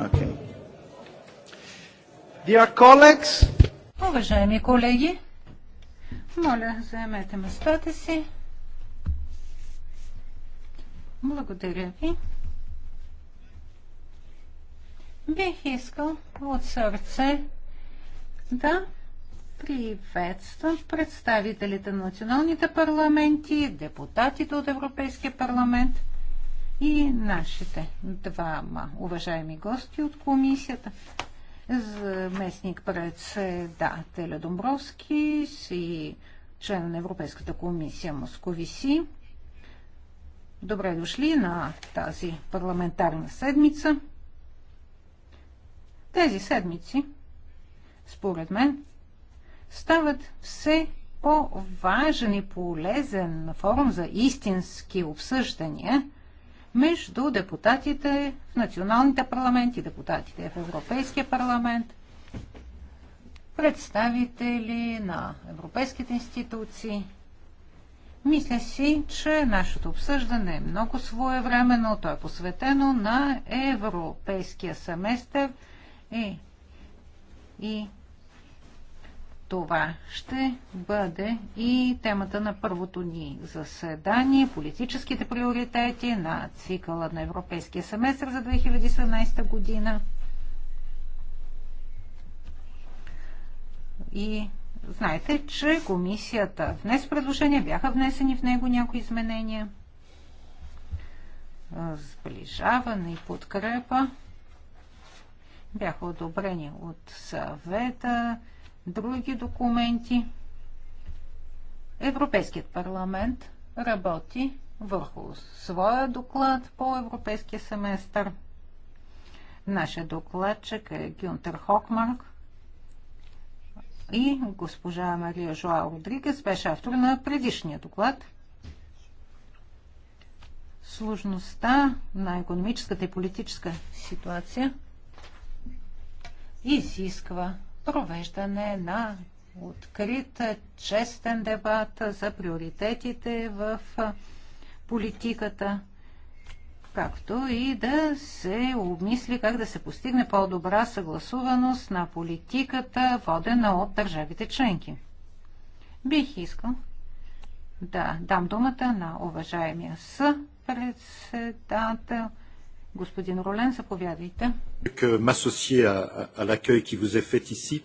Okay. Dear colleagues, Уважаеми колеги, моля, заемете местата си. Благодаря ви. Бих искал от сърце да приветствам представителите на националните парламенти, депутатите от Европейския парламент – и нашите двама уважаеми гости от комисията. Заместник председателя Домбровски и член на Европейската комисия Московиси. Добре дошли на тази парламентарна седмица. Тези седмици, според мен, стават все по-важен и полезен форум за истински обсъждания – между депутатите в националните парламенти, депутатите в Европейския парламент, представители на европейските институции. Мисля си, че нашето обсъждане е много своевременно. То е посветено на европейския семестър и, и това ще бъде и темата на първото ни заседание, политическите приоритети на цикъла на Европейския семестър за 2017 година. И знаете, че комисията внес предложения, бяха внесени в него някои изменения. Сближаване и подкрепа бяха одобрени от съвета други документи. Европейският парламент работи върху своя доклад по европейския семестър. Нашия докладчик е Гюнтер Хокмарк и госпожа Мария Жоа Родригес беше автор на предишния доклад. Сложността на економическата и политическа ситуация изисква провеждане на открит, честен дебат за приоритетите в политиката, както и да се обмисли как да се постигне по-добра съгласуваност на политиката, водена от държавите членки. Бих искал да дам думата на уважаемия съпредседател – Господин Ролен, заповядайте. Е, е,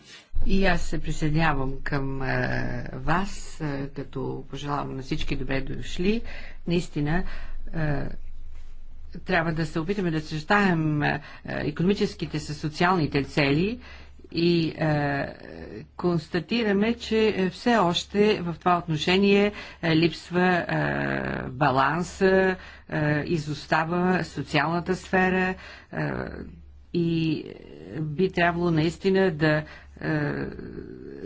И аз се присъединявам към е, вас, като пожелавам на всички добре дошли. Наистина, трябва да се опитаме да съчетаем економическите с социалните цели и е, констатираме, че е, все още в това отношение е, липсва е, баланс, е, изостава социалната сфера е, и е, би трябвало наистина да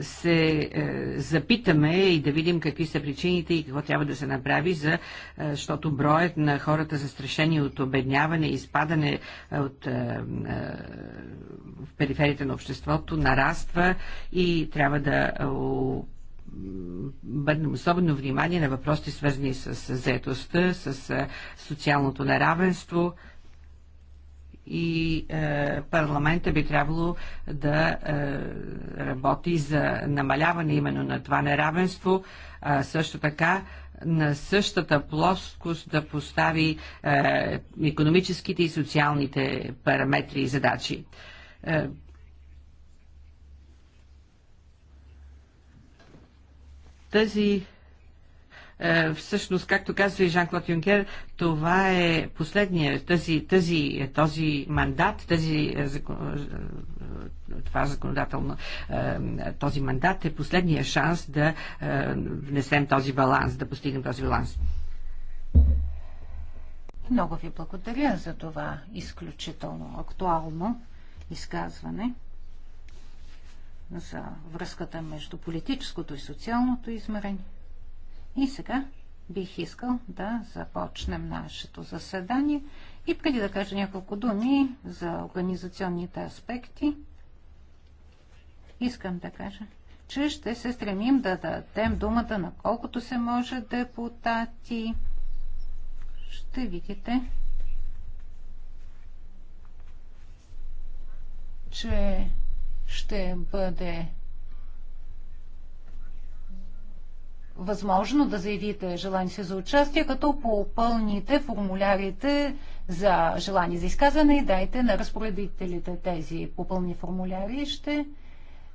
се е, запитаме и да видим какви са причините и какво трябва да се направи, за, е, защото броят на хората застрашени от обедняване и изпадане е, от в периферията на обществото нараства и трябва да бъдем особено внимание на въпросите свързани с заетостта, с социалното неравенство, и е, парламента би трябвало да е, работи за намаляване именно на това неравенство, а също така на същата плоскост да постави е, економическите и социалните параметри и задачи. Е, тази е, всъщност, както казва и Жан-Клод Юнкер, това е последния, тази, тази, този мандат, тази, е, е, това законодателно, този мандат е последния шанс да внесем този баланс, да постигнем този баланс. Много ви благодаря за това изключително актуално изказване за връзката между политическото и социалното измерение. И сега бих искал да започнем нашето заседание. И преди да кажа няколко думи за организационните аспекти, искам да кажа, че ще се стремим да дадем думата на колкото се може депутати. Ще видите, че ще бъде възможно да заявите желание си за участие, като попълните формулярите за желание за изказване и дайте на разпоредителите тези попълни формуляри. Ще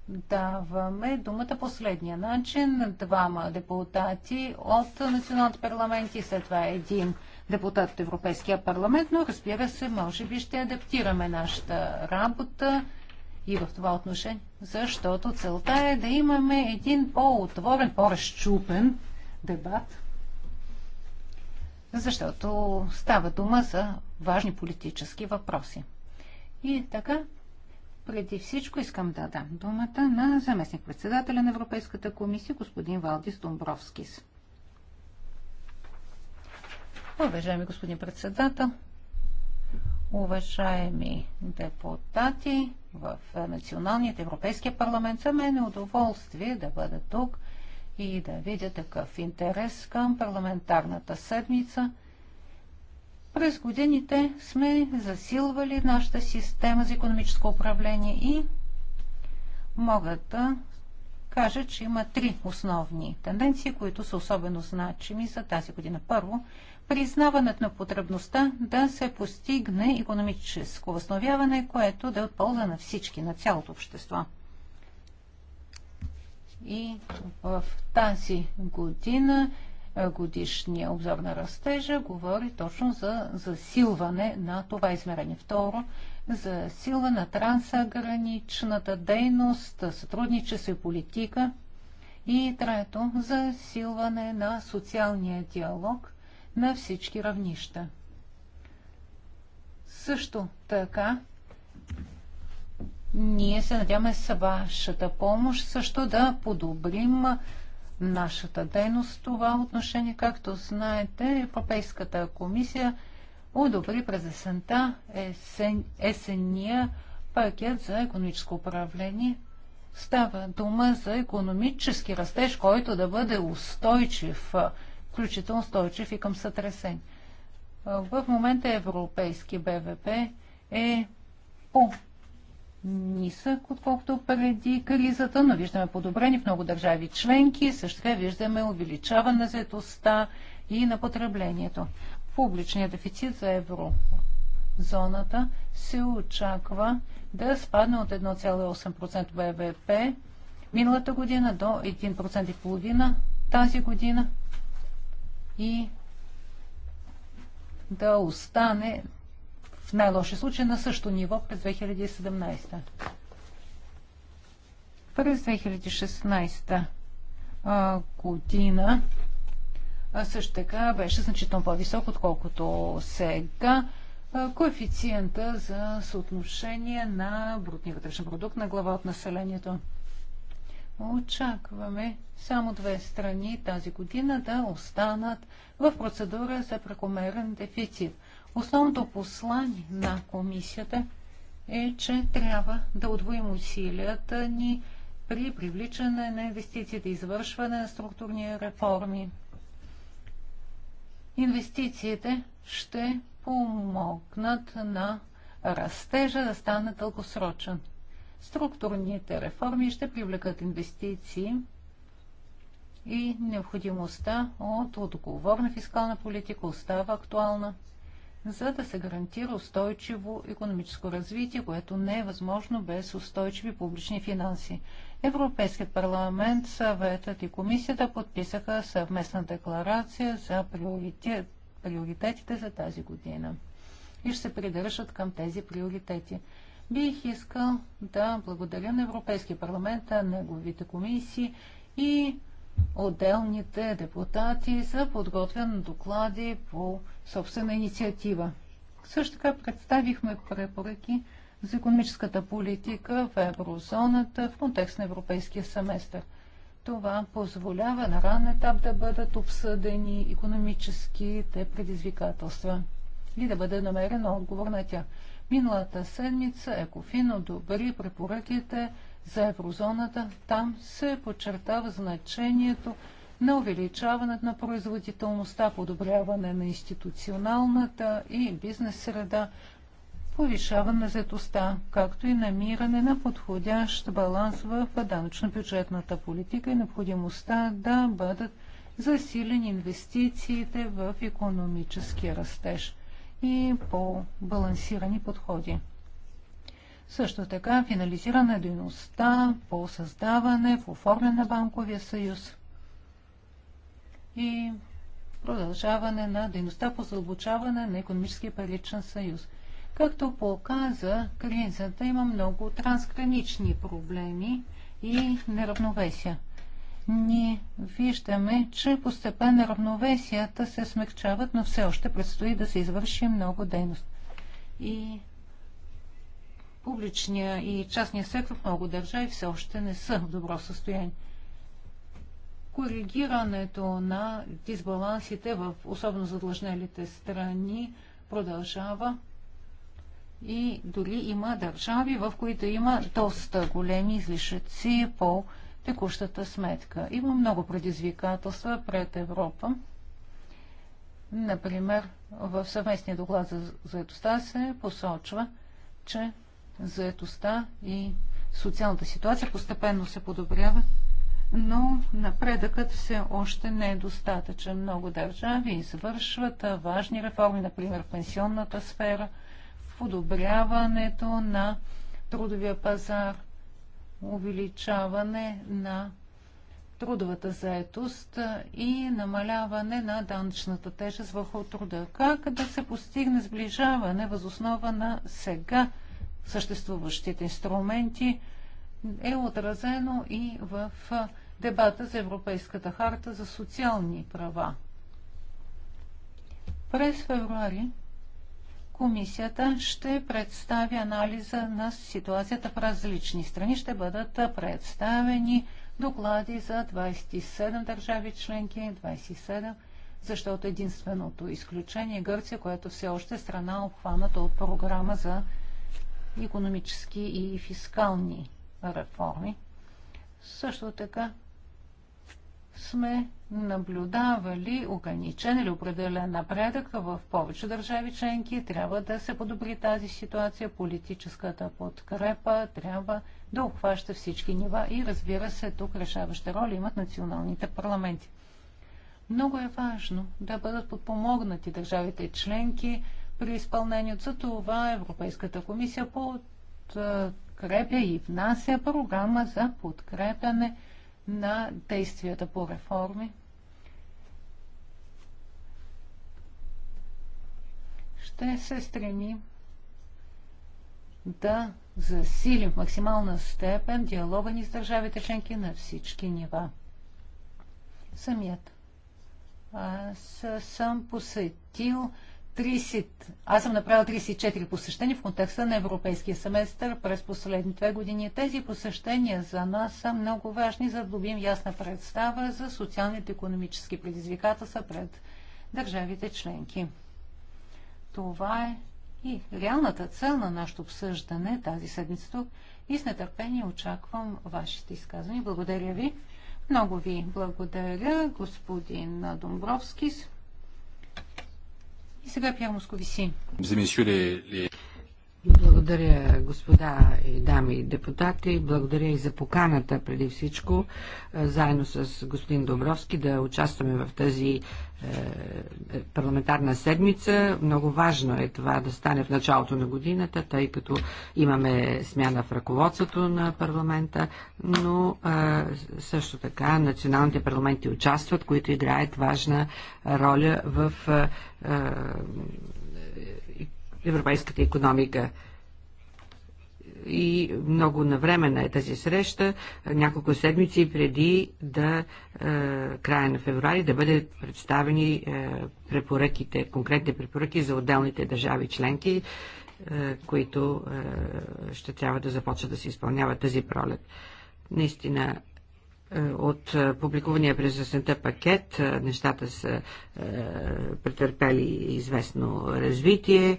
даваме думата последния начин. Двама депутати от националните парламенти, след това един депутат от Европейския парламент, но разбира се, може би ще адаптираме нашата работа и в това отношение, защото целта е да имаме един по-отворен, по-разчупен дебат, защото става дума за важни политически въпроси. И така, преди всичко искам да дам думата на заместник-председателя на Европейската комисия, господин Валдис Домбровскис. Уважаеми господин председател, уважаеми депутати в Националният Европейския парламент. За мен е удоволствие да бъда тук и да видя такъв интерес към парламентарната седмица. През годините сме засилвали нашата система за економическо управление и мога да кажа, че има три основни тенденции, които са особено значими за тази година. Първо, признаването на потребността да се постигне економическо възновяване, което да е от полза на всички, на цялото общество. И в тази година е, годишния обзор на растежа говори точно за засилване на това измерение. Второ, засилване на трансграничната дейност, сътрудничество и политика. И трето, засилване на социалния диалог на всички равнища. Също така, ние се надяваме с вашата помощ също да подобрим нашата дейност в това отношение. Както знаете, Европейската комисия одобри през есента есен, есения пакет за економическо управление. Става дума за економически растеж, който да бъде устойчив включително стойчив и към сътресен. В момента европейски БВП е по-нисък, отколкото преди кризата, но виждаме подобрени в много държави членки, също така виждаме увеличаване на заедостта и на потреблението. Публичният дефицит за еврозоната се очаква да спадне от 1,8% БВП миналата година до 1,5% тази година и да остане в най-лоши случай на същото ниво през 2017. През 2016 година също така беше значително по-висок, отколкото сега. коефициента за съотношение на брутния вътрешен продукт на глава от населението. Очакваме само две страни тази година да останат в процедура за прекомерен дефицит. Основното послание на комисията е, че трябва да удвоим усилията ни при привличане на инвестициите, извършване на структурни реформи. Инвестициите ще помогнат на растежа да стане дългосрочен. Структурните реформи ще привлекат инвестиции и необходимостта от отговорна фискална политика остава актуална, за да се гарантира устойчиво економическо развитие, което не е възможно без устойчиви публични финанси. Европейският парламент, съветът и комисията подписаха съвместна декларация за приоритет, приоритетите за тази година и ще се придържат към тези приоритети. Бих искал да благодаря на Европейския парламент, неговите комисии и отделните депутати за подготвен на доклади по собствена инициатива. Също така представихме препоръки за економическата политика в еврозоната в контекст на европейския семестър. Това позволява на ранен етап да бъдат обсъдени економическите предизвикателства и да бъде намерен отговор на тях. Миналата седмица Екофин одобри препоръките за еврозоната. Там се подчертава значението на увеличаването на производителността, подобряване на институционалната и бизнес среда, повишаване на заетостта, както и намиране на подходящ баланс в данъчно-бюджетната политика и необходимостта да бъдат засилени инвестициите в економически растеж и по-балансирани подходи. Също така финализирана е дейността по създаване, в оформяне на банковия съюз и продължаване на дейността по задълбочаване на економически паричен съюз. Както показа кризата, има много трансгранични проблеми и неравновесия ние виждаме, че постепенно равновесията се смягчават, но все още предстои да се извърши много дейност. И публичния и частния сектор в много държави все още не са в добро състояние. Коригирането на дисбалансите в особено задлъжнелите страни продължава и дори има държави, в които има доста големи излишъци по текущата сметка. Има много предизвикателства пред Европа. Например, в съвместния доклад за заедостта се посочва, че заедостта и социалната ситуация постепенно се подобрява, но напредъкът все още не е достатъчен. Много държави извършват важни реформи, например в пенсионната сфера, в подобряването на трудовия пазар – увеличаване на трудовата заетост и намаляване на данъчната тежест върху труда. Как да се постигне сближаване възоснова на сега съществуващите инструменти е отразено и в дебата за Европейската харта за социални права. През февруари комисията ще представи анализа на ситуацията в различни страни. Ще бъдат представени доклади за 27 държави членки, 27, защото единственото изключение е Гърция, което все още е страна обхваната от програма за економически и фискални реформи. Също така сме наблюдавали ограничен или определен напредък в повече държави членки. Трябва да се подобри тази ситуация. Политическата подкрепа трябва да обхваща всички нива и разбира се, тук решаваща роля имат националните парламенти. Много е важно да бъдат подпомогнати държавите членки при изпълнението. За това Европейската комисия подкрепя и внася програма за подкрепяне на действията по реформи ще се стремим да засилим в максимална степен диалога ни с държавите членки на всички нива. Самият. Аз съм посетил 30, аз съм направил 34 посещения в контекста на европейския семестър през последните две години. Тези посещения за нас са много важни, за да добим ясна представа за социалните и економически предизвикателства пред държавите членки. Това е и реалната цел на нашето обсъждане тази седмица тук и с нетърпение очаквам вашите изказвания. Благодаря ви. Много ви благодаря, господин Домбровски. И сега Пьер си. Благодаря, господа и дами депутати. Благодаря и за поканата преди всичко, е, заедно с господин Добровски, да участваме в тази е, парламентарна седмица. Много важно е това да стане в началото на годината, тъй като имаме смяна в ръководството на парламента, но е, също така националните парламенти участват, които играят важна роля в европейската економика. И много навременна е тази среща, няколко седмици преди да е, края на февруари да бъдат представени е, препоръките, конкретни препоръки за отделните държави членки, е, които е, ще трябва да започнат да се изпълняват тази пролет. Наистина е, от е, публикувания през есента пакет е, нещата са е, претърпели известно развитие.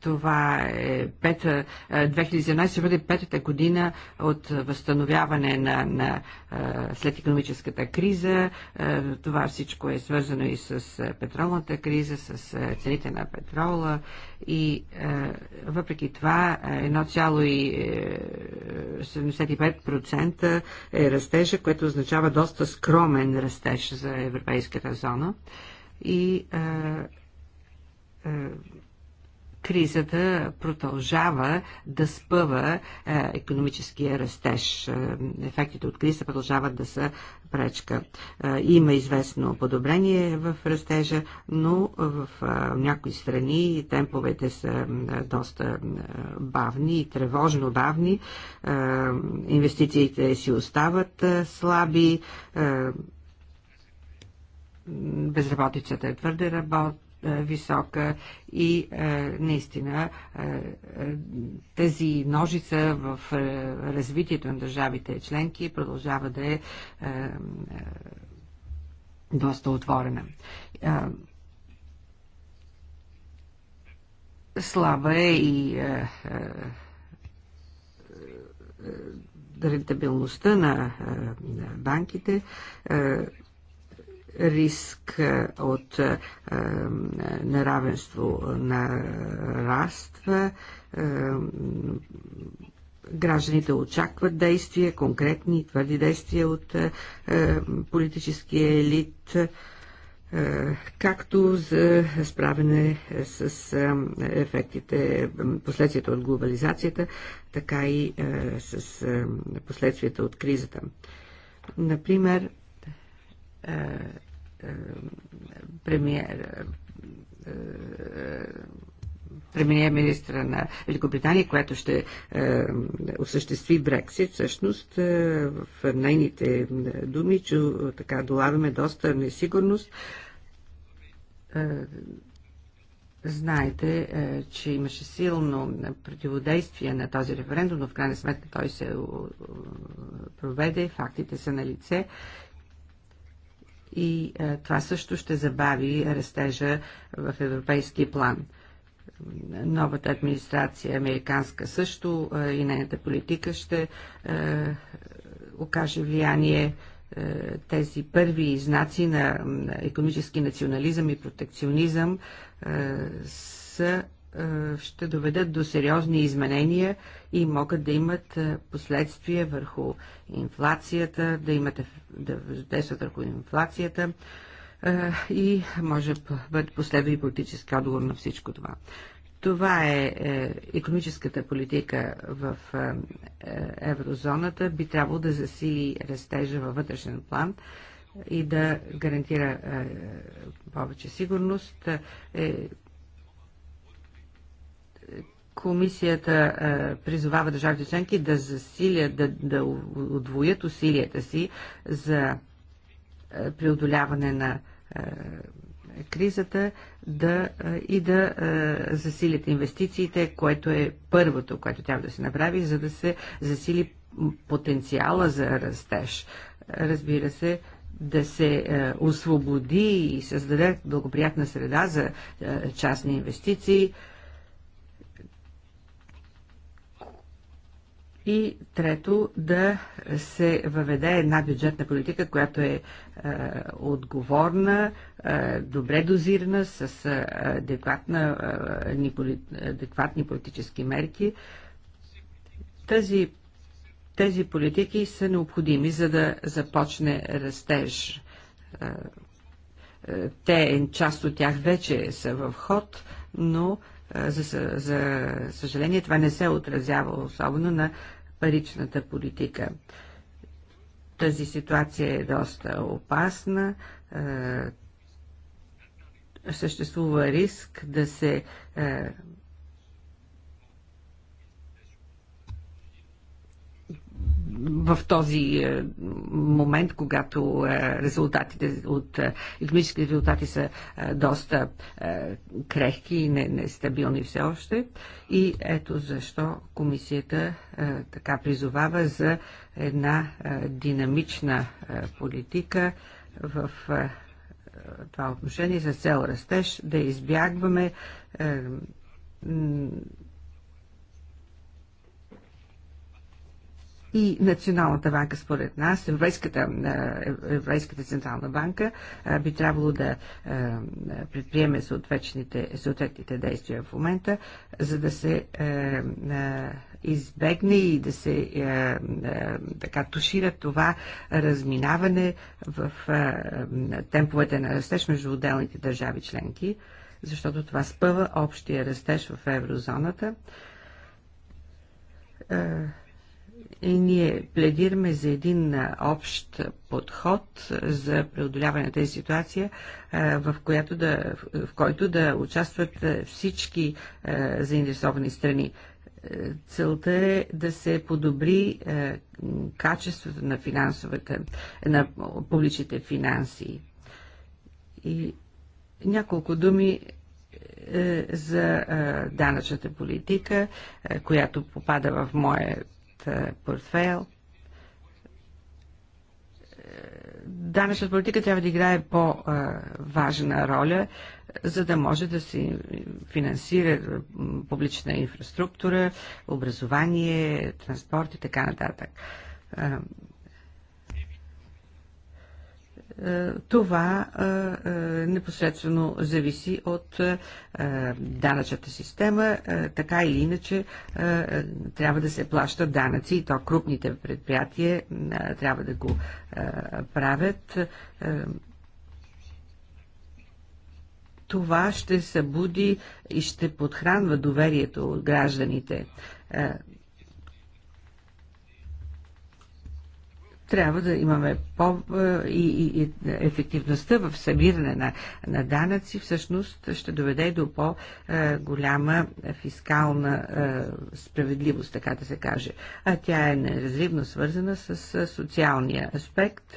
това е пета, 2011 е, ще бъде петата година от възстановяване на, на е, след економическата криза. Е, това всичко е свързано и с петролната криза, с цените на петрола и въпреки това 1,75% е растежа, което означава доста скромен растеж за европейската зона. И кризата продължава да спъва е, економическия растеж. Е, ефектите от криза продължават да са пречка. Е, има известно подобрение в растежа, но в някои страни темповете са доста бавни и тревожно бавни. Инвестициите си остават слаби безработицата е твърде работ, висока и е, наистина е, тази ножица в е, развитието на държавите членки продължава да е доста отворена. Слаба е и рентабилността на банките риск е, от е, неравенство на раства. Е, гражданите очакват действия, конкретни и твърди действия от политическия елит както за справяне с ефектите, последствията от глобализацията, така и с последствията от кризата. Например, е, премиер, министра на Великобритания, която ще е, осъществи Брексит, всъщност е, в нейните думи, че е, така долавяме доста несигурност. Е, знаете, е, че имаше силно противодействие на този референдум, но в крайна сметка той се е, проведе, фактите са на лице и а, е, това също ще забави растежа в европейски план. Новата администрация, американска също, а, е, и нейната политика ще а, е, окаже влияние тези първи знаци на економически национализъм и протекционизъм а, ще доведат до сериозни изменения и могат да имат е, последствия върху инфлацията, да имат да въздействат върху инфлацията е, и може да бъде последва и политически отговор на всичко това. Това е економическата политика в е, еврозоната. Би трябвало да засили растежа във вътрешен план и да гарантира повече сигурност. Комисията е, призовава държавите членки да засилят, да, да удвоят усилията си за е, преодоляване на е, кризата да, е, и да е, засилят инвестициите, което е първото, което трябва да се направи, за да се засили потенциала за растеж. Разбира се, да се е, освободи и създаде благоприятна среда за е, частни инвестиции. Е, И трето, да се въведе една бюджетна политика, която е, е отговорна, е, добре дозирана, с е, адекватна, е, адекватни политически мерки. Тази, тези политики са необходими, за да започне растеж. Е, е те, част от тях вече са в ход, но е, за, за съжаление, това не се отразява особено на паричната политика. Тази ситуация е доста опасна. Съществува риск да се в този е, момент, когато е, резултатите от е, економическите резултати са доста крехки и нестабилни все още. И ето защо комисията така призовава за една динамична политика в това отношение с цел растеж, да избягваме и Националната банка, според нас, Европейската, Европейската централна банка би трябвало да предприеме съответните, съответните действия в момента, за да се избегне и да се така тушира това разминаване в темповете на растеж между отделните държави членки, защото това спъва общия растеж в еврозоната и ние пледираме за един общ подход за преодоляване на тази ситуация, в, която да, в който да участват всички заинтересовани страни. Целта е да се подобри качеството на, финансовата, на публичните финанси. И няколко думи за данъчната политика, която попада в моя е, портфейл. Е, Данъчната политика трябва да играе по-важна роля, за да може да се финансира е, публична инфраструктура, образование, транспорт и така нататък. Е, това е, е, непосредствено зависи от данъчната система. Така или иначе трябва да се плащат данъци и то крупните предприятия трябва да го правят. Това ще събуди и ще подхранва доверието от гражданите Трябва да имаме по- е, и, и, и ефективността в събиране на, на данъци всъщност ще доведе до по-голяма фискална е, справедливост, така да се каже. А тя е неразривно свързана с социалния аспект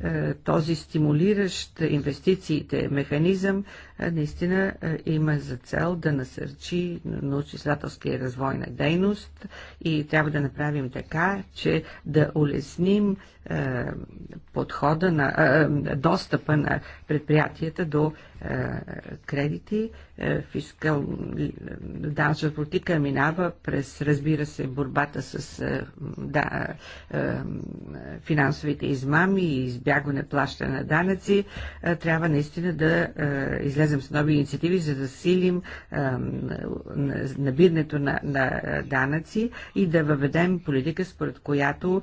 е, този стимулиращ инвестициите механизъм е, наистина е, има за цел да насърчи научно-изследователския развой на дейност и трябва да направим така, че да улесним е, подхода на достъпа на предприятията до кредити. Фискал данъчна политика минава през, разбира се, борбата с да, финансовите измами и избягване плащане на данъци. Трябва наистина да излезе излезем с нови инициативи, за да силим набирането на, на данъци и да въведем политика, според която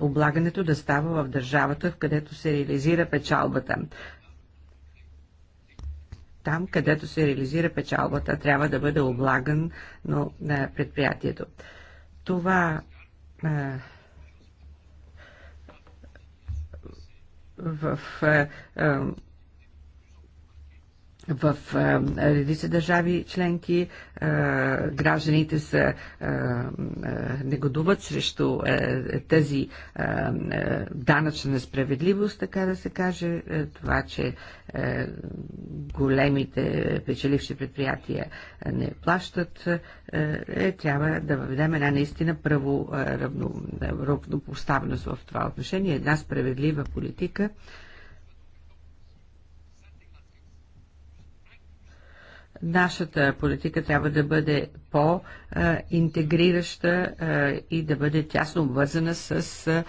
облагането да става в държавата, в където се реализира печалбата там, където се реализира печалбата, трябва да бъде облаган но, на предприятието. Това е, в е, в е, редица държави членки е, гражданите са е, негодуват срещу тази данъчна несправедливост, така да се каже, това, че големите печеливши предприятия не плащат, е, трябва да въведем една наистина право равнопоставеност в това отношение, една справедлива политика Нашата политика трябва да бъде по-интегрираща и да бъде тясно обвързана с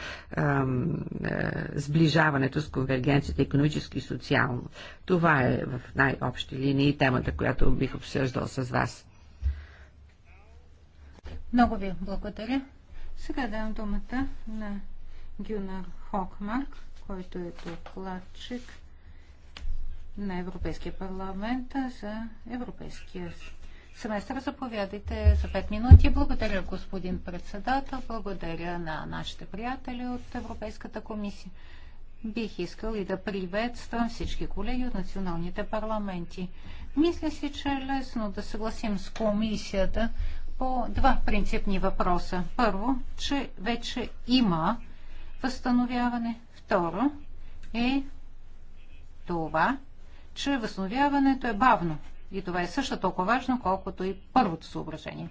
сближаването с конвергенцията економически и социално. Това е в най-общи линии темата, която бих обсъждал с вас. Много ви благодаря. Сега давам думата на Гюнар Хокмарк, който е докладчик на Европейския парламент за Европейския семестър. Заповядайте за 5 минути. Благодаря, господин председател. Благодаря на нашите приятели от Европейската комисия. Бих искал и да приветствам всички колеги от националните парламенти. Мисля си, че е лесно да съгласим с комисията по два принципни въпроса. Първо, че вече има възстановяване. Второ е това, че възстановяването е бавно. И това е също толкова важно, колкото и първото съображение.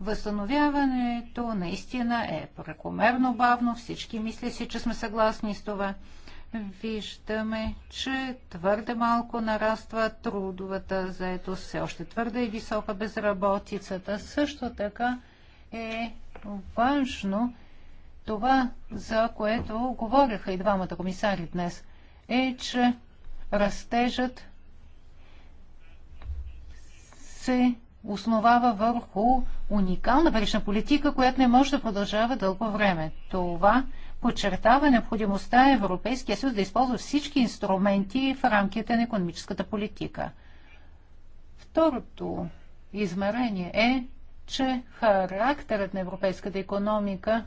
Възстановяването наистина е прекомерно бавно. Всички мисля си, че сме съгласни с това. Виждаме, че твърде малко нараства трудовата заетост, все още твърде и висока безработицата. Също така е важно това, за което говориха и двамата комисари днес, е, че растежът се основава върху уникална парична политика, която не може да продължава дълго време. Това подчертава необходимостта Европейския съюз да използва всички инструменти в рамките на економическата политика. Второто измерение е, че характерът на европейската економика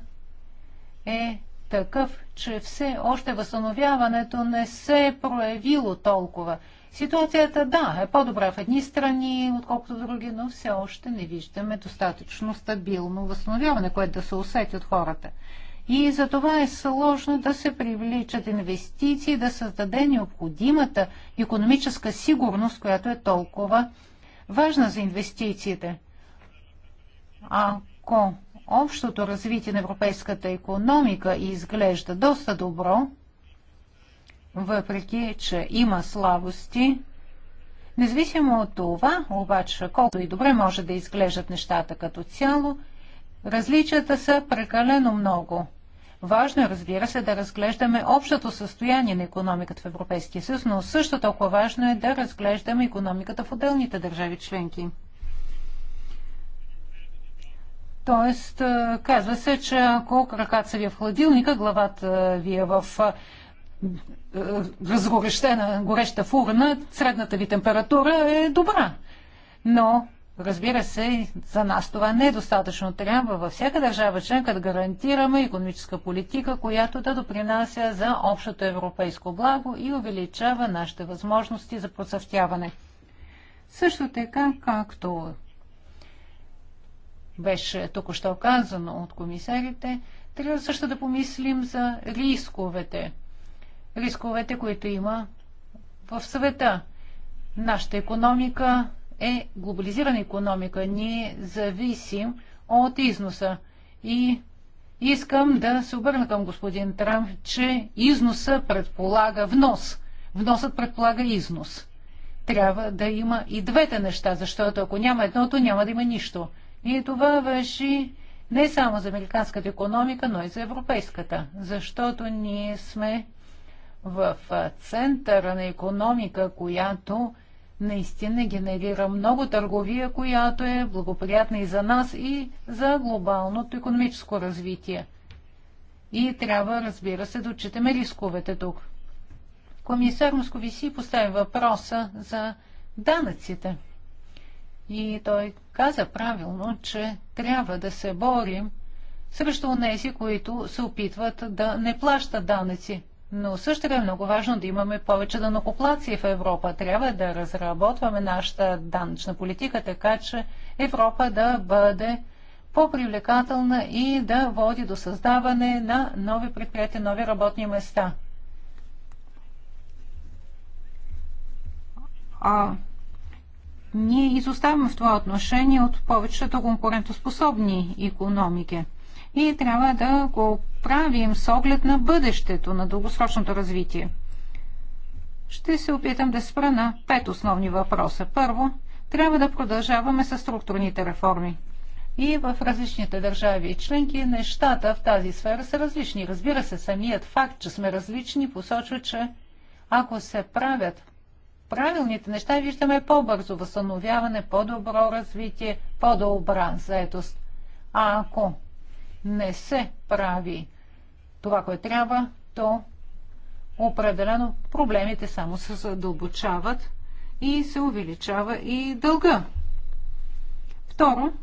е такъв, че все още възстановяването не се е проявило толкова. Ситуацията, да, е по-добра в едни страни, отколкото в други, но все още не виждаме достатъчно стабилно възстановяване, което да се усети от хората. И за това е сложно да се привличат инвестиции, да създаде необходимата економическа сигурност, която е толкова важна за инвестициите. Ако общото развитие на европейската економика изглежда доста добро, въпреки че има слабости. Независимо от това, обаче, колкото и добре може да изглеждат нещата като цяло, различията са прекалено много. Важно е, разбира се, да разглеждаме общото състояние на економиката в Европейския съюз, но също толкова важно е да разглеждаме економиката в отделните държави членки. Тоест, казва се, че ако краката са ви е в хладилника, главата ви е в разгорещена, гореща фурна, средната ви температура е добра. Но, разбира се, за нас това не е достатъчно. Трябва във всяка държава членка да гарантираме економическа политика, която да допринася за общото европейско благо и увеличава нашите възможности за процъфтяване. Също така, както беше току-що казано от комисарите, трябва също да помислим за рисковете. Рисковете, които има в света. Нашата економика е глобализирана економика. Ние зависим от износа. И искам да се обърна към господин Трамп, че износа предполага внос. Вносът предполага износ. Трябва да има и двете неща, защото ако няма едното, няма да има нищо. И това въжи не само за американската економика, но и за европейската, защото ние сме в центъра на економика, която наистина генерира много търговия, която е благоприятна и за нас, и за глобалното економическо развитие. И трябва, разбира се, да отчитаме рисковете тук. Комисар Московиси постави въпроса за данъците. И той каза правилно, че трябва да се борим срещу тези, които се опитват да не плащат данъци. Но също е много важно да имаме повече данокоплации в Европа. Трябва да разработваме нашата данъчна политика, така че Европа да бъде по-привлекателна и да води до създаване на нови предприятия, нови работни места. А ние изоставаме в това отношение от повечето конкурентоспособни економики. И трябва да го правим с оглед на бъдещето, на дългосрочното развитие. Ще се опитам да спра на пет основни въпроса. Първо, трябва да продължаваме с структурните реформи. И в различните държави и членки нещата в тази сфера са различни. Разбира се, самият факт, че сме различни, посочва, че ако се правят правилните неща виждаме по-бързо възстановяване, по-добро развитие, по-добра заедост. А ако не се прави това, което трябва, то определено проблемите само се задълбочават и се увеличава и дълга. Второ,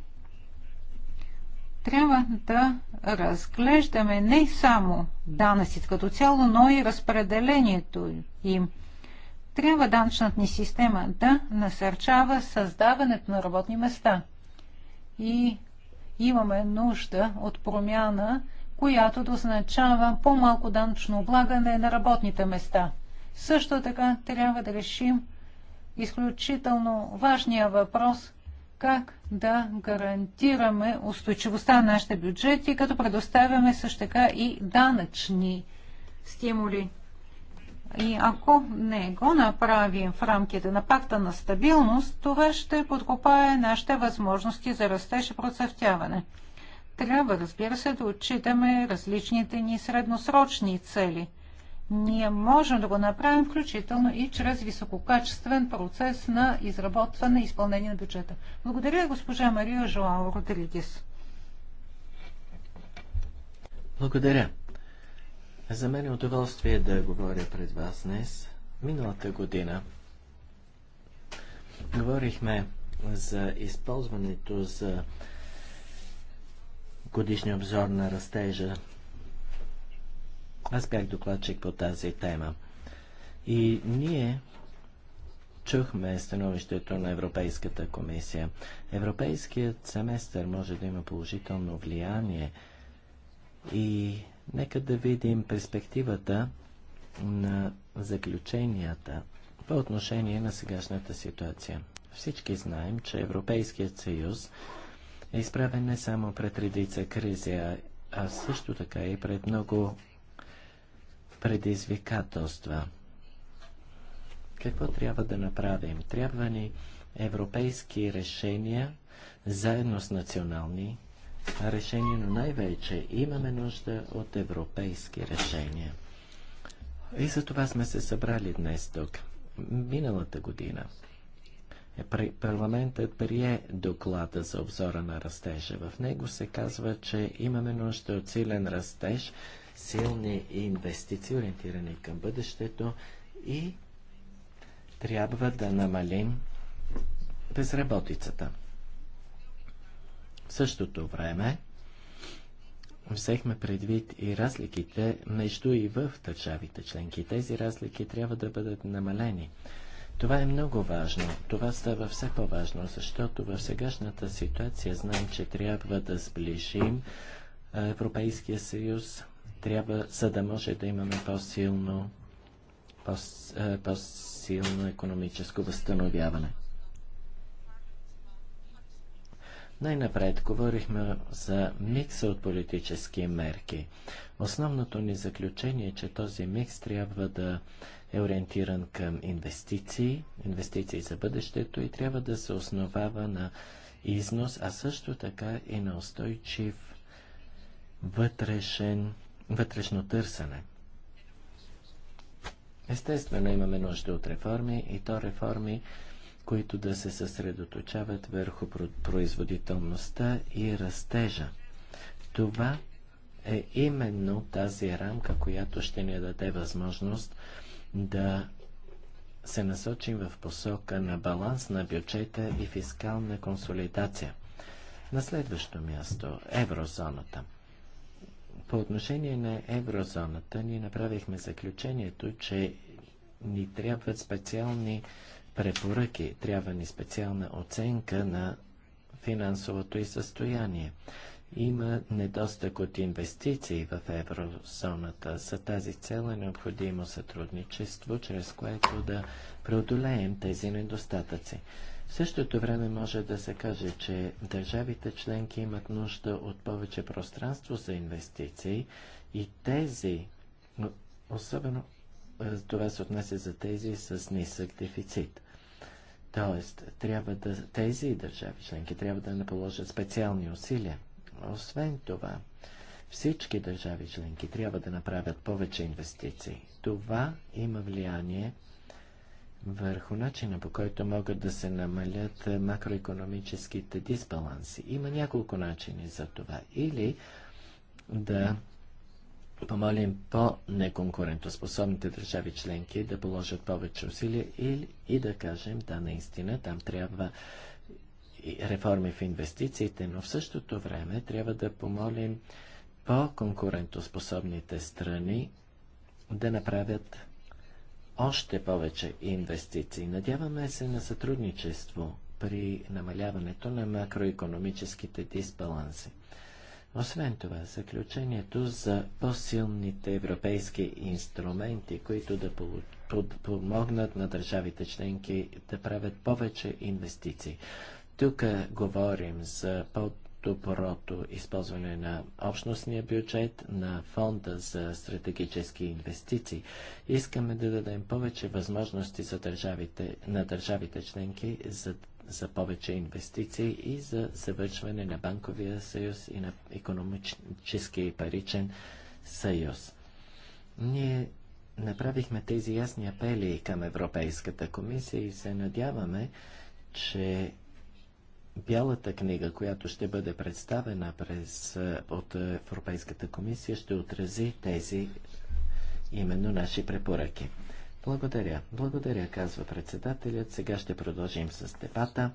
трябва да разглеждаме не само данъците като цяло, но и разпределението им. Трябва данъчната ни система да насърчава създаването на работни места. И имаме нужда от промяна, която да означава по-малко данъчно облагане на работните места. Също така трябва да решим изключително важния въпрос как да гарантираме устойчивостта на нашите бюджети, като предоставяме също така и данъчни стимули. И ако не го направим в рамките на пакта на стабилност, това ще подкопае нашите възможности за растеж и процъфтяване. Трябва, разбира се, да отчитаме различните ни средносрочни цели. Ние можем да го направим включително и чрез висококачествен процес на изработване и изпълнение на бюджета. Благодаря, госпожа Мария Жоао Родригес. Благодаря. За мен е удоволствие да говоря пред вас днес. Миналата година говорихме за използването за годишния обзор на растежа. Аз бях докладчик по тази тема. И ние чухме становището на Европейската комисия. Европейският семестър може да има положително влияние и Нека да видим перспективата на заключенията по отношение на сегашната ситуация. Всички знаем, че Европейският съюз е изправен не само пред редица кризи, а също така и пред много предизвикателства. Какво трябва да направим? Трябва ни европейски решения заедно с национални решения, но най-вече имаме нужда от европейски решения. И за това сме се събрали днес тук. Миналата година е парламентът прие доклада за обзора на растежа. В него се казва, че имаме нужда от силен растеж, силни инвестиции, ориентирани към бъдещето и трябва да намалим безработицата. В същото време взехме предвид и разликите между и в държавите членки. Тези разлики трябва да бъдат намалени. Това е много важно. Това става все по-важно, защото в сегашната ситуация знаем, че трябва да сближим Европейския съюз, трябва, за да може да имаме по-силно по-силно економическо възстановяване. Най-напред говорихме за микса от политически мерки. Основното ни заключение е, че този микс трябва да е ориентиран към инвестиции, инвестиции за бъдещето и трябва да се основава на износ, а също така и на устойчив вътрешен, вътрешно търсене. Естествено имаме нужда от реформи и то реформи, които да се съсредоточават върху производителността и растежа. Това е именно тази рамка, която ще ни даде възможност да се насочим в посока на баланс на бюджета и фискална консолидация. На следващо място – еврозоната. По отношение на еврозоната ние направихме заключението, че ни трябват специални препоръки. Трябва ни специална оценка на финансовото и състояние. Има недостъг от инвестиции в еврозоната. За тази цел е необходимо сътрудничество, чрез което да преодолеем тези недостатъци. В същото време може да се каже, че държавите членки имат нужда от повече пространство за инвестиции и тези, особено това се отнася за тези с нисък дефицит. Тоест, трябва да, тези държави членки трябва да не положат специални усилия. Освен това, всички държави членки трябва да направят повече инвестиции. Това има влияние върху начина по който могат да се намалят е, макроекономическите дисбаланси. Има няколко начини за това. Или да помолим по-неконкурентоспособните държави членки да положат повече усилия и, и да кажем, да, наистина, там трябва реформи в инвестициите, но в същото време трябва да помолим по-конкурентоспособните страни да направят още повече инвестиции. Надяваме се на сътрудничество при намаляването на макроекономическите дисбаланси. Освен това, заключението за по-силните европейски инструменти, които да помогнат на държавите членки да правят повече инвестиции. Тук говорим за по-доброто използване на общностния бюджет, на фонда за стратегически инвестиции. Искаме да дадем повече възможности за държавите, на държавите членки за за повече инвестиции и за завършване на банковия съюз и на економическия и паричен съюз. Ние направихме тези ясни апели към Европейската комисия и се надяваме, че Бялата книга, която ще бъде представена през, от Европейската комисия, ще отрази тези именно наши препоръки. Благодаря. Благодаря, казва председателят. Сега ще продължим с дебата.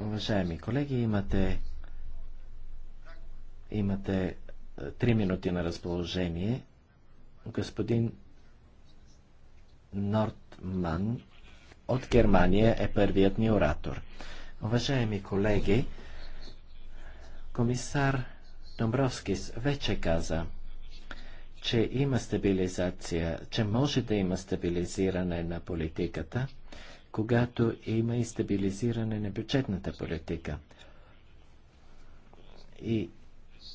Уважаеми колеги, имате, имате 3 е, минути на разположение. Господин Нортман от Германия е първият ни оратор. Уважаеми колеги, Комисар Домбровскис вече каза, че има стабилизация, че може да има стабилизиране на политиката, когато има и стабилизиране на бюджетната политика. И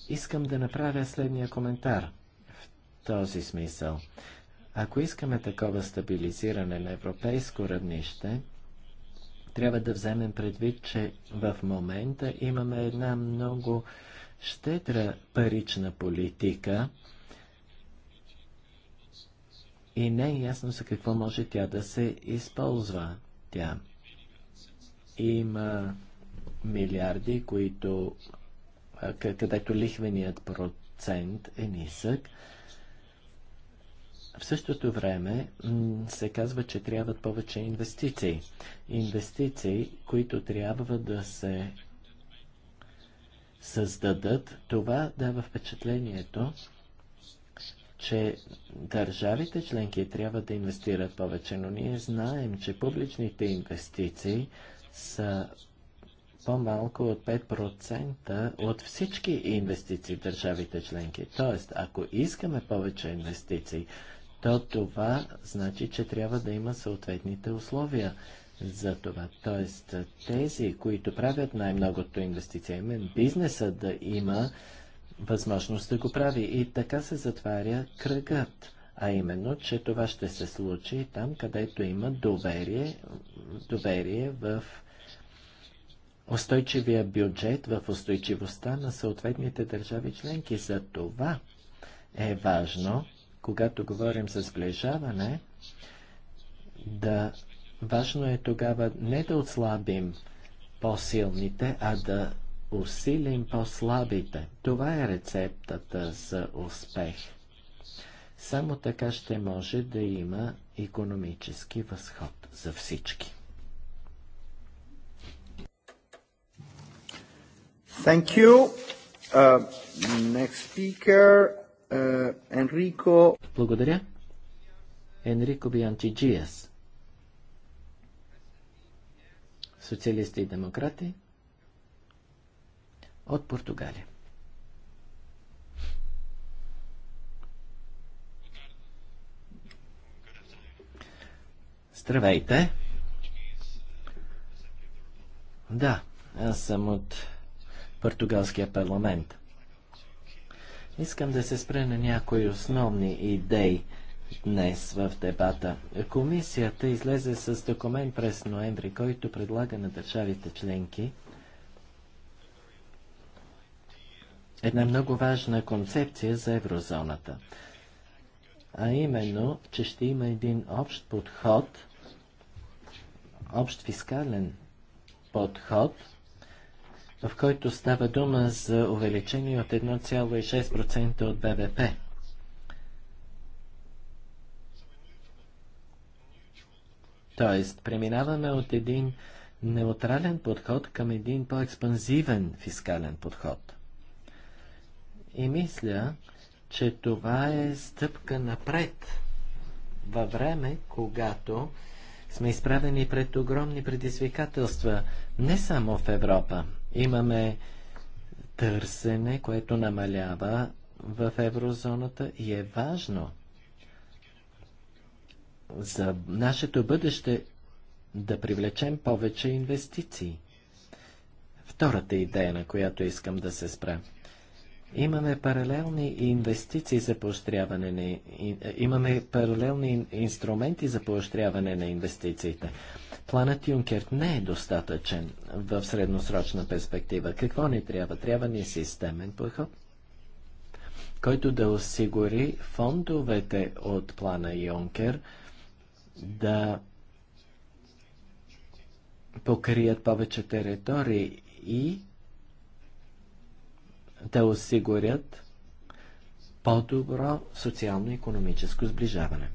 искам да направя следния коментар в този смисъл. Ако искаме такова стабилизиране на европейско равнище, трябва да вземем предвид, че в момента имаме една много щедра парична политика и не е ясно за какво може тя да се използва. Тя има милиарди, които, където лихвеният процент е нисък, в същото време се казва, че трябват повече инвестиции. Инвестиции, които трябва да се създадат, това дава впечатлението, че държавите членки трябва да инвестират повече, но ние знаем, че публичните инвестиции са по-малко от 5% от всички инвестиции в държавите членки. Тоест, ако искаме повече инвестиции, то това значи, че трябва да има съответните условия за това. Тоест, тези, които правят най-многото инвестиция, именно бизнеса да има възможност да го прави. И така се затваря кръгът. А именно, че това ще се случи там, където има доверие, доверие в устойчивия бюджет, в устойчивостта на съответните държави членки. За това е важно когато говорим за сближаване, да важно е тогава не да отслабим по-силните, а да усилим по-слабите. Това е рецептата за успех. Само така ще може да има економически възход за всички. Thank you. Uh, next speaker е, Енрико. Благодаря. Енрико Бианчиджиас. Социалисти и демократи от Португалия. Здравейте! Да, аз съм от португалския парламент. Искам да се спре на някои основни идеи днес в дебата. Комисията излезе с документ през ноември, който предлага на държавите членки една много важна концепция за еврозоната. А именно, че ще има един общ подход, общ фискален подход – в който става дума за увеличение от 1,6% от БВП. Тоест, преминаваме от един неутрален подход към един по-експанзивен фискален подход. И мисля, че това е стъпка напред във време, когато сме изправени пред огромни предизвикателства не само в Европа, Имаме търсене, което намалява в еврозоната и е важно за нашето бъдеще да привлечем повече инвестиции. Втората идея, на която искам да се спра – Имаме паралелни инвестиции за поощряване на... Е, имаме паралелни инструменти за поощряване на инвестициите. Планът Юнкер не е достатъчен в средносрочна перспектива. Какво ни трябва? Трябва ни системен подход, който да осигури фондовете от плана Юнкер да покрият повече територии и да осигурят по-добро социално-економическо сближаване.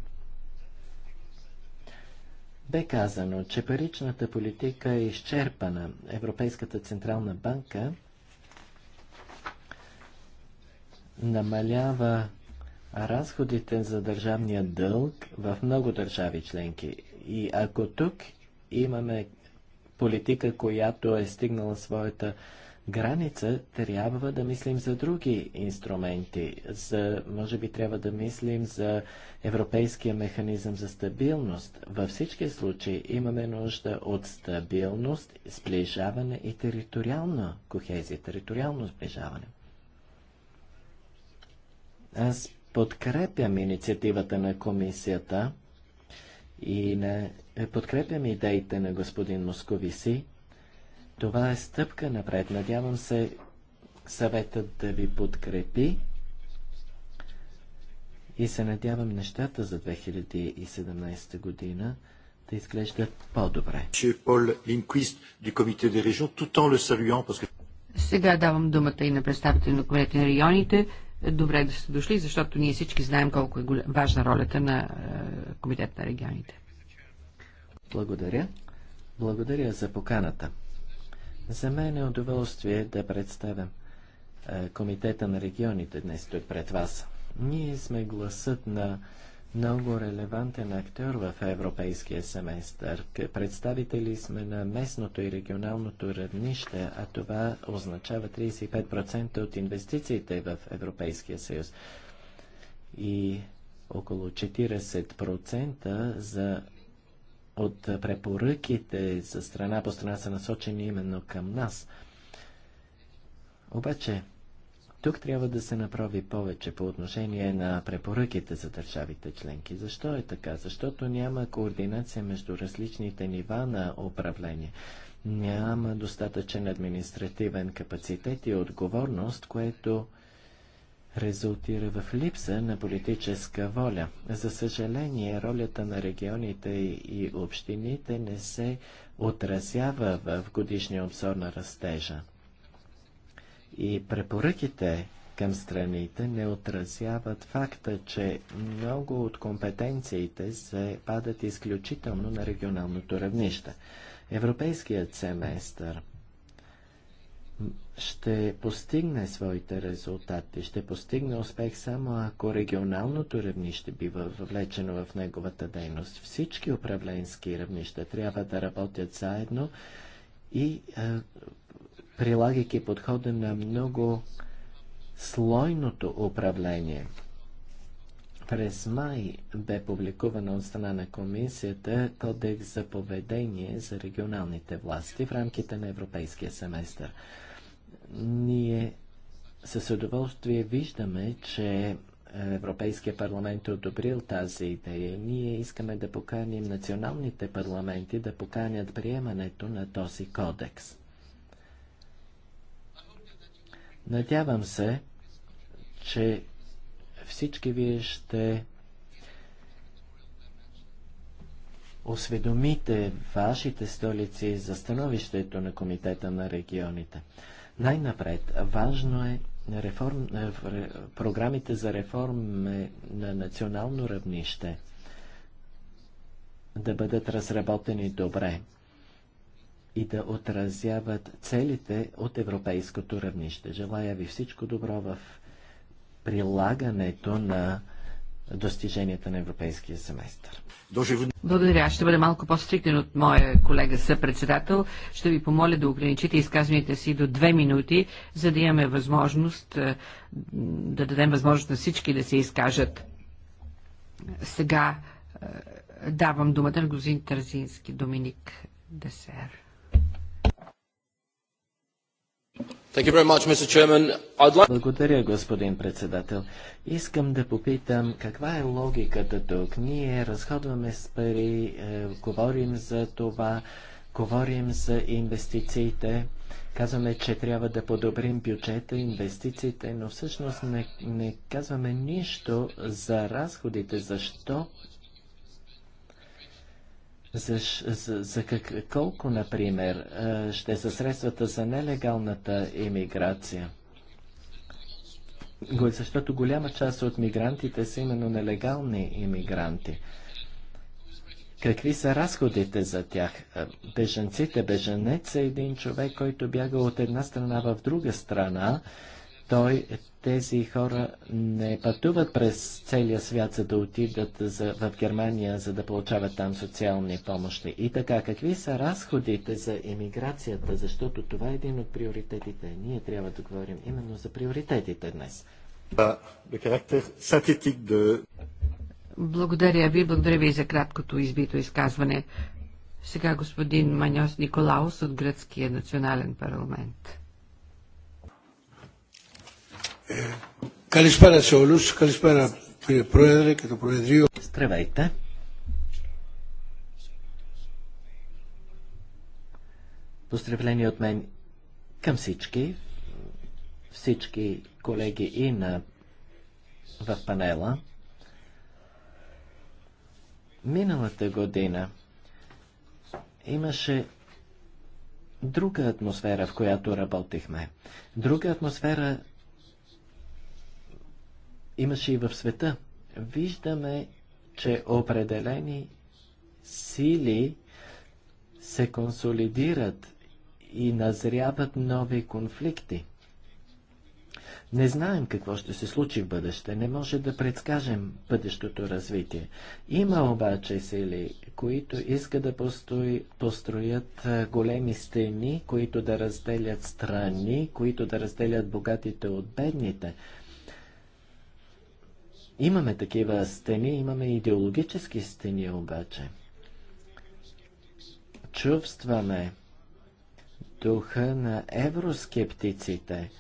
Бе казано, че паричната политика е изчерпана. Европейската централна банка намалява разходите за държавния дълг в много държави членки. И ако тук имаме политика, която е стигнала своята граница трябва да мислим за други инструменти. За, може би трябва да мислим за Европейския механизъм за стабилност. Във всички случаи имаме нужда от стабилност, сближаване и териториална кохезия, териториално сближаване. Аз подкрепям инициативата на комисията и на, подкрепям идеите на господин Московиси това е стъпка напред. Надявам се съветът да ви подкрепи и се надявам нещата за 2017 година да изглеждат по-добре. Сега давам думата и на представител на Комитета на районите. Добре да сте дошли, защото ние всички знаем колко е важна ролята на е, Комитет на регионите. Благодаря. Благодаря за поканата. За мен е удоволствие да представям е, Комитета на регионите днес тук пред вас. Ние сме гласът на много релевантен актьор в европейския семестър. Представители сме на местното и регионалното равнище, а това означава 35% от инвестициите в Европейския съюз и около 40% за от препоръките за страна по страна са насочени именно към нас. Обаче, тук трябва да се направи повече по отношение на препоръките за държавите членки. Защо е така? Защото няма координация между различните нива на управление. Няма достатъчен административен капацитет и отговорност, което резултира в липса на политическа воля. За съжаление, ролята на регионите и общините не се отразява в годишния обзор на растежа. И препоръките към страните не отразяват факта, че много от компетенциите се падат изключително на регионалното равнище. Европейският семестър – ще постигне своите резултати, ще постигне успех само ако регионалното равнище бива въвлечено в неговата дейност. Всички управленски равнища трябва да работят заедно и е, прилагайки подхода на много слойното управление. През май бе публикувана от страна на комисията Кодекс за поведение за регионалните власти в рамките на Европейския семестър. Ние с удоволствие виждаме, че Европейския парламент е одобрил тази идея. Ние искаме да поканим националните парламенти да поканят приемането на този кодекс. Надявам се, че всички вие ще осведомите вашите столици за становището на Комитета на регионите. Най-напред, важно е реформ, е, програмите за реформи на национално равнище да бъдат разработени добре и да отразяват целите от европейското равнище. Желая ви всичко добро в прилагането на достиженията на европейския семестър. Благодаря. Ще бъда малко по-стриктен от моя колега съпредседател. Ще ви помоля да ограничите изказванията си до две минути, за да имаме възможност е, да дадем възможност на всички да се изкажат. Сега е, давам думата на Гозин Тързински, Доминик Десер. Благодаря, господин председател. Искам да попитам каква е логиката тук. Ние разходваме с пари, е, говорим за това, говорим за инвестициите, казваме, че трябва да подобрим бюджета, инвестициите, но всъщност не, не казваме нищо за разходите. Защо за, за, за как, колко, например, ще са средствата за нелегалната иммиграция? Защото голяма част от мигрантите са именно нелегални иммигранти. Какви са разходите за тях? Беженците, беженец е един човек, който бяга от една страна в друга страна. Той тези хора не пътуват през целия свят, за да отидат за, в Германия, за да получават там социални помощи. И така, какви са разходите за иммиграцията? Защото това е един от приоритетите. Ние трябва да говорим именно за приоритетите днес. Благодаря ви, благодаря ви за краткото избито изказване. Сега господин Маньос Николаус от Гръцкия национален парламент. Καλησπέρα σε όλους. Καλησπέρα κύριε Πρόεδρε και το Προεδρείο. Здравейте. Поздравление от мен към всички, всички колеги и на, в панела. Миналата година имаше друга атмосфера, в която работихме. Друга атмосфера имаше и в света. Виждаме, че определени сили се консолидират и назряват нови конфликти. Не знаем какво ще се случи в бъдеще, не може да предскажем бъдещото развитие. Има обаче сили, които искат да постои, построят големи стени, които да разделят страни, които да разделят богатите от бедните – Имаме такива стени, имаме идеологически стени обаче. Чувстваме духа на евроскептиците.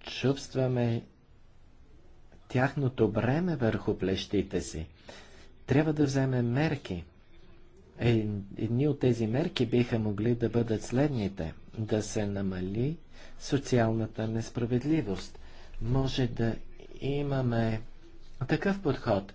Чувстваме тяхното бреме върху плещите си. Трябва да вземем мерки. Е, едни от тези мерки биха могли да бъдат следните. Да се намали социалната несправедливост. Може да имаме такъв подход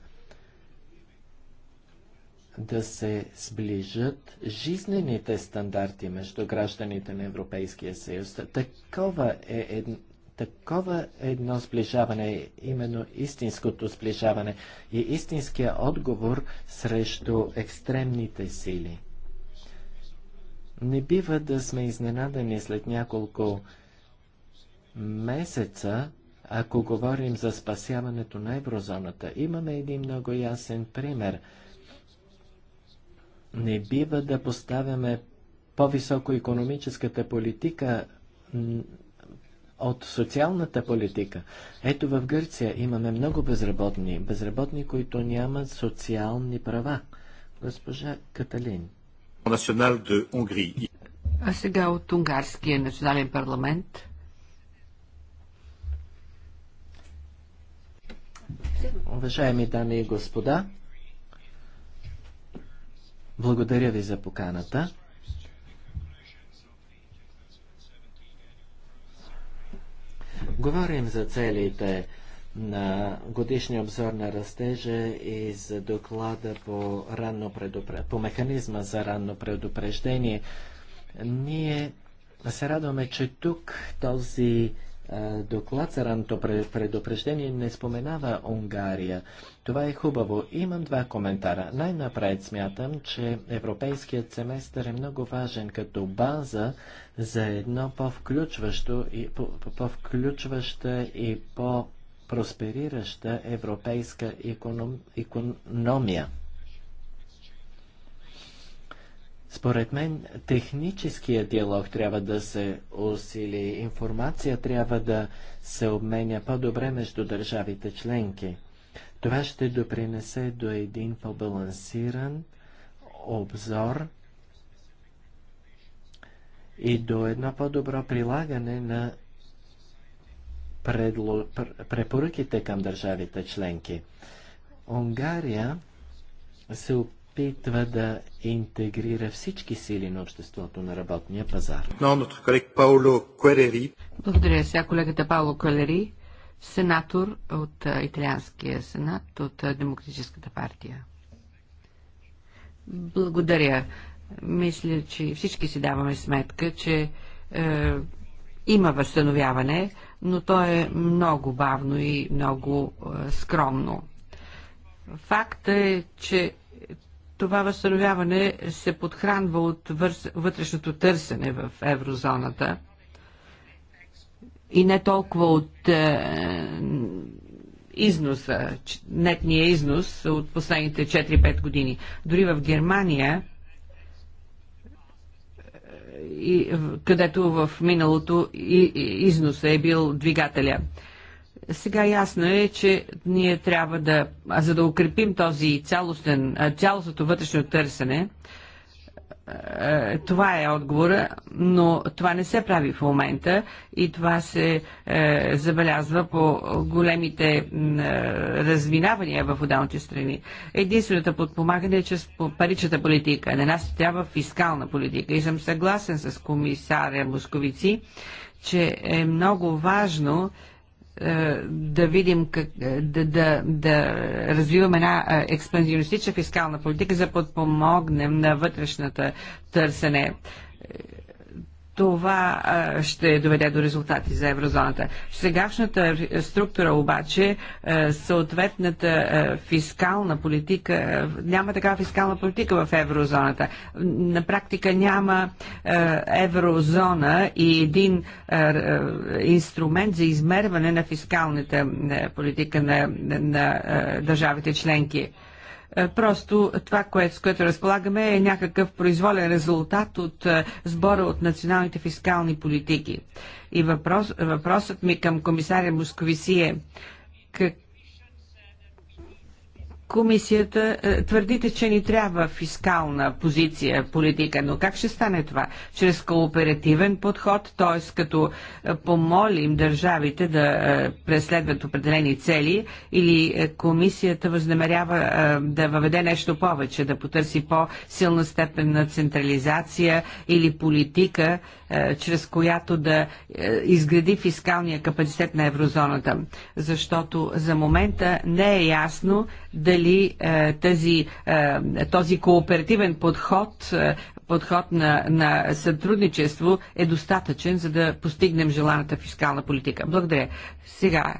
да се сближат жизнените стандарти между гражданите на Европейския съюз. Такова е, едно, такова е едно сближаване, именно истинското сближаване и истинския отговор срещу екстремните сили. Не бива да сме изненадани след няколко месеца ако говорим за спасяването на еврозоната, имаме един много ясен пример. Не бива да поставяме по-високо економическата политика от социалната политика. Ето в Гърция имаме много безработни, безработни, които нямат социални права. Госпожа Каталин. А сега от Унгарския национален парламент. Уважаеми дами и господа, благодаря ви за поканата. Говорим за целите на годишния обзор на растежа и за доклада по, ранно предупр... по механизма за ранно предупреждение. Ние се радваме, че тук този е, доклад за ранното предупреждение не споменава Унгария. Това е хубаво. Имам два коментара. Най-напред смятам, че европейският семестър е много важен като база за едно по-включващо и по-включваща и по-просперираща европейска економ... економия. Според мен техническия диалог трябва да се усили, информация трябва да се обменя по-добре между държавите членки. Това ще допринесе до един по-балансиран обзор и до едно по-добро прилагане на предло... препоръките към държавите членки. Унгария се опитва опитва да интегрира всички сили на обществото на работния пазар. Благодаря сега колегата Пауло Калери, сенатор от Италианския сенат от Демократическата партия. Благодаря. Мисля, че всички си даваме сметка, че е, има възстановяване, но то е много бавно и много е, скромно. Факт е, че това възстановяване се подхранва от вътрешното търсене в еврозоната и не толкова от е, износа, нетния износ от последните 4-5 години. Дори в Германия, е, и, където в миналото и, и, износа е бил двигателя. Сега ясно е, че ние трябва да, за да укрепим този цялостен, цялостното вътрешно търсене, това е отговора, но това не се прави в момента и това се е, забелязва по големите е, разминавания в отделните страни. Единствената подпомагане е чрез паричната политика. На нас трябва фискална политика и съм съгласен с комисаря Московици, че е много важно е, е, да видим как, е, да, да, да развиваме една е, експанзионистична фискална политика за подпомогнем на вътрешната търсене това ще доведе до резултати за еврозоната. В сегашната структура обаче, съответната фискална политика, няма такава фискална политика в еврозоната. На практика няма еврозона и един инструмент за измерване на фискалната политика на, на, на държавите членки. Е, просто това, което, с което разполагаме е някакъв произволен резултат от е, сбора от националните фискални политики. И въпрос, въпросът ми към комисаря Московиси е как, комисията е, твърдите, че ни трябва фискална позиция, политика, но как ще стане това? Чрез кооперативен подход, т.е. като е, помолим държавите да е, преследват определени цели или комисията възнамерява да въведе нещо повече, да потърси по-силна степен на централизация или политика, е, чрез която да е, изгради фискалния капацитет на еврозоната. Защото за момента не е ясно дали е, тази, този кооперативен подход подход на, на сътрудничество е достатъчен, за да постигнем желаната фискална политика. Благодаря. Сега,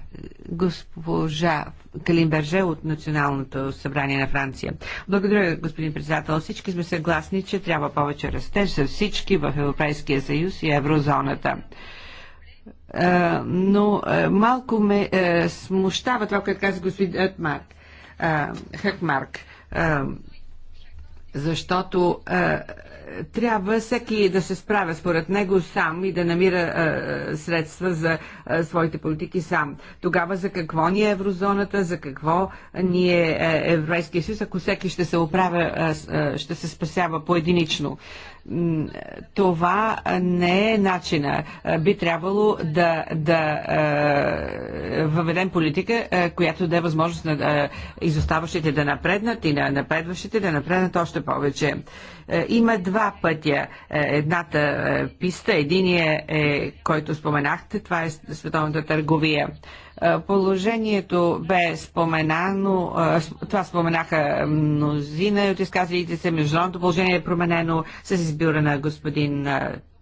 госпожа Калимберже от Националното събрание на Франция. Благодаря, господин председател. Всички сме съгласни, че трябва повече растеж за всички в Европейския съюз и еврозоната е, но е, малко ме е, смущава това, което каза господин Етмарк, Хъкмарк, защото трябва всеки да се справя според него сам и да намира е, средства за е, своите политики сам. Тогава за какво ни е еврозоната, за какво ни е, е Европейския съюз, ако всеки ще се оправя, е, ще се спасява поединично. Това не е начина. Е, би трябвало да, да е, въведем политика, е, която да е възможност на изоставащите да напреднат и на напредващите да напреднат още повече. Има два пътя. Едната писта, единия е, който споменахте, това е световната търговия. Положението бе споменано, това споменаха мнозина от изказалите се, международното положение е променено с избира на господин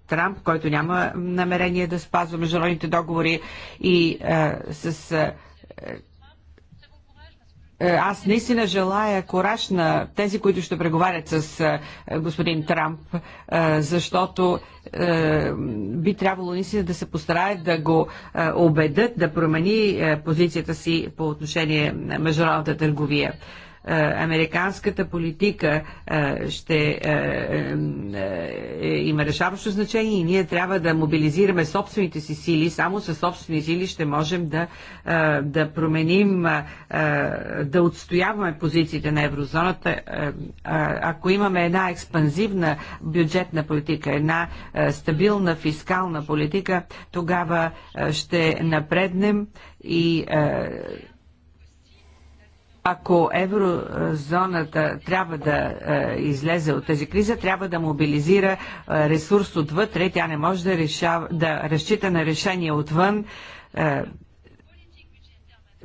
Трамп, който няма намерение да спазва международните договори и а, с. А, аз наистина желая кораж на тези, които ще преговарят с господин Трамп, защото би трябвало наистина да се постараят да го убедят да промени позицията си по отношение на международната търговия. Е, американската политика е, ще е, има решаващо значение и ние трябва да мобилизираме собствените си сили. Само със собствени сили ще можем да, да променим, да отстояваме позициите на еврозоната. Ако имаме една експанзивна бюджетна политика, една стабилна фискална политика, тогава ще напреднем и ако еврозоната трябва да е, излезе от тази криза, трябва да мобилизира е, ресурс отвътре. Тя не може да, решава, да разчита на решение отвън е,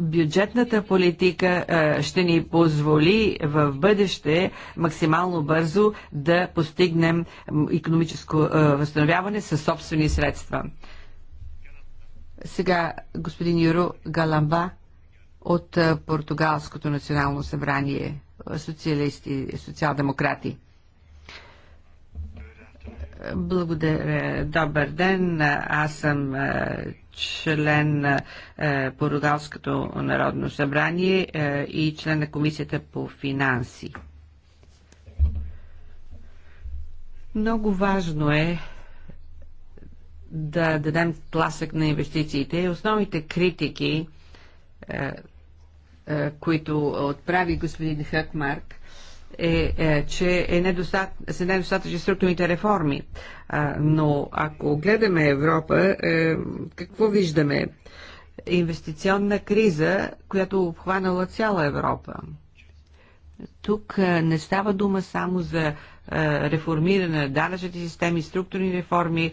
бюджетната политика ще ни позволи в бъдеще максимално бързо да постигнем економическо възстановяване със собствени средства. Сега господин Юро Галамба от Португалското национално събрание социалисти, социал-демократи. Благодаря. Добър ден. Аз съм член на Португалското народно събрание и член на Комисията по финанси. Много важно е да дадем тласък на инвестициите. Основните критики е, които отправи господин Хъкмарк, е, е че е недостат, са недостатъчни структурните реформи. А, но ако гледаме Европа, е, какво виждаме? Инвестиционна криза, която обхванала цяла Европа. Тук е, не става дума само за е, реформиране на данъчните системи, структурни реформи,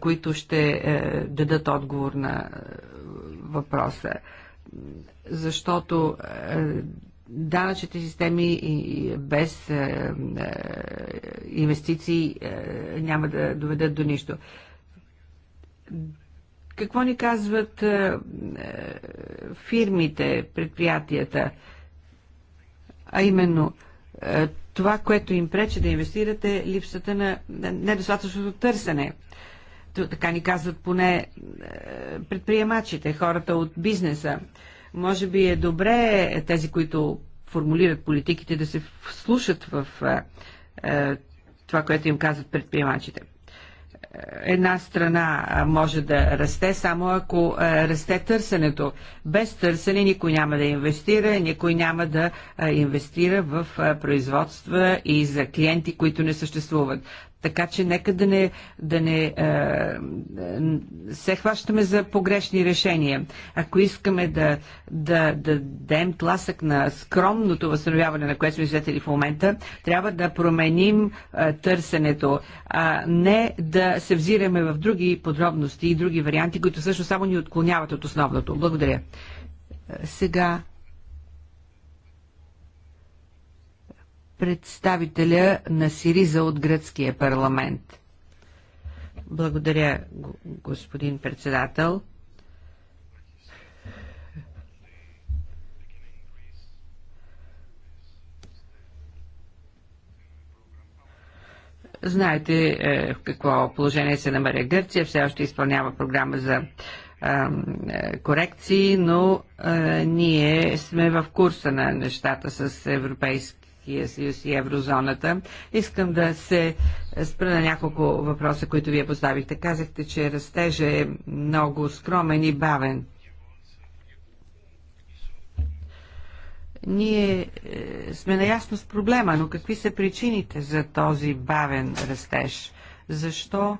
които ще дадат отговор на въпроса защото е, данъчните системи без е, е, инвестиции няма да доведат до нищо. Какво ни казват фирмите, предприятията? А именно, това, което им пречи да инвестирате, е липсата на недостатъчното търсене – така ни казват поне е, предприемачите, хората от бизнеса. Може би е добре тези, които формулират политиките, да се вслушат в е, е, това, което им казват предприемачите една страна може да расте, само ако расте търсенето. Без търсене никой няма да инвестира, никой няма да инвестира в производства и за клиенти, които не съществуват. Така че нека да не, да не е, се хващаме за погрешни решения. Ако искаме да, да, да дадем тласък на скромното възстановяване, на което сме свидетели в момента, трябва да променим е, търсенето, а не да се взираме в други подробности и други варианти, които също само ни отклоняват от основното. Благодаря. Е, сега представителя на Сириза от гръцкия парламент. Благодаря, господин председател. Знаете е, в какво положение се намеря Гърция. Все още изпълнява програма за е, корекции, но а, е, ние сме в курса на нещата с Европейски Европейския съюз и еврозоната. Искам да се спра на няколко въпроса, които вие поставихте. Казахте, че растежа е много скромен и бавен. Ние е, сме наясно с проблема, но какви са причините за този бавен растеж? Защо?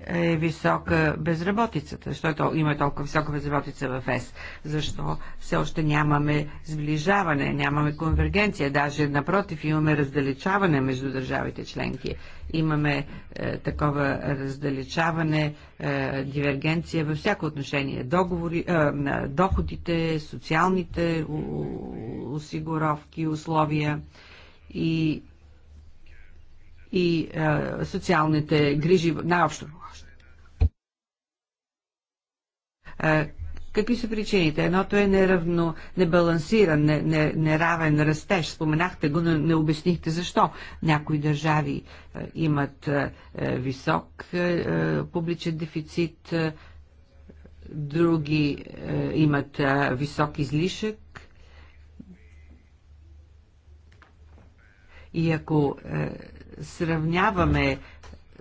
е висока безработицата, защото има толкова висока безработица в ЕС, защо все още нямаме сближаване, нямаме конвергенция, даже напротив имаме раздалечаване между държавите членки, имаме е, такова раздалечаване, е, дивергенция във всяко отношение, договори, е, доходите, социалните осигуровки, условия и и е, социалните грижи, общо. Какви са причините? Едното е неравно, небалансиран, не, не, неравен растеж. Споменахте го, но не обяснихте защо. Някои държави а, имат а, висок а, публичен дефицит, а, други а, имат а, висок излишък. И ако е, сравняваме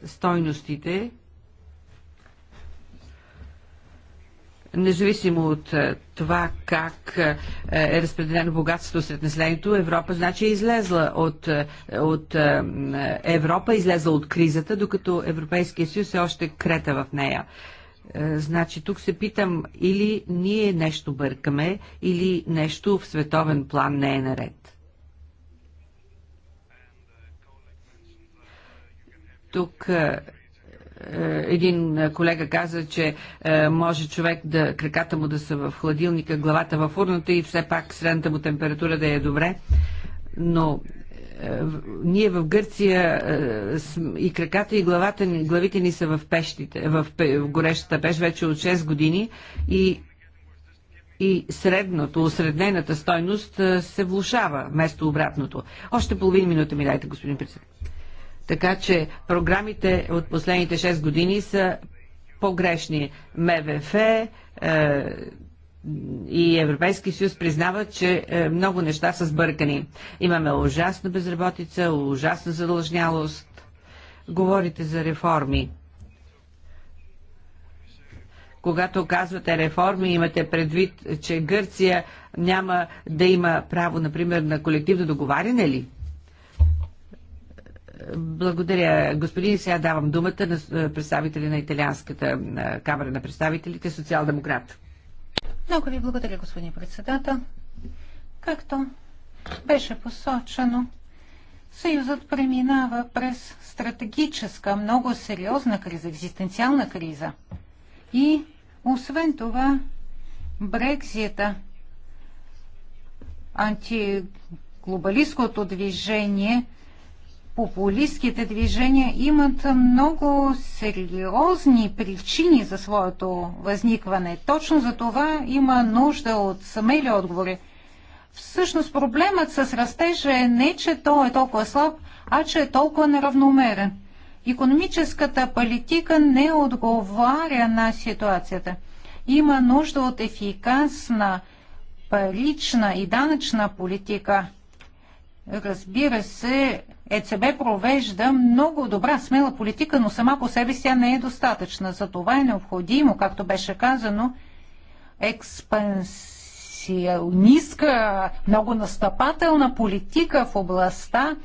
стойностите, независимо от е, това как е, е разпределено богатството сред населението, Европа значи е излезла от, е, от Европа, излезла от кризата, докато Европейския съюз е още крета в нея. Значи тук се питам или ние нещо бъркаме, или нещо в световен план не е наред. Тук е, един е, колега каза, че е, може човек да, краката му да са в хладилника, главата в урната и все пак средната му температура да е добре. Но ние в Гърция и краката и главата, главите ни са в пещите, в, в горещата пещ вече от 6 години и и средното, осреднената стойност се влушава вместо обратното. Още половин минута ми дайте, господин председател. Така че програмите от последните 6 години са погрешни. МВФ е, и Европейски съюз признават, че е, много неща са сбъркани. Имаме ужасна безработица, ужасна задължнялост. Говорите за реформи. Когато казвате реформи, имате предвид, че Гърция няма да има право, например, на колективно договаряне ли? Благодаря, господин. Сега давам думата на представителя на Италианската камера на представителите, социал-демократ. Много ви благодаря, господин председател. Както беше посочено, Съюзът преминава през стратегическа, много сериозна криза, екзистенциална криза. И освен това, Брекзита, антиглобалистското движение популистските движения имат много сериозни причини за своето възникване. Точно за това има нужда от смели отговори. Всъщност проблемът с растежа е не, че той е толкова слаб, а че е толкова неравномерен. Економическата политика не отговаря на ситуацията. Има нужда от ефикасна парична и данъчна политика. Разбира се, ЕЦБ провежда много добра, смела политика, но сама по себе си тя не е достатъчна. За това е необходимо, както беше казано, експансионистка, много настъпателна политика в областта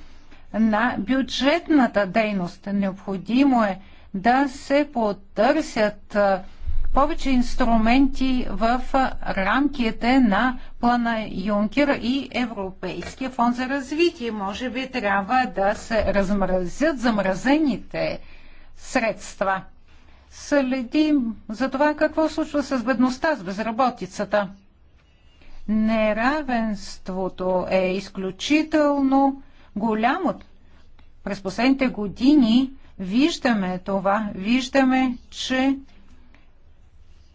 на бюджетната дейност. Необходимо е да се потърсят повече инструменти в рамките на плана Юнкер и Европейския фонд за развитие. Може би трябва да се размразят замразените средства. Следим за това какво случва с бедността, с безработицата. Неравенството е изключително голямо. През последните години виждаме това. Виждаме, че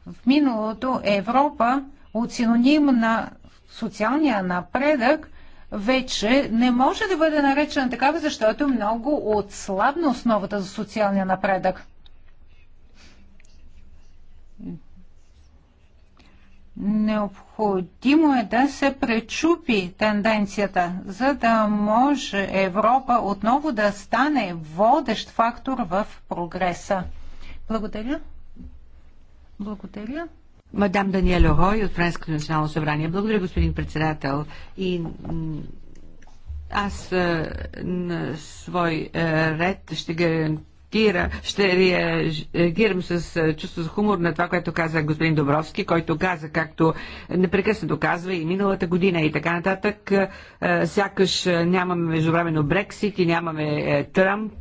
в миналото Европа от синоним на социалния напредък вече не може да бъде наречена такава, защото е много отслабна основата за социалния напредък. Необходимо е да се пречупи тенденцията, за да може Европа отново да стане водещ фактор в прогреса. Благодаря. Благодаря. Мадам Даниел Рой от Френското национално събрание. Благодаря, господин председател. И аз е, на свой е, ред ще гарантира, ще реагирам с е, чувство за хумор на това, което каза господин Добровски, който каза, както непрекъснато казва и миналата година и така нататък, сякаш нямаме междувременно Брексит и нямаме Тръмп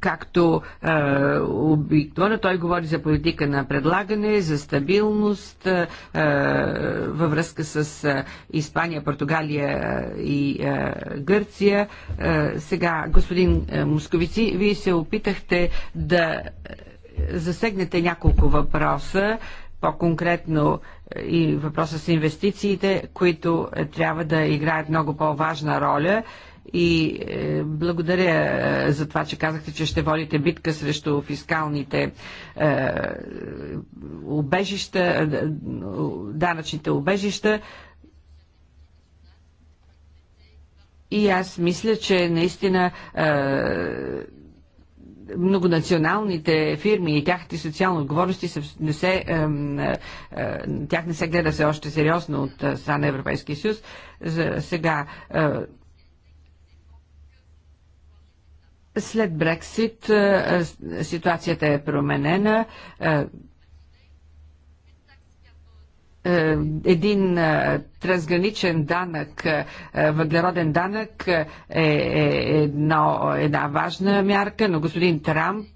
както е, обикновено той говори за политика на предлагане, за стабилност е, във връзка с е, Испания, Португалия е, и е, Гърция. Е, сега, господин е, Московици, вие се опитахте да е, засегнете няколко въпроса, по-конкретно е, и въпроса с инвестициите, които трябва да играят много по-важна роля и е, благодаря е, за това, че казахте, че ще водите битка срещу фискалните е, убежища, е, е, данъчните убежища. И аз мисля, че наистина е, многонационалните фирми и тяхните социални отговорности не се, е, е, тях не се гледа все още сериозно от е, страна Европейския съюз. За сега е, След Брексит е, е, ситуацията е променена. Е, един трансграничен данък, въглероден данък е една, една важна мярка, но господин Трамп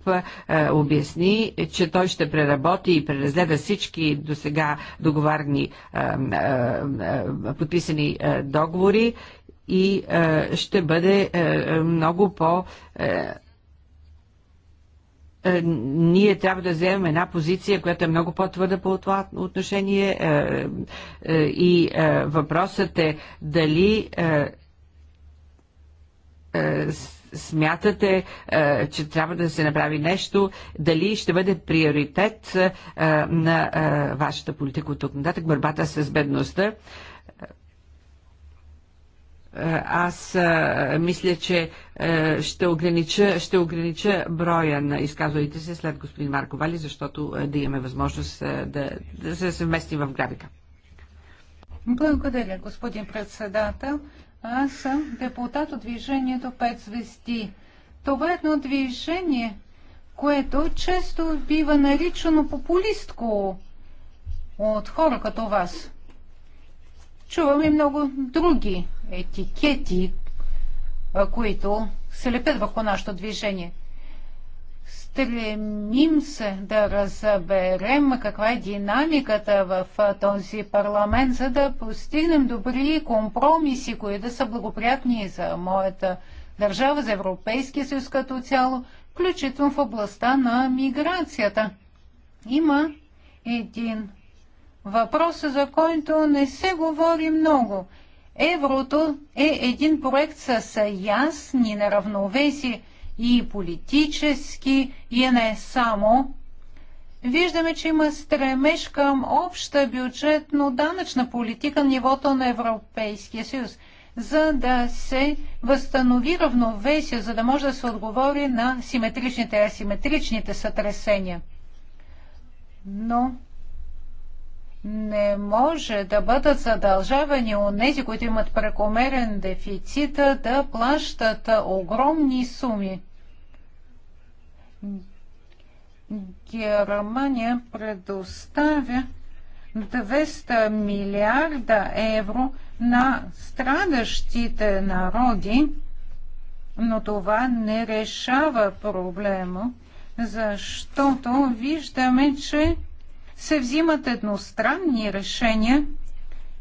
обясни, че той ще преработи и преразгледа всички до сега договарни подписани договори и е, ще бъде е, е много по... Е, е, ние трябва да вземем една позиция, която е много по-твърда по това отношение е, и въпросът е дали смятате, че трябва да се направи нещо, дали ще бъде приоритет на вашата политика от тук нататък борбата с бедността аз а, мисля, че а, ще, огранича, ще огранича броя на изказвалите се след господин Марко Вали, защото а, да имаме възможност а, да, да се съвмести в графика. Благодаря, господин председател. Аз съм депутат от движението 5 звезди. Това е едно движение, което често бива наричано популистко от хора като вас. Чувам и много други етикети, които се лепят върху нашето движение. Стремим се да разберем каква е динамиката в този парламент, за да постигнем добри компромиси, които да са благоприятни за моята държава, за Европейския съюз като цяло, включително в областта на миграцията. Има един въпрос, за който не се говори много – Еврото е един проект с ясни неравновеси и политически, и не само. Виждаме, че има стремеж към обща бюджетно-данъчна политика на нивото на Европейския съюз, за да се възстанови равновесие, за да може да се отговори на симетричните и асиметричните сътресения. Но не може да бъдат задължавани от тези, които имат прекомерен дефицит, да плащат огромни суми. Германия предоставя 200 милиарда евро на страдащите народи, но това не решава проблема, защото виждаме, че се взимат едностранни решения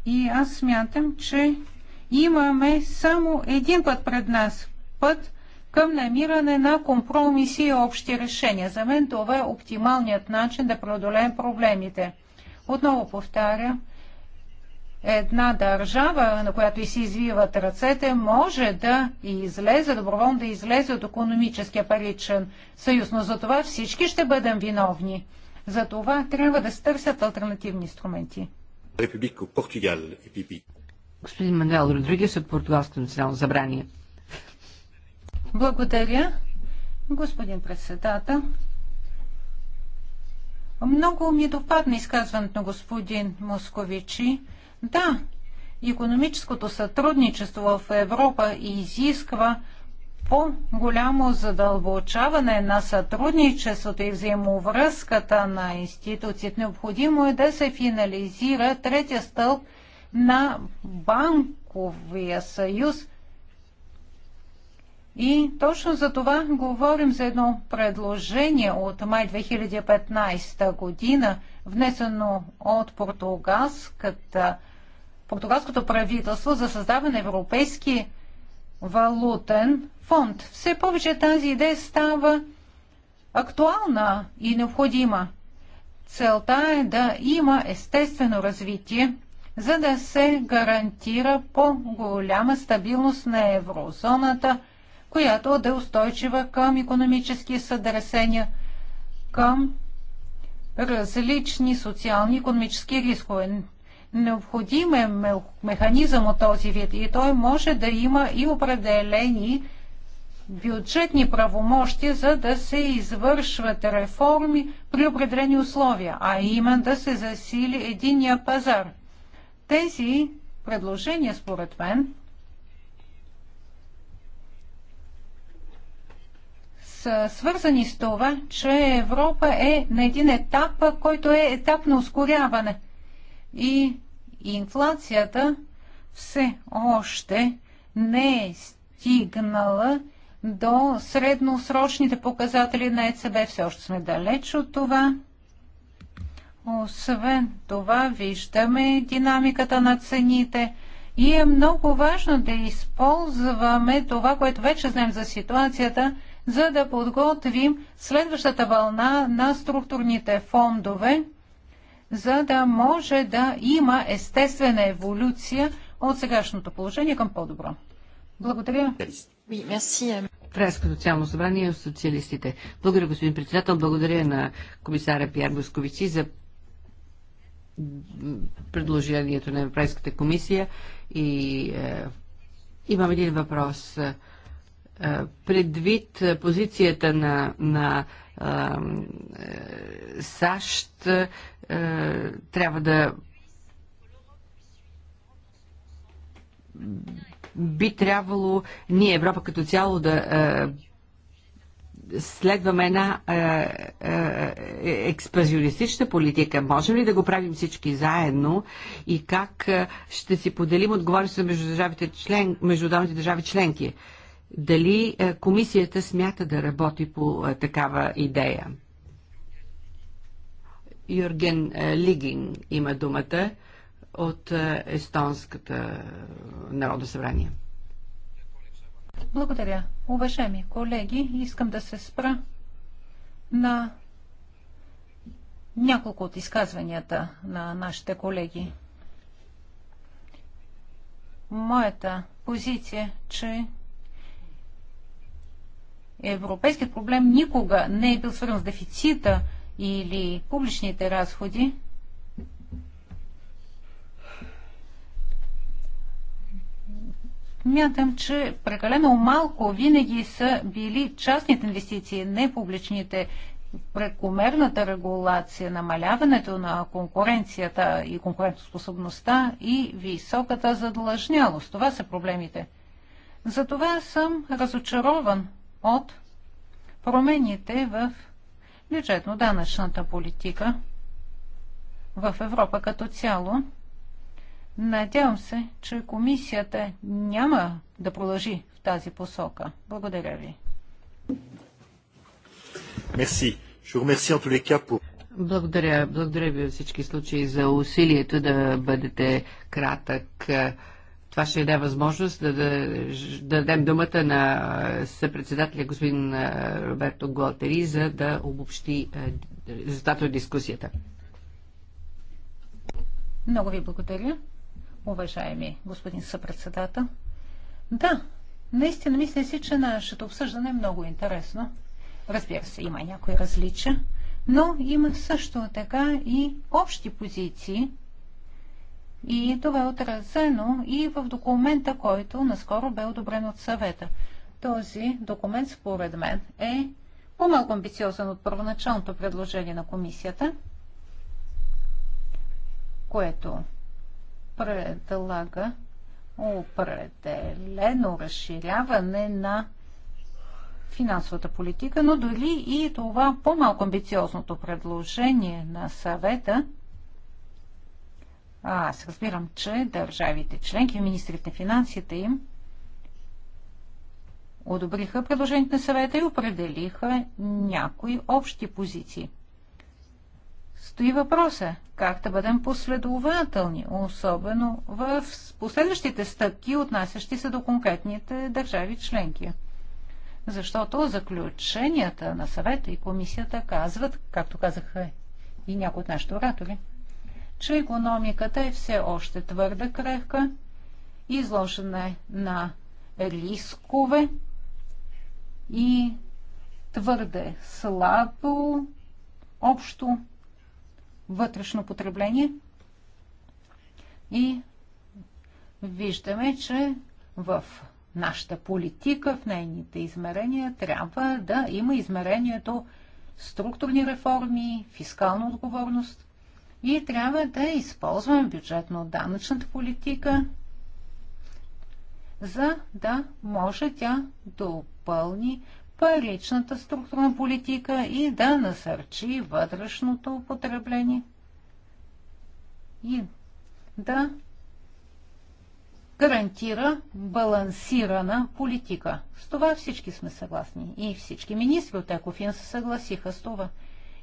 и аз смятам, че имаме само един път пред нас път към намиране на компромиси и общи решения. За мен това е оптималният начин да преодолеем проблемите. Отново повтаря, една държава, на която и се извиват ръцете, може да излезе, доброволно да излезе от економическия паричен съюз, но за това всички ще бъдем виновни. За това трябва да се търсят альтернативни инструменти. Република Португал и Господин Мануел Родригес от Португалското национално забрание. Благодаря, господин председател. Много ми допадна изказването на господин Московичи. Да, економическото сътрудничество в Европа изисква по-голямо задълбочаване на сътрудничеството и взаимовръзката на институциите. Необходимо е да се финализира третия стълб на банковия съюз. И точно за това говорим за едно предложение от май 2015 година, внесено от португалската, португалското правителство за създаване европейски валутен фонд. Все повече тази идея става актуална и необходима. Целта е да има естествено развитие, за да се гарантира по-голяма стабилност на еврозоната, която да е устойчива към економически съдресения, към различни социални и економически рискове. Необходим е механизъм от този вид и той може да има и определени бюджетни правомощи, за да се извършват реформи при определени условия, а именно да се засили единния пазар. Тези предложения, според мен, са свързани с това, че Европа е на един етап, който е етап на ускоряване. И инфлацията все още не е стигнала до средносрочните показатели на ЕЦБ. Все още сме далеч от това. Освен това, виждаме динамиката на цените и е много важно да използваме това, което вече знаем за ситуацията, за да подготвим следващата вълна на структурните фондове, за да може да има естествена еволюция от сегашното положение към по-добро. Благодаря. Euh, Френското социално събрание от социалистите. Благодаря, господин председател. Благодаря на комисаря Пиар Босковичи за предложението на Европейската комисия и е, имам един въпрос. Е, предвид позицията на, на е, е САЩ, е, трябва да би трябвало ние, Европа като цяло, да е, следваме една е, е, е експазионистична политика. Можем ли да го правим всички заедно и как е, ще си поделим отговорността между, държавите член, между държави членки? Дали комисията смята да работи по такава идея? Юрген Лигин има думата от е, Естонската е, народно събрание. Благодаря. Уважаеми колеги, искам да се спра на няколко от изказванията на нашите колеги. Моята позиция, че европейският проблем никога не е бил свързан с дефицита или публичните разходи, Мятам, че прекалено малко винаги са били частните инвестиции, не публичните. Прекомерната регулация, намаляването на конкуренцията и конкурентоспособността и високата задлъжнялост. Това са проблемите. Затова съм разочарован от промените в бюджетно-данъчната политика в Европа като цяло. Надявам се, че комисията няма да продължи в тази посока. Благодаря ви. Мерси. Благодаря, благодаря ви във всички случаи за усилието да бъдете кратък. Това ще даде възможност да, да, да дадем думата на съпредседателя господин Роберто Голтери, за да обобщи резултата от дискусията. Много ви благодаря уважаеми господин съпредседател. Да, наистина мисля си, че нашето обсъждане е много интересно. Разбира се, има някои различия, но има също така и общи позиции. И това е отразено и в документа, който наскоро бе одобрен от съвета. Този документ, според мен, е по-малко амбициозен от първоначалното предложение на комисията, което предлага определено разширяване на финансовата политика, но дори и това по-малко амбициозното предложение на съвета, аз разбирам, че държавите членки, министрите на финансите им, одобриха предложението на съвета и определиха някои общи позиции стои въпроса е, как да бъдем последователни, особено в последващите стъпки, отнасящи се до конкретните държави членки. Защото заключенията на съвета и комисията казват, както казаха и някои от нашите оратори, че економиката е все още твърде крехка, изложена е на рискове и твърде слабо общо вътрешно потребление. И виждаме, че в нашата политика, в нейните измерения, трябва да има измерението структурни реформи, фискална отговорност. И трябва да използваме бюджетно-данъчната политика, за да може тя допълни паричната структурна политика и да насърчи вътрешното употребление и да гарантира балансирана политика. С това всички сме съгласни. И всички министри от Екофин се съгласиха с това.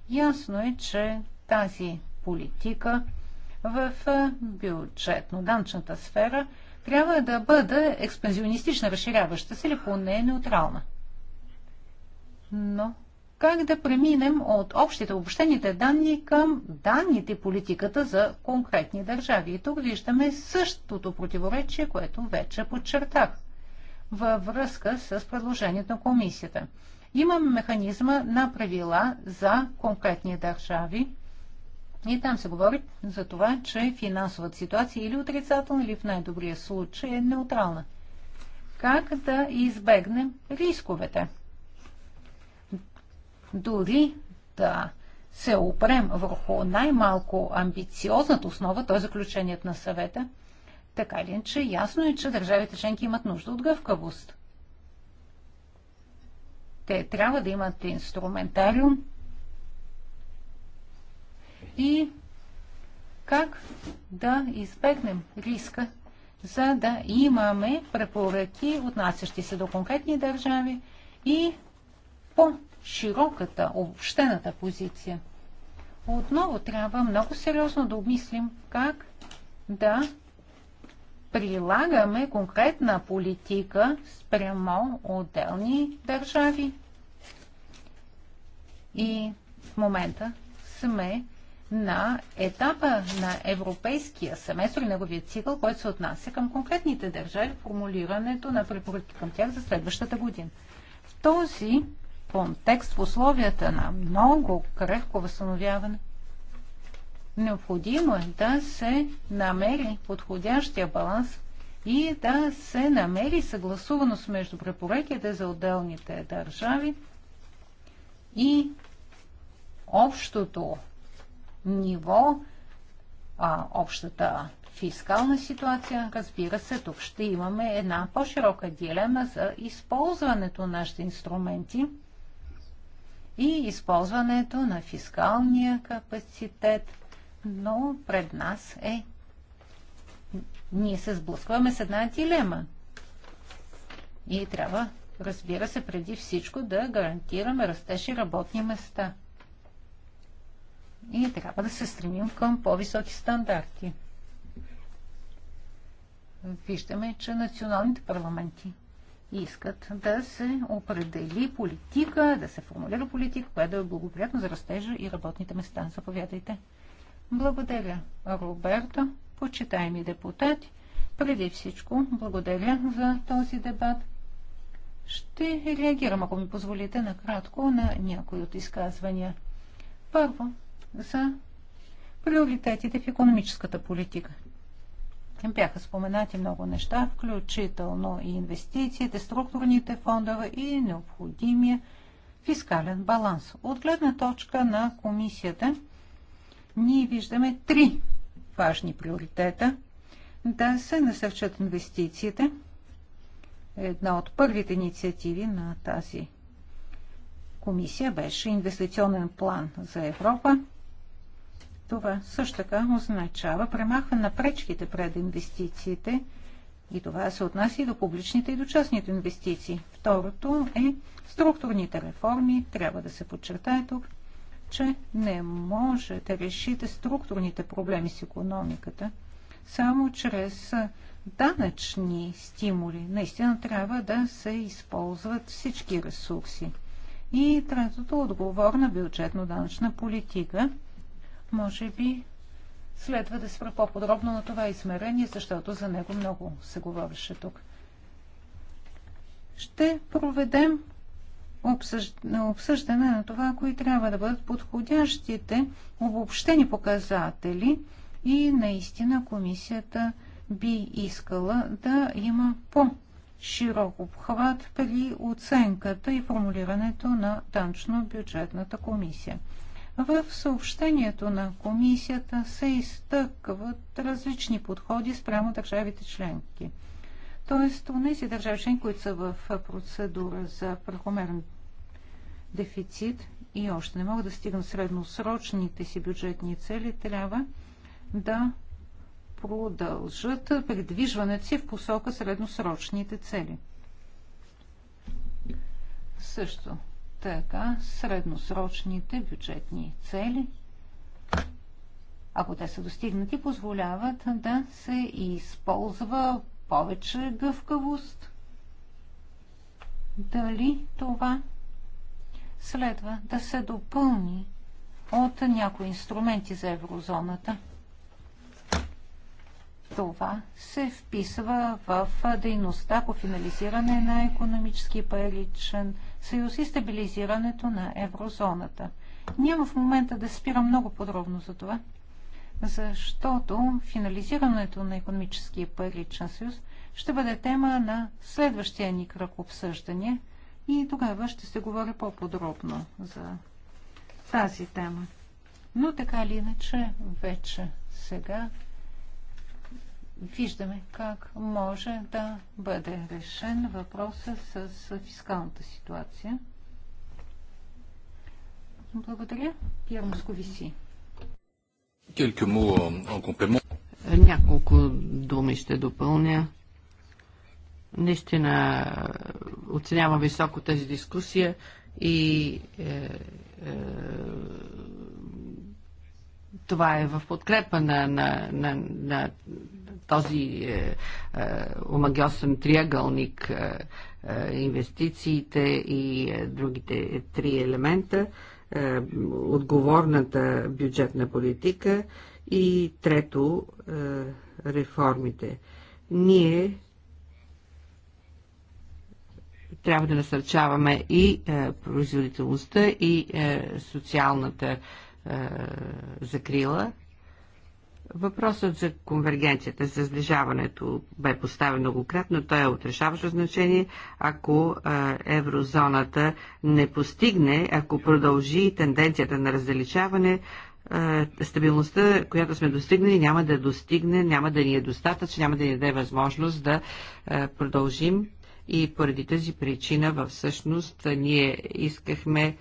Ясно е, че тази политика в бюджетно-данчната сфера трябва да бъде експанзионистична, разширяваща се или поне неутрална но как да преминем от общите обобщените данни към данните политиката за конкретни държави. И тук виждаме същото противоречие, което вече подчертах във връзка с предложението на комисията. Имам механизма на правила за конкретни държави и там се говори за това, че финансовата ситуация или отрицателна, или в най-добрия случай е неутрална. Как да избегнем рисковете? дори да се опрем върху най-малко амбициозната основа, т.е. заключеният на съвета, така ли, че ясно е, че държавите членки имат нужда от гъвкавост. Те трябва да имат инструментариум и как да избегнем риска, за да имаме препоръки, отнасящи се до конкретни държави и по широката, общената позиция. Отново трябва много сериозно да обмислим как да прилагаме конкретна политика спрямо отделни държави. И в момента сме на етапа на европейския семестър и неговия цикъл, който се отнася към конкретните държави, формулирането на препоръки към тях за следващата година. В този контекст, в условията на много крехко възстановяване, необходимо е да се намери подходящия баланс и да се намери съгласуваност между препоръките за отделните държави и общото ниво, а, общата фискална ситуация, разбира се, тук ще имаме една по-широка дилема за използването на нашите инструменти – и използването на фискалния капацитет, но пред нас е. Ние се сблъскваме с една дилема. И трябва, разбира се, преди всичко да гарантираме растеж и работни места. И трябва да се стремим към по-високи стандарти. Виждаме, че националните парламенти искат да се определи политика, да се формулира политика, която да е благоприятна за растежа и работните места. Заповядайте. Благодаря, Роберто, почитаеми депутати. Преди всичко, благодаря за този дебат. Ще реагирам, ако ми позволите, накратко на някои от изказвания. Първо, за приоритетите в економическата политика им Бяха споменати много неща, включително и инвестициите, структурните фондове и необходимия фискален баланс. От гледна точка на комисията ние виждаме три важни приоритета. Да се насърчат инвестициите. Една от първите инициативи на тази комисия беше инвестиционен план за Европа. Това също така означава премахване на пречките пред инвестициите и това се отнася и до публичните и до частните инвестиции. Второто е структурните реформи. Трябва да се подчертае тук, че не може да решите структурните проблеми с економиката само чрез данъчни стимули. Наистина трябва да се използват всички ресурси. И третото отговорна бюджетно-данъчна политика – може би следва да спра по-подробно на това измерение, защото за него много се говореше тук. Ще проведем обсъждане на това, кои трябва да бъдат подходящите обобщени показатели и наистина комисията би искала да има по-широк обхват при оценката и формулирането на танчно бюджетната комисия. В съобщението на комисията се изтъкват различни подходи спрямо държавите членки. Тоест, у нези държави членки, които са в процедура за прекомерен дефицит и още не могат да стигнат средносрочните си бюджетни цели, трябва да продължат предвижването си в посока средносрочните цели. Също така средносрочните бюджетни цели, ако те са достигнати, позволяват да се използва повече гъвкавост. Дали това следва да се допълни от някои инструменти за еврозоната? Това се вписва в дейността по финализиране на економически паричен съюз и стабилизирането на еврозоната. Няма в момента да спира много подробно за това, защото финализирането на економическия паричен съюз ще бъде тема на следващия ни кръг обсъждания и тогава ще се говори по-подробно за тази тема. Но така или иначе, вече сега виждаме как може да бъде решен въпроса с фискалната ситуация. Благодаря. Пьер си. Няколко думи ще допълня. Наистина е, оценявам високо тази дискусия и е, е, това е в подкрепа на, на, на, на този е, е, омагиосен триъгълник е, инвестициите и другите три елемента, отговорната бюджетна политика и трето реформите. Ние трябва да насърчаваме и производителността, и социалната закрила Въпросът за конвергенцията, за сближаването бе поставен многократно. Той е отрешаващо значение, ако еврозоната не постигне, ако продължи тенденцията на раздалечаване, стабилността, която сме достигнали, няма да достигне, няма да ни е достатъчно, няма да ни даде възможност да продължим. И поради тази причина, всъщност, ние искахме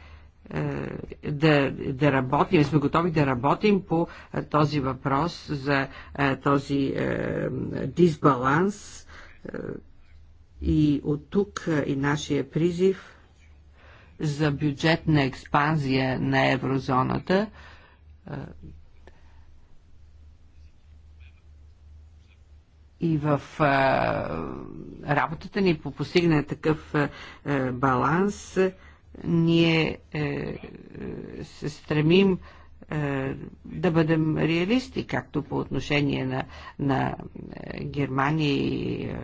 е, да, да работим, сме готови да работим по е, този въпрос за е, този дисбаланс и от тук и нашия призив за бюджетна експанзия на еврозоната. И в работата ни по постигане такъв баланс ние е, се стремим е, да бъдем реалисти, както по отношение на, на е, Германия и е,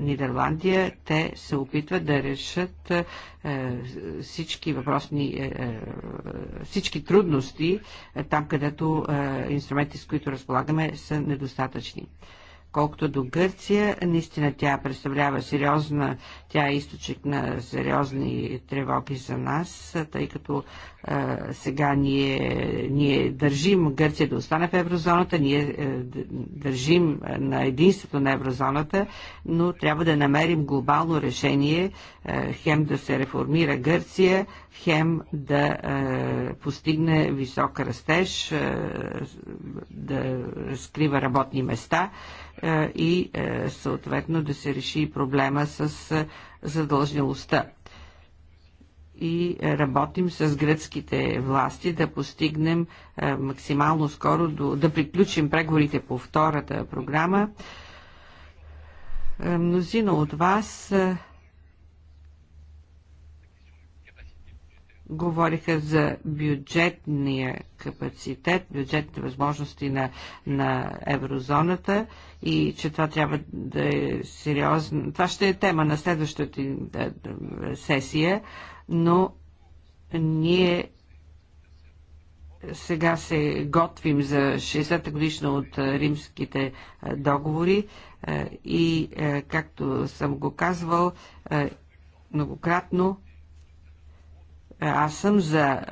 Нидерландия. Те се опитват да решат всички въпросни, всички трудности там, където инструменти, с които разполагаме, са недостатъчни. Колкото до Гърция, наистина тя представлява сериозна, тя е източник на сериозни тревоги за нас, тъй като сега ние, ние държим Гърция да остане в еврозоната, ние е, държим е, на единството на еврозоната, но трябва да намерим глобално решение, е, хем да се реформира Гърция, хем да постигне висок растеж, да разкрива работни места и съответно да се реши проблема с задължнилостта и работим с гръцките власти да постигнем е, максимално скоро до, да приключим преговорите по втората програма. Е, мнозина от вас е, говориха за бюджетния капацитет, бюджетните възможности на, на еврозоната и че това трябва да е сериозно. Това ще е тема на следващата е, е, сесия, но ние сега се готвим за 60-та годишна от е, римските договори и, както съм го казвал многократно, е, аз съм за е,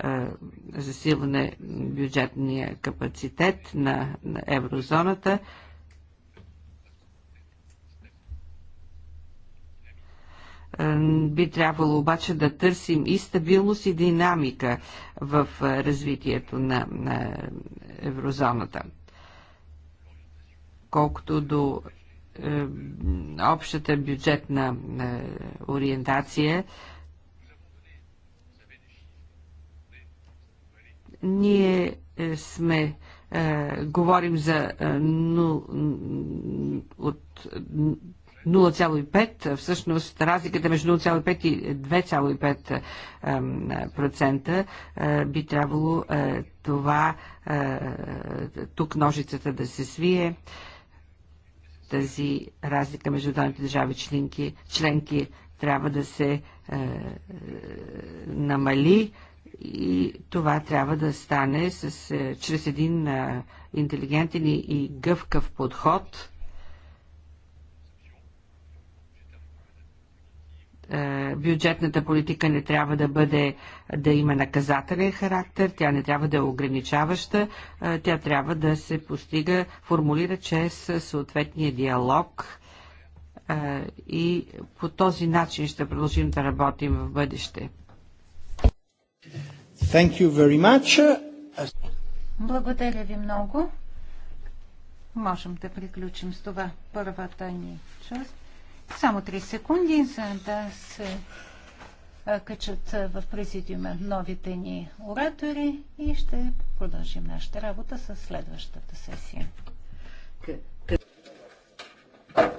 засилване бюджетния капацитет на, на еврозоната. Е, би трябвало обаче да търсим и стабилност и динамика в развитието на, на еврозоната. Колкото до общата бюджетна ориентация, ние е, сме е, говорим за е, от 0,5, всъщност разликата между 0,5 и 2,5% е, е, би трябвало е, това тук ножицата да се свие тази разлика между отделните държави членки, членки трябва да се намали и това трябва да стане с, е, чрез един е, интелигентен и гъвкав подход. Е, бюджетната политика не трябва да бъде да има наказателен характер, тя не трябва да е ограничаваща, тя трябва да се постига, формулира чрез съответния диалог и по този начин ще продължим да работим в бъдеще. Thank you very much. Благодаря ви много. Можем да приключим с това първата ни част. Само 3 секунди, за да се качат в президиума новите ни оратори и ще продължим нашата работа с следващата сесия. Thank you.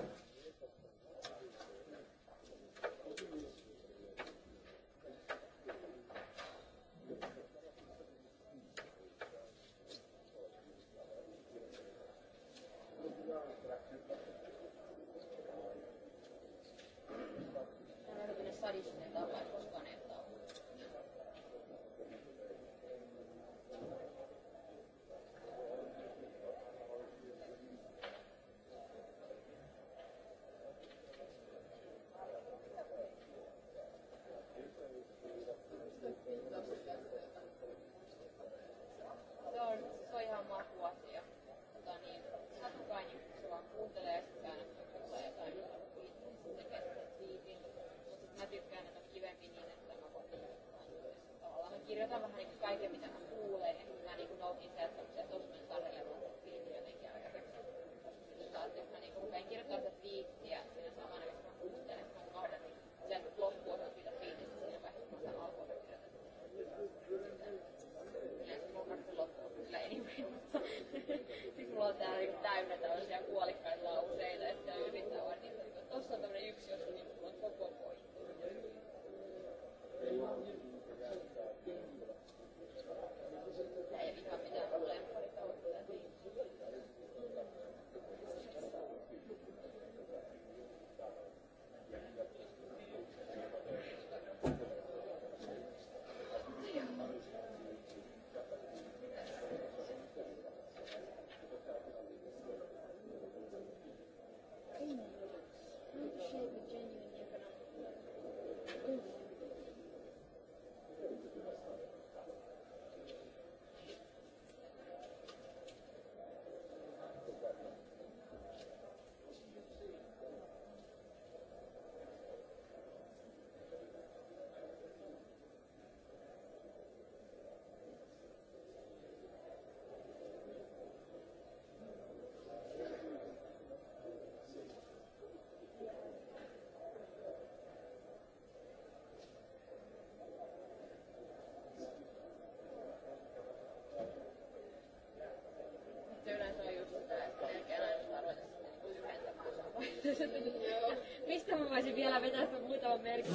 Mistä mä voisin vielä vetää sitä muutaman merkin?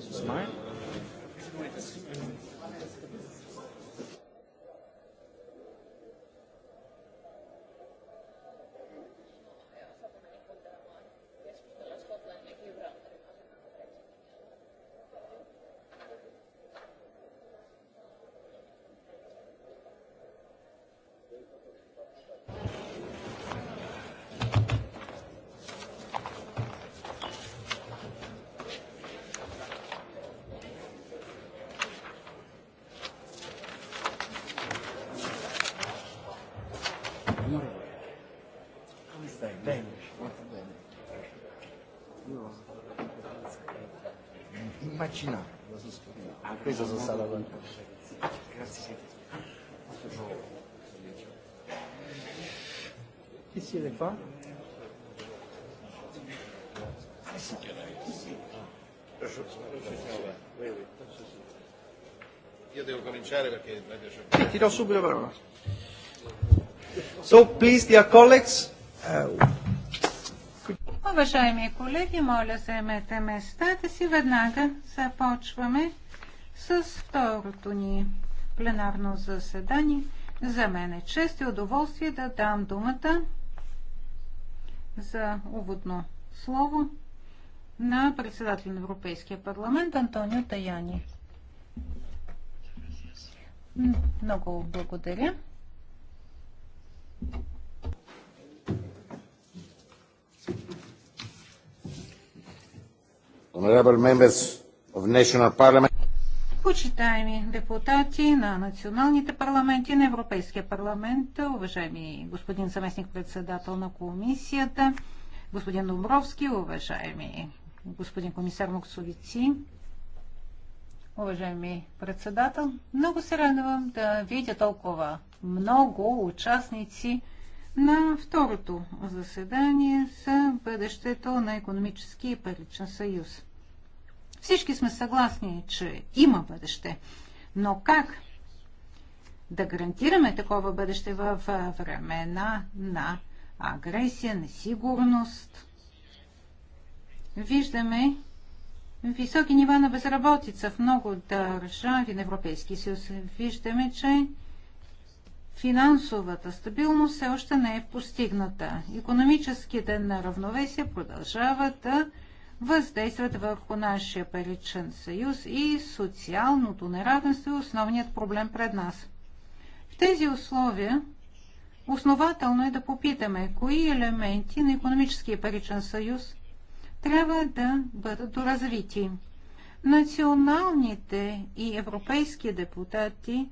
Smile? He's sono stato Grazie. Chi siete qua? Io devo cominciare perché... Ti do subito la parola. So, please, dear colleagues, Уважаеми колеги, моля заемете местата си. Веднага започваме с второто ни пленарно заседание. За мен е чест и удоволствие да дам думата за уводно слово на председател на Европейския парламент Антонио Таяни. Много благодаря. Почитаеми депутати на националните парламенти, на Европейския парламент, уважаеми господин заместник председател на комисията, господин Добровски, уважаеми господин комисар Моксовици, уважаеми председател, много се радвам да видя толкова много участници на второто заседание за бъдещето на економически и паричен съюз. Всички сме съгласни, че има бъдеще, но как да гарантираме такова бъдеще в времена на агресия, несигурност? Виждаме високи нива на безработица в много държави на Европейския съюз. Виждаме, че Финансовата стабилност все още не е постигната. Економическите неравновесия продължават да въздействат върху нашия паричен съюз и социалното неравенство е основният проблем пред нас. В тези условия основателно е да попитаме, кои елементи на економическия паричен съюз трябва да бъдат доразвити. Националните и европейски депутати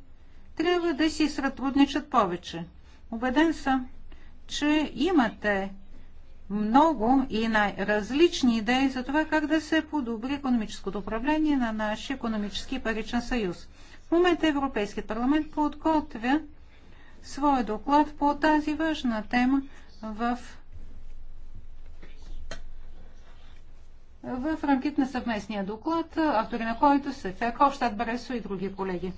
трябва да си сътрудничат повече. Обеден съм, че имате много и най-различни идеи за това как да се подобри економическото управление на нашия економически паричен съюз. В момента Европейският парламент подготвя своя доклад по тази важна тема в в рамките на съвместния доклад, автори на който са Ферховщад Бресо и други колеги.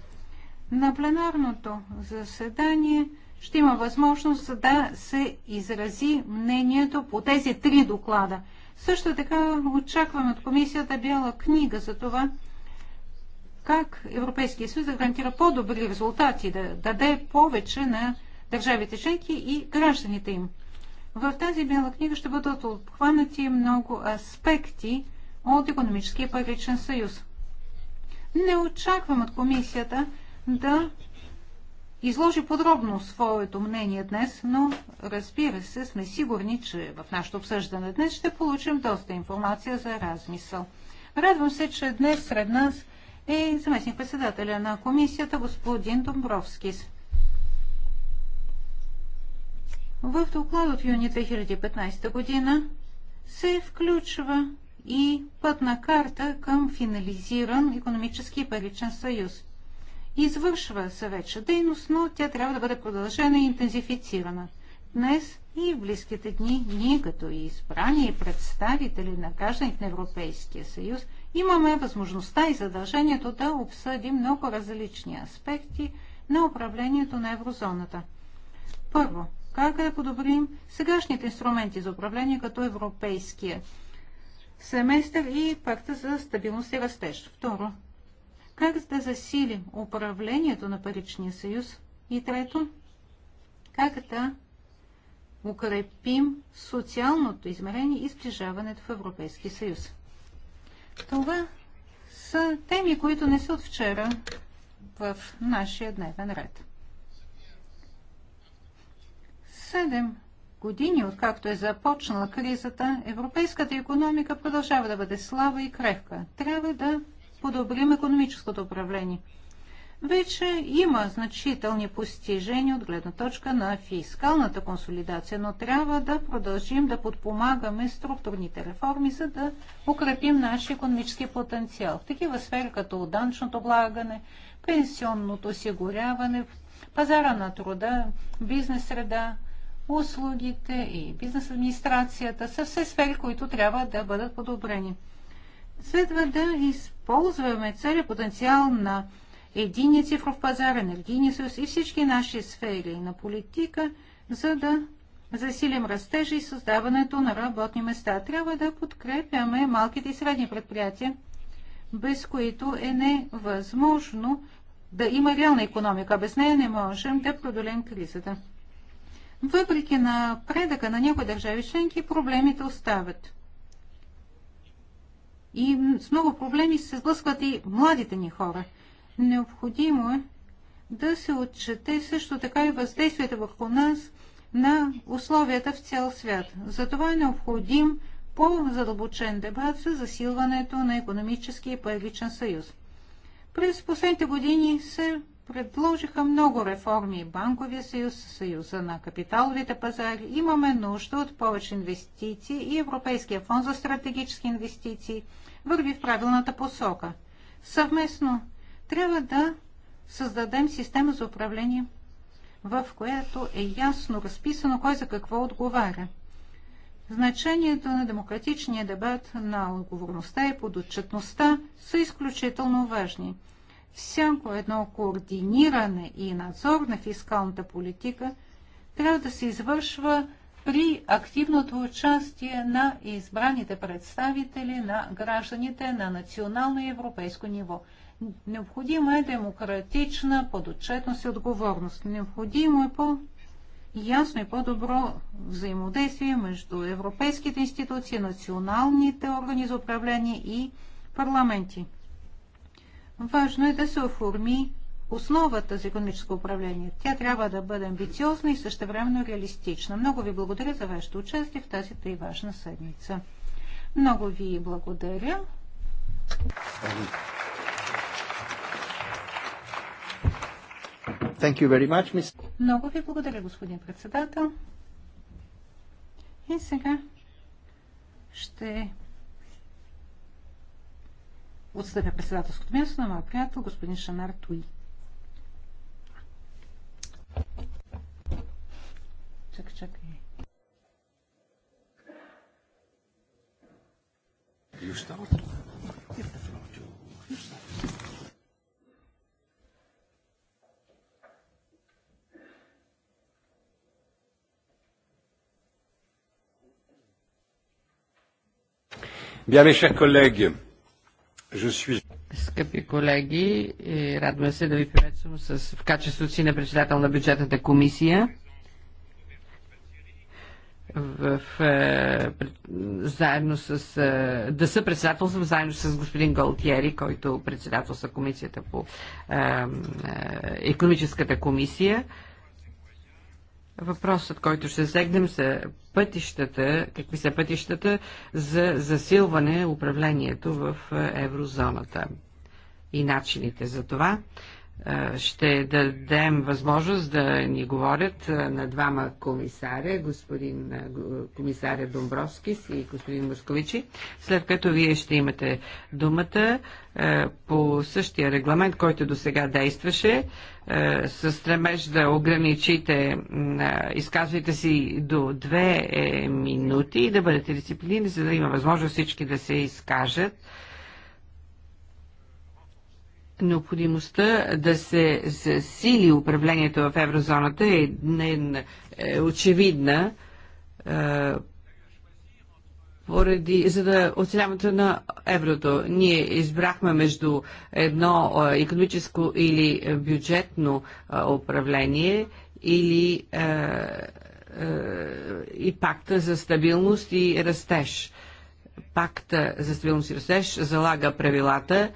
На пленарното заседание ще има възможност да се изрази мнението по тези три доклада. Също така очакваме от комисията бяла книга за това, как Европейския съюз да гарантира по-добри резултати, да даде повече на държавите членки и гражданите им. В тази бяла книга ще бъдат обхванати много аспекти от економическия паричен съюз. Не очаквам от комисията да изложи подробно своето мнение днес, но разбира се, сме сигурни, че в нашето обсъждане днес ще получим доста информация за размисъл. Радвам се, че днес сред нас е заместник председателя на комисията господин Домбровски. В доклад от юни 2015 година се включва и пътна карта към финализиран економически паричен съюз извършва се вече дейност, но тя трябва да бъде продължена и интензифицирана. Днес и в близките дни ние като избрани представители на гражданите на Европейския съюз имаме възможността и задължението да обсъдим много различни аспекти на управлението на еврозоната. Първо, как да подобрим сегашните инструменти за управление като европейския семестър и пакта за стабилност и растеж. Второ, как да засилим управлението на паричния съюз и трето, как да укрепим социалното измерение и сближаването в Европейския съюз. Това са теми, които не са от вчера в нашия дневен ред. Седем години, откакто е започнала кризата, европейската економика продължава да бъде слаба и крехка. Трябва да подобрим економическото управление. Вече има значителни постижения от гледна точка на фискалната консолидация, но трябва да продължим да подпомагаме структурните реформи, за да укрепим нашия економически потенциал. В такива сфери като данчното облагане, пенсионното осигуряване, пазара на труда, бизнес среда, услугите и бизнес администрацията са все сфери, които трябва да бъдат подобрени. Следва да използваме целият потенциал на единия цифров пазар, енергийния съюз и всички наши сфери на политика, за да засилим растежа и създаването на работни места. Трябва да подкрепяме малките и средни предприятия, без които е невъзможно да има реална економика. Без нея не можем да продолем кризата. Въпреки напредъка на някои държави членки, проблемите остават. И с много проблеми се сблъскват и младите ни хора. Необходимо е да се отчете също така и въздействието върху нас на условията в цял свят. Затова е необходим по-задълбочен дебат за засилването на економически и паричен съюз. През последните години се предложиха много реформи. Банковия съюз, съюза на капиталовите пазари. Имаме нужда от повече инвестиции и Европейския фонд за стратегически инвестиции върви в правилната посока. Съвместно трябва да създадем система за управление, в която е ясно разписано кой за какво отговаря. Значението на демократичния дебат, на отговорността и подотчетността са изключително важни всяко едно координиране и надзор на фискалната политика трябва да се извършва при активното участие на избраните представители на гражданите на национално и европейско ниво. Необходима е демократична подотчетност и отговорност. Необходимо е по-ясно и по-добро взаимодействие между европейските институции, националните органи за управление и парламенти. Важно е да се оформи основата за економическо управление. Тя трябва да бъде амбициозна и същевременно реалистична. Много ви благодаря за вашето участие в тази три важна седмица. Много ви благодаря. Thank you very much, miss. Много ви благодаря, господин председател. И сега ще отстъпя председателското място на моя приятел господин Шанар Туи. Чакай, чакай. Bien, mes chers collègues, Скъпи колеги, е, радвам се да ви приветствам с, в качеството си на председател на бюджетната комисия в, е, заедно с, е, да се председателствам заедно с господин Галтиери, който председателства комисията по е, е, економическата комисия. Въпросът, който ще сегнем са пътищата, какви са пътищата за засилване управлението в е, еврозоната и начините за това ще дадем възможност да ни говорят на двама комисаря, господин комисаря Домбровски и господин Московичи, след като вие ще имате думата по същия регламент, който до сега действаше, с стремеж да ограничите изказвайте си до две е, минути и да бъдете дисциплинирани, за да има възможност всички да се изкажат необходимостта да се засили управлението в еврозоната е, не, е очевидна е, поради, за да оцеляването на еврото. Ние избрахме между едно е, економическо или бюджетно е, управление или е, е, и пакта за стабилност и растеж. Пакта за стабилност и растеж залага правилата,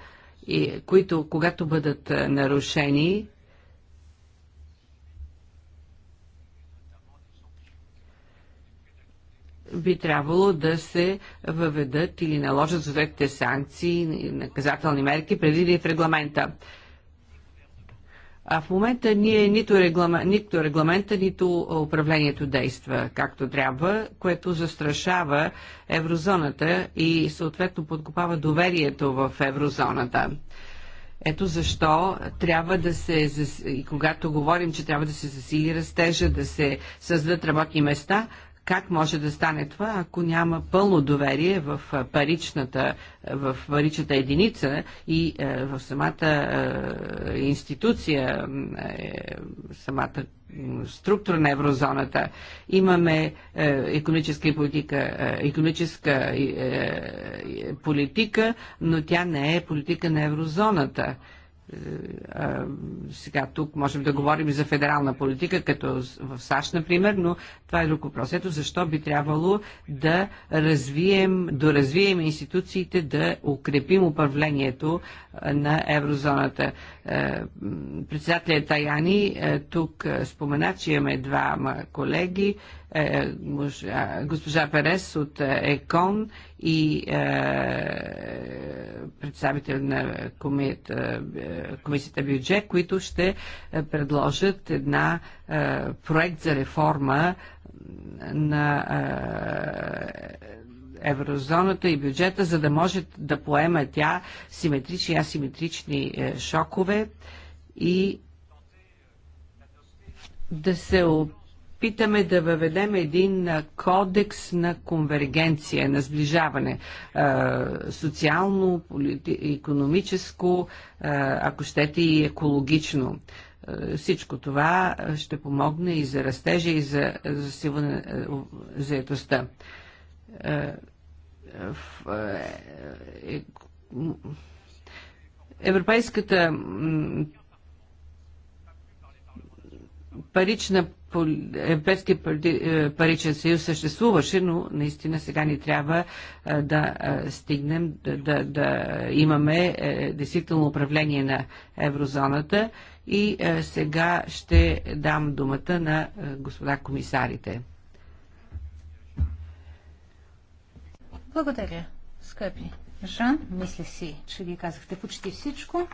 и, които когато бъдат нарушени, би трябвало да се въведат или наложат съответните санкции, наказателни мерки, предвидени в регламента. А в момента ние нито, реглама, нито регламента, нито управлението действа както трябва, което застрашава еврозоната и съответно подкопава доверието в еврозоната. Ето защо трябва да се, и когато говорим, че трябва да се засили растежа, да се създадат работни места, как може да стане това, ако няма пълно доверие в паричната, в паричната единица и в самата институция, самата структура на еврозоната, имаме економическа политика, економическа политика, но тя не е политика на еврозоната. Е, сега тук можем да говорим за федерална политика, като в САЩ, например, но това е друг въпрос. Ето защо би трябвало да развием, доразвием институциите, да укрепим управлението на еврозоната. Е, Председателя Таяни е, тук спомена, че имаме двама колеги, госпожа Перес от ЕКОН и е, представител на е, комисията бюджет, които ще е, предложат една е, проект за реформа на е, еврозоната и бюджета, за да може да поема тя симетрични и асиметрични е, шокове и да се опитва опитаме да въведем един кодекс на конвергенция, на сближаване. Социално, економическо, ако щете и екологично. Всичко това ще помогне и за растежа, и за засилване заетостта. Е, европейската парична Европейския е, паричен съюз съществуваше, но наистина сега ни трябва е, да е, стигнем, да, да имаме действително управление на еврозоната. И сега ще дам думата на господа комисарите. Благодаря, скъпи Жан. Мисля си, че ви казахте почти всичко.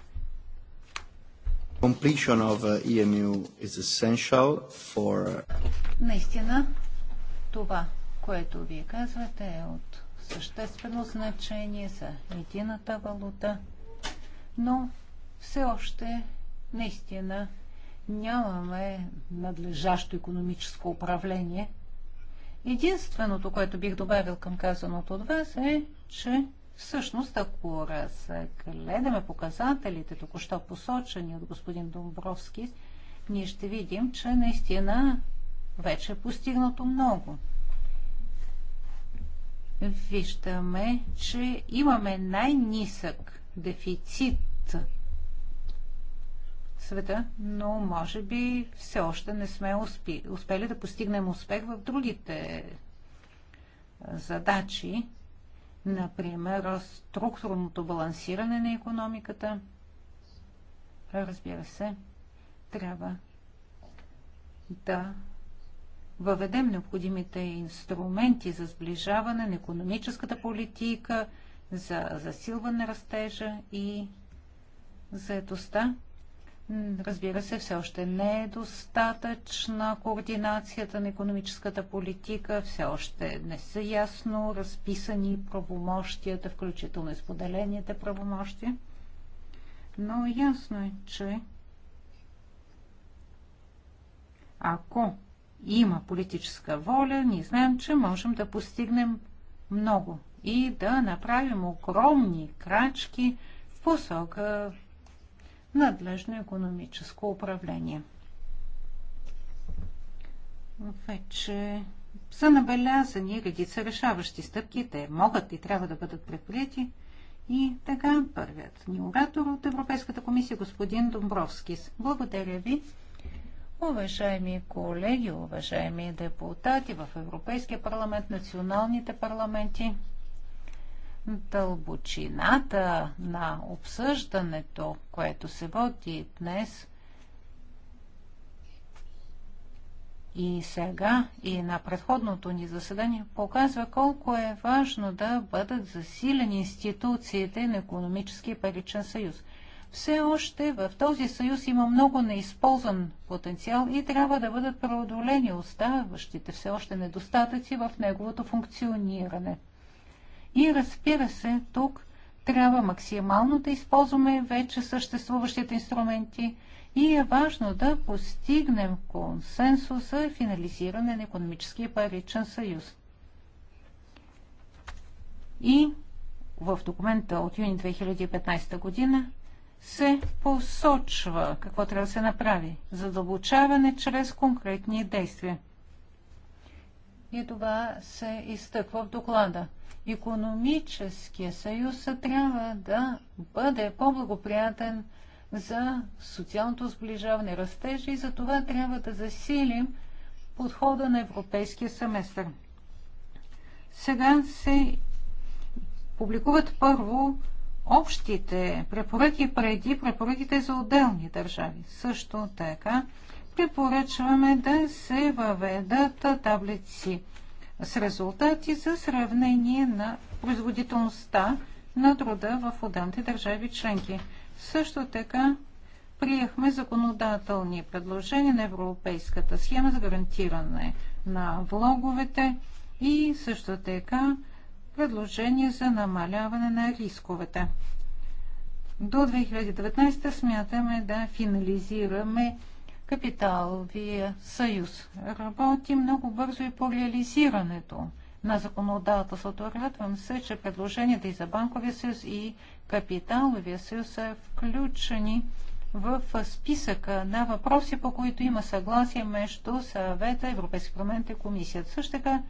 Completion of uh, EMU is essential for... Uh, наистина, това, което вие казвате е от съществено значение за едината валута, но все още наистина нямаме надлежащо економическо управление. Единственото, което бих добавил към казаното от вас е, че Всъщност, ако разгледаме показателите, току-що посочени от господин Домбровски, ние ще видим, че наистина вече е постигнато много. Виждаме, че имаме най-нисък дефицит в света, но може би все още не сме успели да постигнем успех в другите задачи, например, структурното балансиране на економиката. Разбира се, трябва да въведем необходимите инструменти за сближаване на економическата политика, за засилване на растежа и заедостта. Разбира се, все още не е достатъчна координацията на економическата политика, все още не са ясно разписани правомощията, включително изподелените правомощия. Но ясно е, че ако има политическа воля, ние знаем, че можем да постигнем много и да направим огромни крачки в посока надлежно економическо управление. Вече са набелязани редица решаващи стъпки, те могат и трябва да бъдат предприяти. И така, първият ни оратор от Европейската комисия, господин Домбровскис. Благодаря ви. Уважаеми колеги, уважаеми депутати в Европейския парламент, националните парламенти, дълбочината на обсъждането, което се води днес и сега и на предходното ни заседание показва колко е важно да бъдат засилени институциите на економическия паричен съюз. Все още в този съюз има много неизползван потенциал и трябва да бъдат преодолени оставащите все още недостатъци в неговото функциониране – и разбира се, тук трябва максимално да използваме вече съществуващите инструменти и е важно да постигнем консенсус за финализиране на економическия паричен съюз. И в документа от юни 2015 година се посочва какво трябва да се направи. Задълбочаване чрез конкретни действия. И това се изтъква в доклада економическия съюз трябва да бъде по-благоприятен за социалното сближаване, растеж и за това трябва да засилим подхода на европейския семестър. Сега се публикуват първо общите препоръки преди препоръките за отделни държави. Също така препоръчваме да се въведат таблици с резултати за сравнение на производителността на труда в отделните държави членки. Също така приехме законодателни предложения на Европейската схема за гарантиране на влоговете и също така предложение за намаляване на рисковете. До 2019 смятаме да финализираме капиталовия съюз. Работи много бързо и по реализирането на законодателството. Радвам се, че предложенията и за банковия съюз и капиталовия съюз са включени в списъка на въпроси, по които има съгласие между съвета, Европейски парламент и комисията. Също така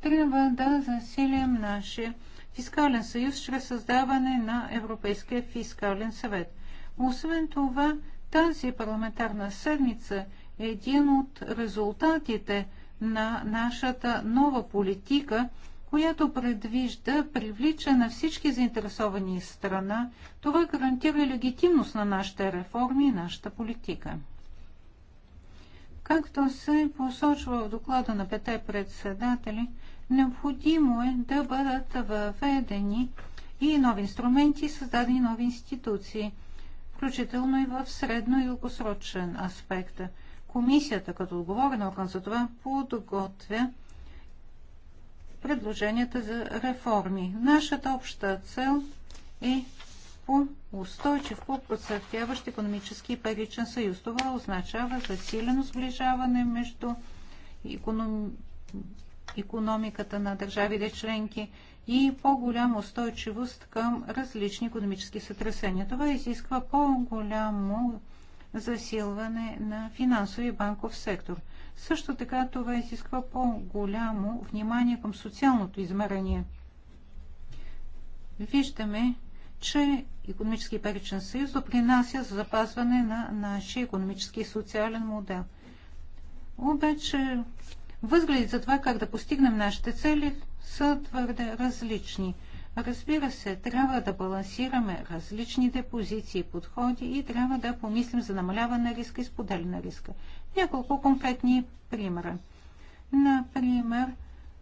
трябва да засилим нашия фискален съюз чрез създаване на Европейския фискален съвет. Освен това, тази парламентарна седмица е един от резултатите на нашата нова политика, която предвижда привлича на всички заинтересовани страна. Това гарантира легитимност на нашите реформи и нашата политика. Както се посочва в доклада на пете председатели, необходимо е да бъдат въведени и нови инструменти, създадени нови институции – включително и в средно и дългосрочен аспект. Комисията, като отговорен орган за това, подготвя предложенията за реформи. Нашата обща цел е по устойчив, по процъфтяващ економически и паричен съюз. Това означава засилено сближаване между економ... економиката на държавите членки и по-голяма устойчивост към различни економически сътресения. Това изисква по-голямо засилване на финансови банков сектор. Също така това изисква по-голямо внимание към социалното измерение. Виждаме, че економически паричен съюз допринася за запазване на нашия економически и социален модел. Обаче Възгледи за това как да постигнем нашите цели са твърде различни. Разбира се, трябва да балансираме различните позиции и подходи и трябва да помислим за намаляване на риска и споделяне на риска. Няколко конкретни примера. Например,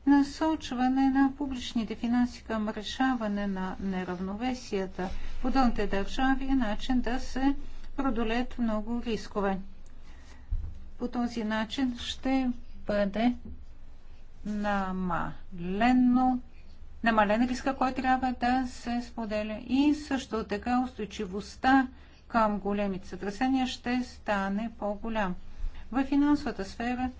насочване на публичните финанси към решаване на неравновесията в отделните държави е начин да се продолеят много рискове. По този начин ще бъде намалено, намален риска, който трябва да се споделя. И също така устойчивостта към големите сътресения ще стане по-голям. В финансовата сфера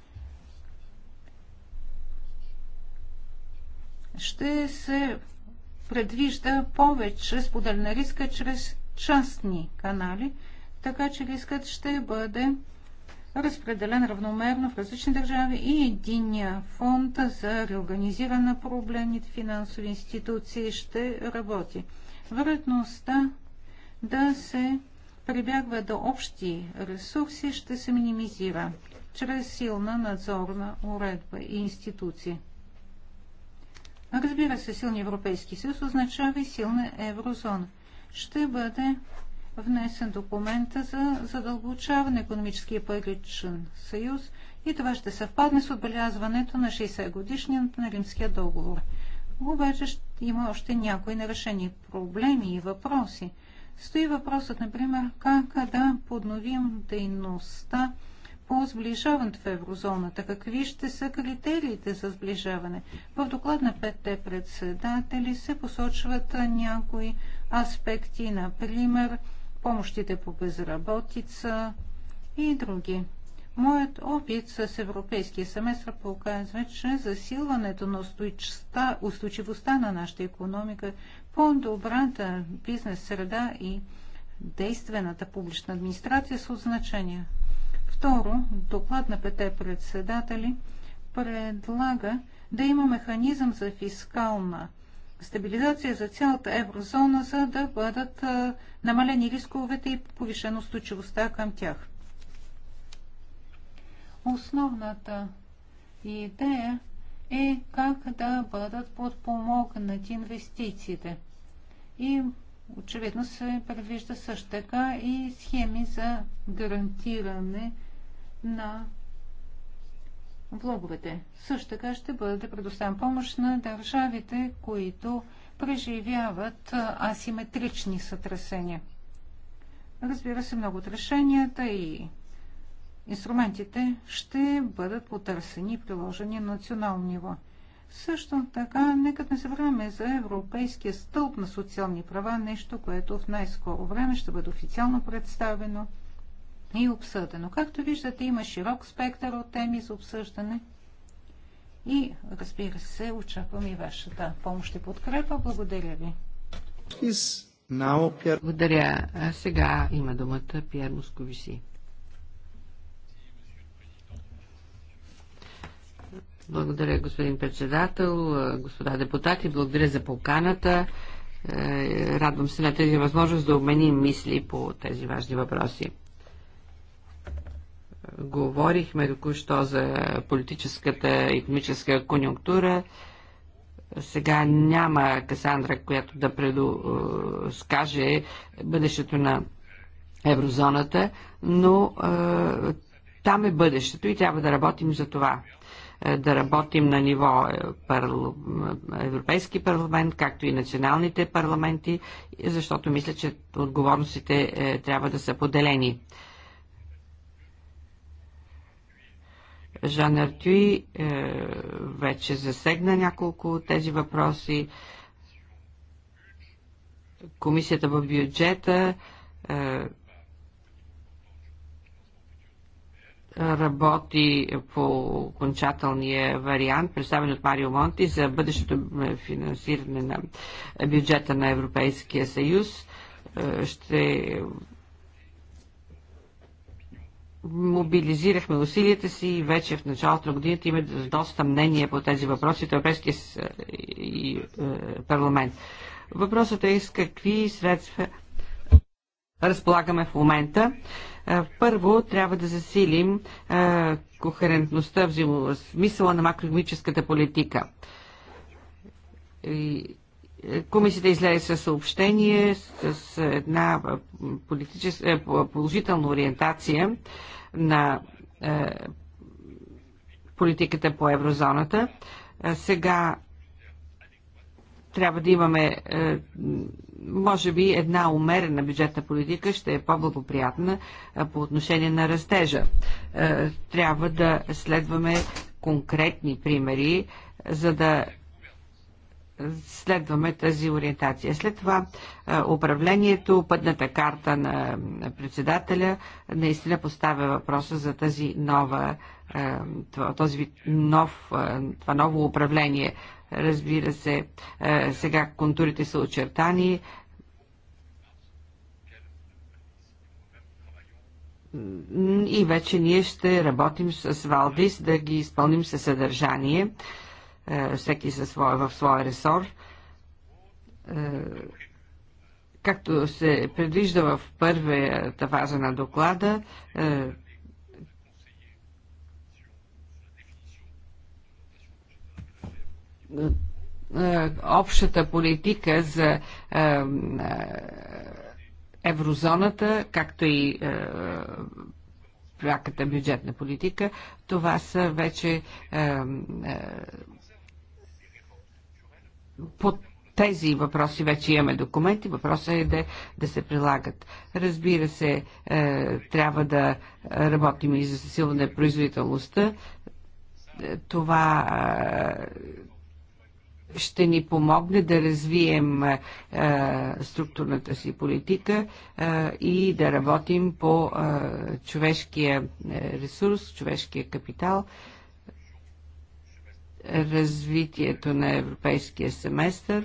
ще се предвижда повече споделена риска чрез частни канали, така че рискът ще бъде разпределен равномерно в различни държави и единия фонд за реорганизиране на проблемните финансови институции ще работи. Вероятността да се прибягва до общи ресурси ще се минимизира чрез силна надзорна уредба и институции. Разбира се, силни Европейски съюз означава и силна еврозона. Ще бъде внесен документа за задълбочаване економически и паричен съюз и това ще съвпадне с отбелязването на 60 годишният на Римския договор. Обаче има още някои нерешени проблеми и въпроси. Стои въпросът, например, как да подновим дейността по сближаването в еврозоната? Какви ще са критериите за сближаване? В доклад на петте председатели се посочват някои аспекти, например, помощите по безработица и други. Моят опит с европейския семестър показва, че засилването на устойчивостта на нашата економика, по-добрата бизнес среда и действената публична администрация са от значение. Второ, доклад на пете председатели предлага да има механизъм за фискална стабилизация за цялата еврозона, за да бъдат намалени рисковете и повишена устойчивостта към тях. Основната идея е как да бъдат подпомогнати инвестициите. И очевидно се предвижда също така и схеми за гарантиране на влоговете. Също така ще бъде предоставен помощ на държавите, които преживяват асиметрични сътресения. Разбира се, много от решенията и инструментите ще бъдат потърсени и приложени на национално ниво. Също така, нека не забравяме за Европейския стълб на социални права, нещо, което в най-скоро време ще бъде официално представено и обсъдено. Както виждате, има широк спектър от теми за обсъждане. И, разбира се, очаквам и вашата помощ и подкрепа. Благодаря ви. Благодаря. А сега има думата Пьер Московиси. Благодаря, господин председател, господа депутати, благодаря за поканата. Е, радвам се на тези възможност да обменим мисли по тези важни въпроси. Говорихме току-що за политическата и економическа конюнктура. Сега няма Касандра, която да предскаже бъдещето на еврозоната, но там е бъдещето и трябва да работим за това е, да работим на ниво е, парл... Европейски парламент, както и националните парламенти, защото мисля, че отговорностите е, трябва да са поделени. Жан Артюи е, вече засегна няколко от тези въпроси. Комисията в бюджета е, работи по окончателния вариант, представен от Марио Монти, за бъдещето финансиране на бюджета на Европейския съюз. Е, ще мобилизирахме усилията си и вече в началото на годината има доста мнение по тези въпроси от Европейския е, парламент. Въпросът е с какви средства разполагаме в момента. Е, първо, трябва да засилим е, кохерентността, в смисъла на макроекономическата политика. Комисията излезе със съобщение с една положителна ориентация на е, политиката по еврозоната. Е, сега трябва да имаме, е, може би, една умерена бюджетна политика ще е по-благоприятна по отношение на растежа. Трябва да следваме конкретни примери, за да следваме тази ориентация. След това управлението, пътната карта на председателя наистина поставя въпроса за тази нова, този нов, това ново управление. Разбира се, сега контурите са очертани. И вече ние ще работим с Валдис да ги изпълним със съдържание. Е, всеки със своя, в своя ресор. Е, както се предвижда в първата фаза на доклада, е, общата политика за еврозоната, както и пряката бюджетна политика, това са вече по тези въпроси вече имаме документи, въпросът е да, да се прилагат. Разбира се, е, трябва да работим и за засилване производителността. Е, това е, ще ни помогне да развием е, структурната си политика е, и да работим по е, човешкия е, ресурс, човешкия капитал. Е, развитието на европейския семестър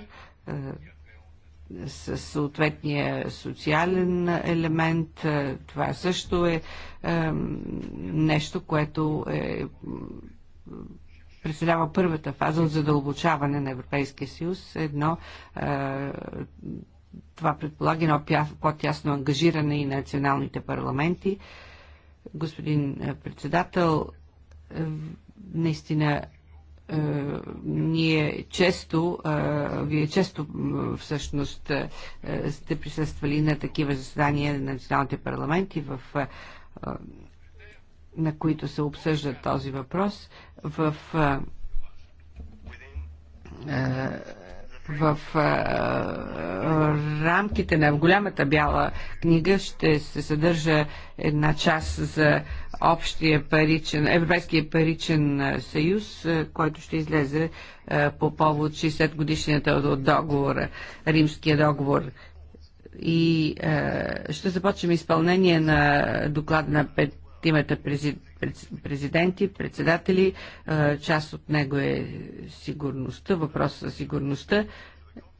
със съответния социален елемент. Това също е, нещо, което е, представлява първата фаза от задълбочаване на Европейския съюз. Едно е, това предполага едно по-тясно ангажиране и националните парламенти. Господин председател, наистина е, ние често, е, вие често всъщност е, сте присъствали на такива заседания на националните парламенти, в, на които се обсъжда този въпрос. В в рамките на голямата бяла книга ще се съдържа една част за общия паричен, Европейския паричен съюз, който ще излезе по повод 60 годишнията от договора, Римския договор и а, ще започнем изпълнение на доклад на Пет имат президенти, председатели. Част от него е сигурността, въпрос за сигурността.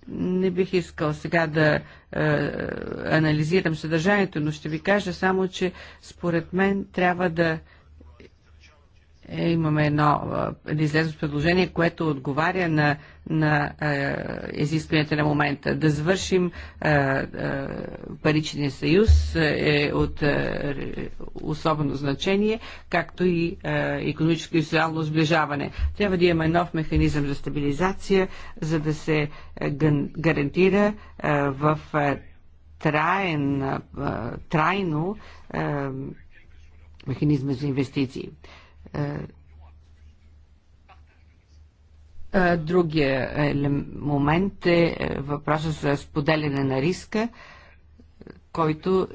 Не бих искал сега да е, анализирам съдържанието, но ще ви кажа само, че според мен трябва да е, имаме едно, едно излезно предложение, което отговаря на, на е, изискванията на момента. Да завършим е, е, паричния съюз е, е от е, особено значение, както и е, економическо и социално сближаване. Трябва да имаме нов механизъм за стабилизация, за да се гарантира е, в е, траен, е, трайно е, механизма за инвестиции. Другия момент е, е въпроса за споделяне на риска, който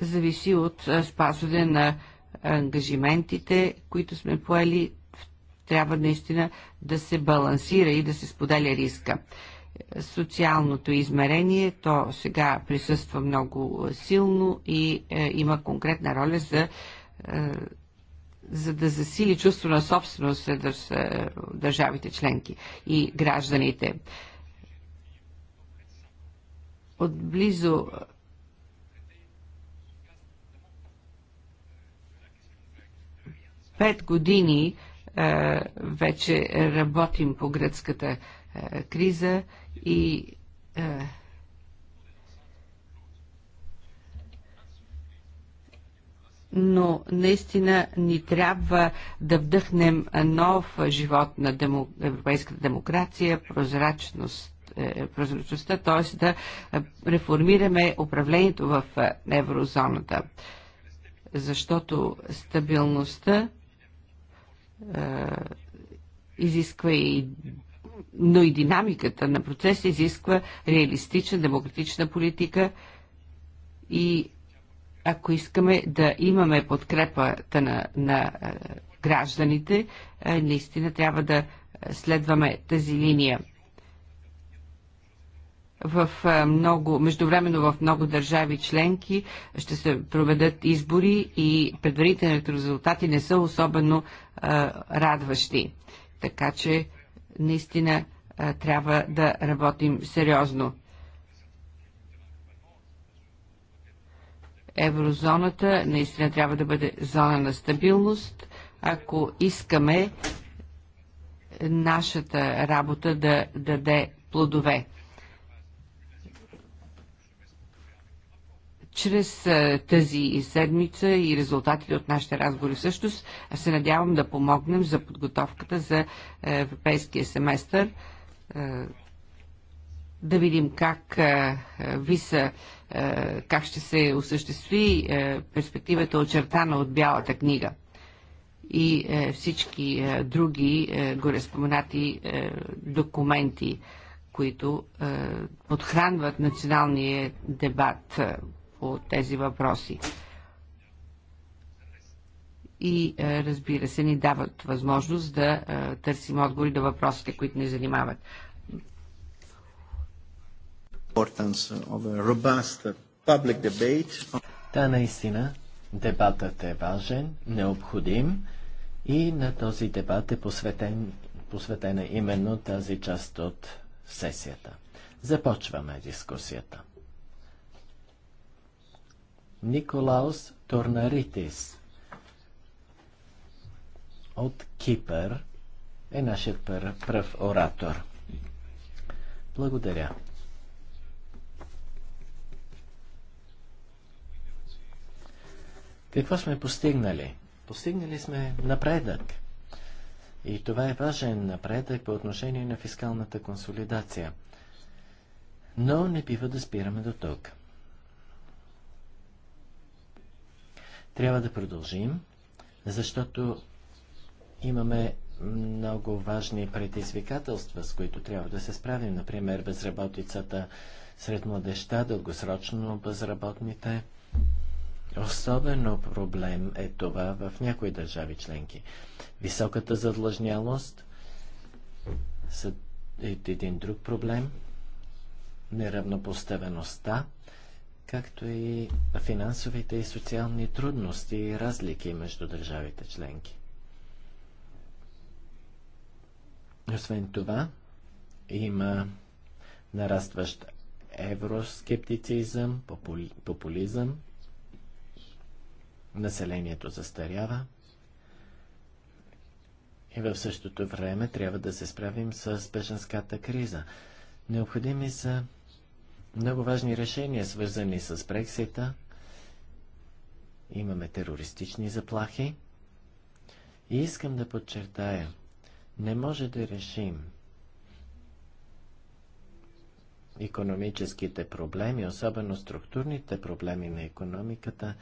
зависи от спазване на ангажиментите, които сме поели. Трябва наистина да се балансира и да се споделя риска. Социалното измерение, то сега присъства много силно и е, има конкретна роля за е, за да засили чувство на собственост сред е, държавите членки и гражданите. Отблизо е, пет години е, вече работим по гръцката криза и но наистина ни трябва да вдъхнем нов живот на демо, европейската демокрация, прозрачност е, прозрачността, т.е. да реформираме управлението в еврозоната. Защото стабилността е, изисква и но и динамиката на процеса изисква реалистична демократична политика и ако искаме да имаме подкрепата на, на е, гражданите, е, наистина трябва да следваме тази линия. В е, много, междувременно в много държави членки ще се проведат избори и предварителните резултати не са особено радващи. Така че наистина трябва да работим сериозно. еврозоната наистина трябва да бъде зона на стабилност, ако искаме нашата работа да даде плодове. Чрез тази седмица и резултатите от нашите разговори всъщност се надявам да помогнем за подготовката за европейския семестър. Да видим как ви са е, как ще се осъществи е, перспективата очертана от Бялата книга и е, всички други гореспоменати документи, които подхранват националния дебат по тези въпроси. И разбира се, ни дават възможност да търсим отговори до въпросите, които ни занимават. Да, наистина, дебатът е важен, необходим и на този дебат е посветен, посветена именно тази част от сесията. Започваме дискусията. Николаус Торнаритис от Кипър е нашият пръв оратор. Благодаря. Какво сме постигнали? Постигнали сме напредък. И това е важен напредък по отношение на фискалната консолидация. Но не бива да спираме до тук. Трябва да продължим, защото имаме много важни предизвикателства, с които трябва да се справим. Например, безработицата сред младеща, дългосрочно безработните. Особено проблем е това в някои държави членки. Високата задлъжнялост са е един друг проблем, неравнопоставеността, както и финансовите и социални трудности и разлики между държавите членки. Освен това, има нарастващ евроскептицизъм, популизъм, населението застарява и в същото време трябва да се справим с беженската криза. Необходими са много важни решения, свързани с Брексита. Имаме терористични заплахи. И искам да подчертая, не може да решим економическите проблеми, особено структурните проблеми на економиката,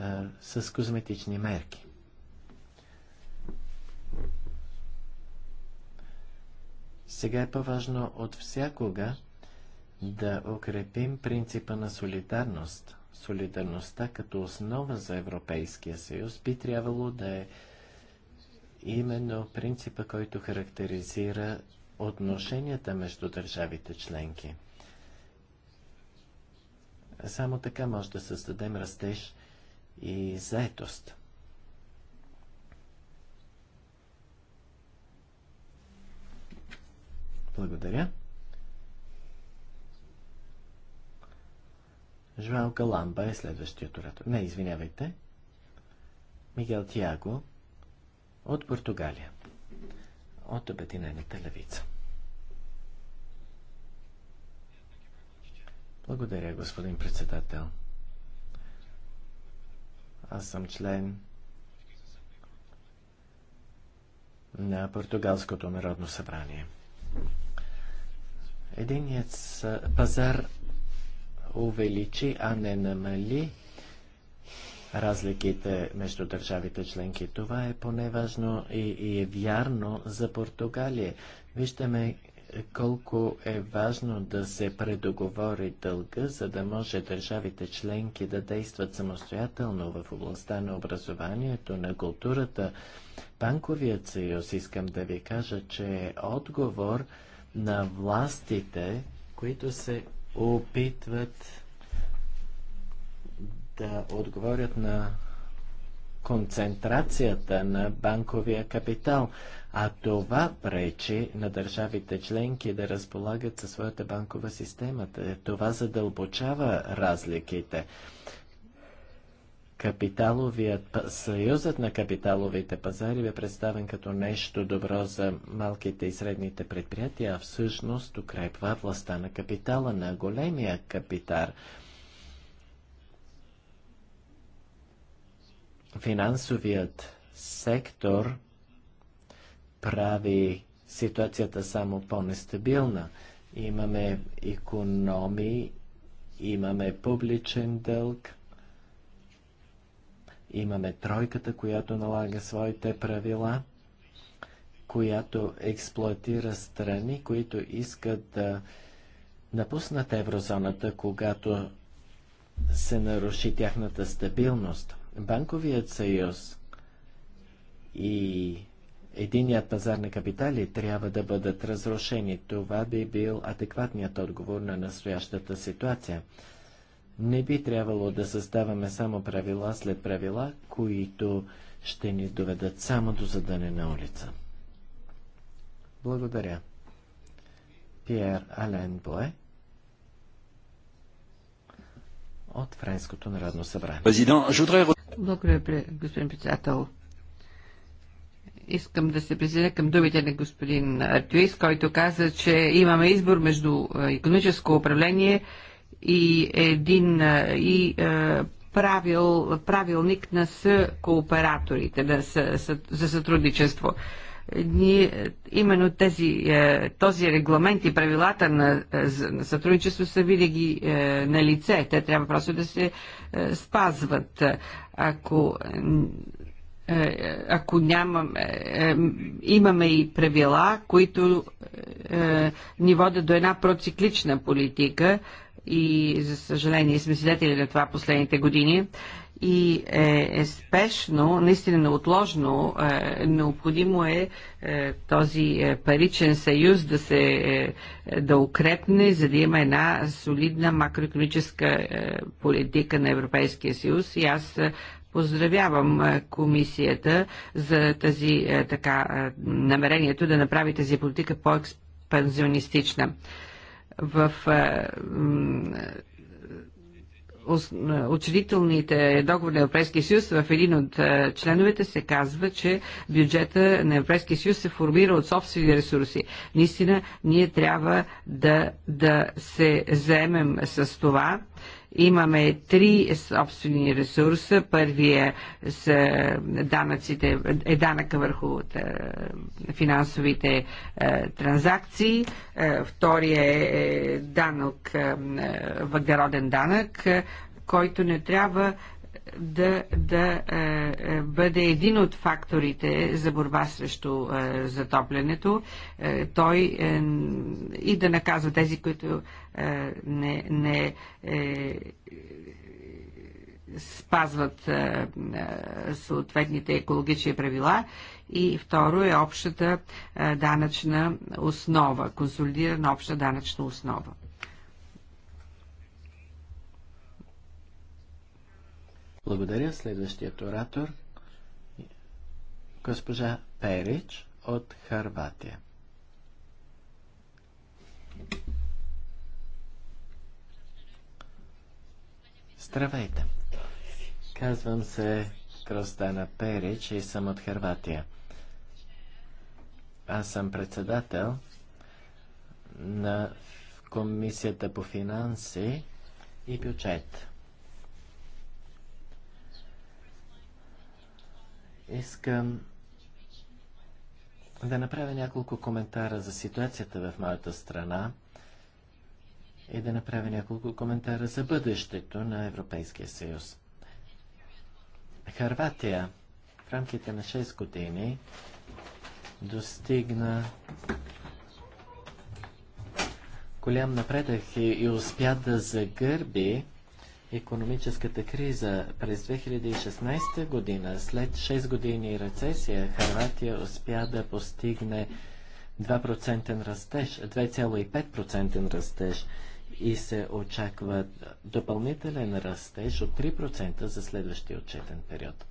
а, с козметични мерки. Сега е по-важно от всякога да укрепим принципа на солидарност. Солидарността като основа за Европейския съюз би трябвало да е именно принципа, който характеризира отношенията между държавите членки. Само така може да създадем растеж и заетост. Благодаря. Жуал Каламба е следващият оратор. Не, извинявайте. Мигел Тиаго от Португалия. От Обединената левица. Благодаря, господин председател. Аз съм член на Португалското народно събрание. Единият пазар увеличи, а не намали разликите между държавите членки. Това е поне важно и, и е вярно за Португалия. Виждаме колко е важно да се предоговори дълга, за да може държавите членки да действат самостоятелно в областта на образованието, на културата. Банковият съюз, искам да ви кажа, че е отговор на властите, които се опитват да отговорят на концентрацията на банковия капитал. А това пречи на държавите членки да разполагат със своята банкова система. Това задълбочава разликите. Капиталовият, съюзът на капиталовите пазари бе представен като нещо добро за малките и средните предприятия, а всъщност укрепва властта на капитала, на големия капитар. Финансовият сектор – прави ситуацията само по-нестабилна. Имаме економи, имаме публичен дълг, имаме тройката, която налага своите правила, която експлуатира страни, които искат да напуснат еврозоната, когато се наруши тяхната стабилност. Банковият съюз и единият пазар на капитали трябва да бъдат разрушени. Това би бил адекватният отговор на настоящата ситуация. Не би трябвало да създаваме само правила след правила, които ще ни доведат само до задане на улица. Благодаря. Пьер Ален Бое от Френското народно събрание. Благодаря, господин председател. Искам да се присъединя към думите на господин Артюис, който каза, че имаме избор между економическо управление и един и правил, правилник на кооператорите да, са, с, за сътрудничество. Ние, именно тези, този регламент и правилата на, на сътрудничество са винаги на лице. Те трябва просто да се спазват. Ако е, ако нямаме, е, имаме и правила, които е, ни водят до една проциклична политика и за съжаление сме свидетели на това последните години и е, е спешно, наистина неотложно, е, необходимо е, е този е, паричен съюз да се е, да укрепне, за да има една солидна макроекономическа е, политика на Европейския съюз и аз е, Поздравявам е, комисията за тази е, така е, намерението да направи тази политика по-експанзионистична. В учредителните договори на Европейския съюз, в един от членовете се казва, че бюджета на Европейския съюз се формира от собствени ресурси. Наистина, ние трябва да, да се заемем с това Имаме три собствени ресурса. Първия с данъците, е данъка върху е, финансовите е, транзакции. Е, Втория е данък, въглероден данък, който не трябва да, да е, е, бъде един от факторите за борба срещу е, затоплянето, е, той е, и да наказва тези, които е, не, не е, спазват е, е съответните екологични правила. И второ е общата е, данъчна основа, консолидирана обща данъчна основа. Благодаря. Следващият оратор госпожа Перич от Харватия. Здравейте! Казвам се Кростана Перич и съм от Харватия. Аз съм председател на Комисията по финанси и бюджет. Искам да направя няколко коментара за ситуацията в моята страна и да направя няколко коментара за бъдещето на Европейския съюз. Харватия в рамките на 6 години достигна голям напредък и, и успя да загърби економическата криза през 2016 година, след 6 години рецесия, Харватия успя да постигне 2% растеж, 2,5% растеж и се очаква допълнителен растеж от 3% за следващия отчетен период.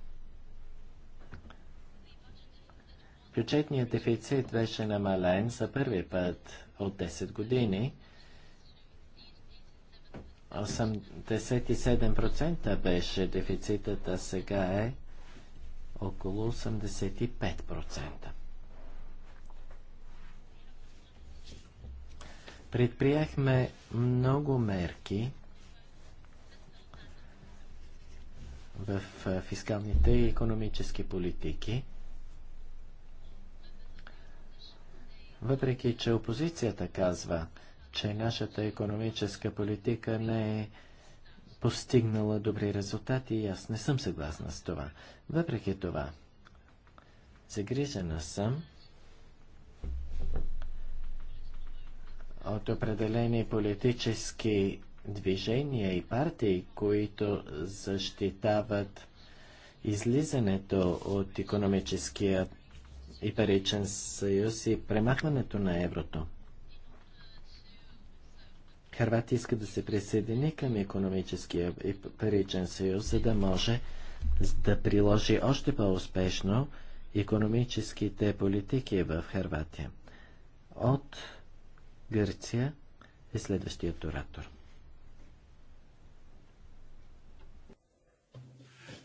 Бюджетният дефицит беше намален за първи път от 10 години – 87% беше дефицитът, а сега е около 85%. Предприехме много мерки в фискалните и економически политики. Въпреки, че опозицията казва, че нашата економическа политика не е постигнала добри резултати и аз не съм съгласна с това. Въпреки това, загрижена съм от определени политически движения и партии, които защитават излизането от економическия и паричен съюз и премахването на еврото. Харватия иска да се присъедини към економическия и паричен съюз, за да може да приложи още по-успешно економическите политики в Харватия. От Гърция е следващият оратор.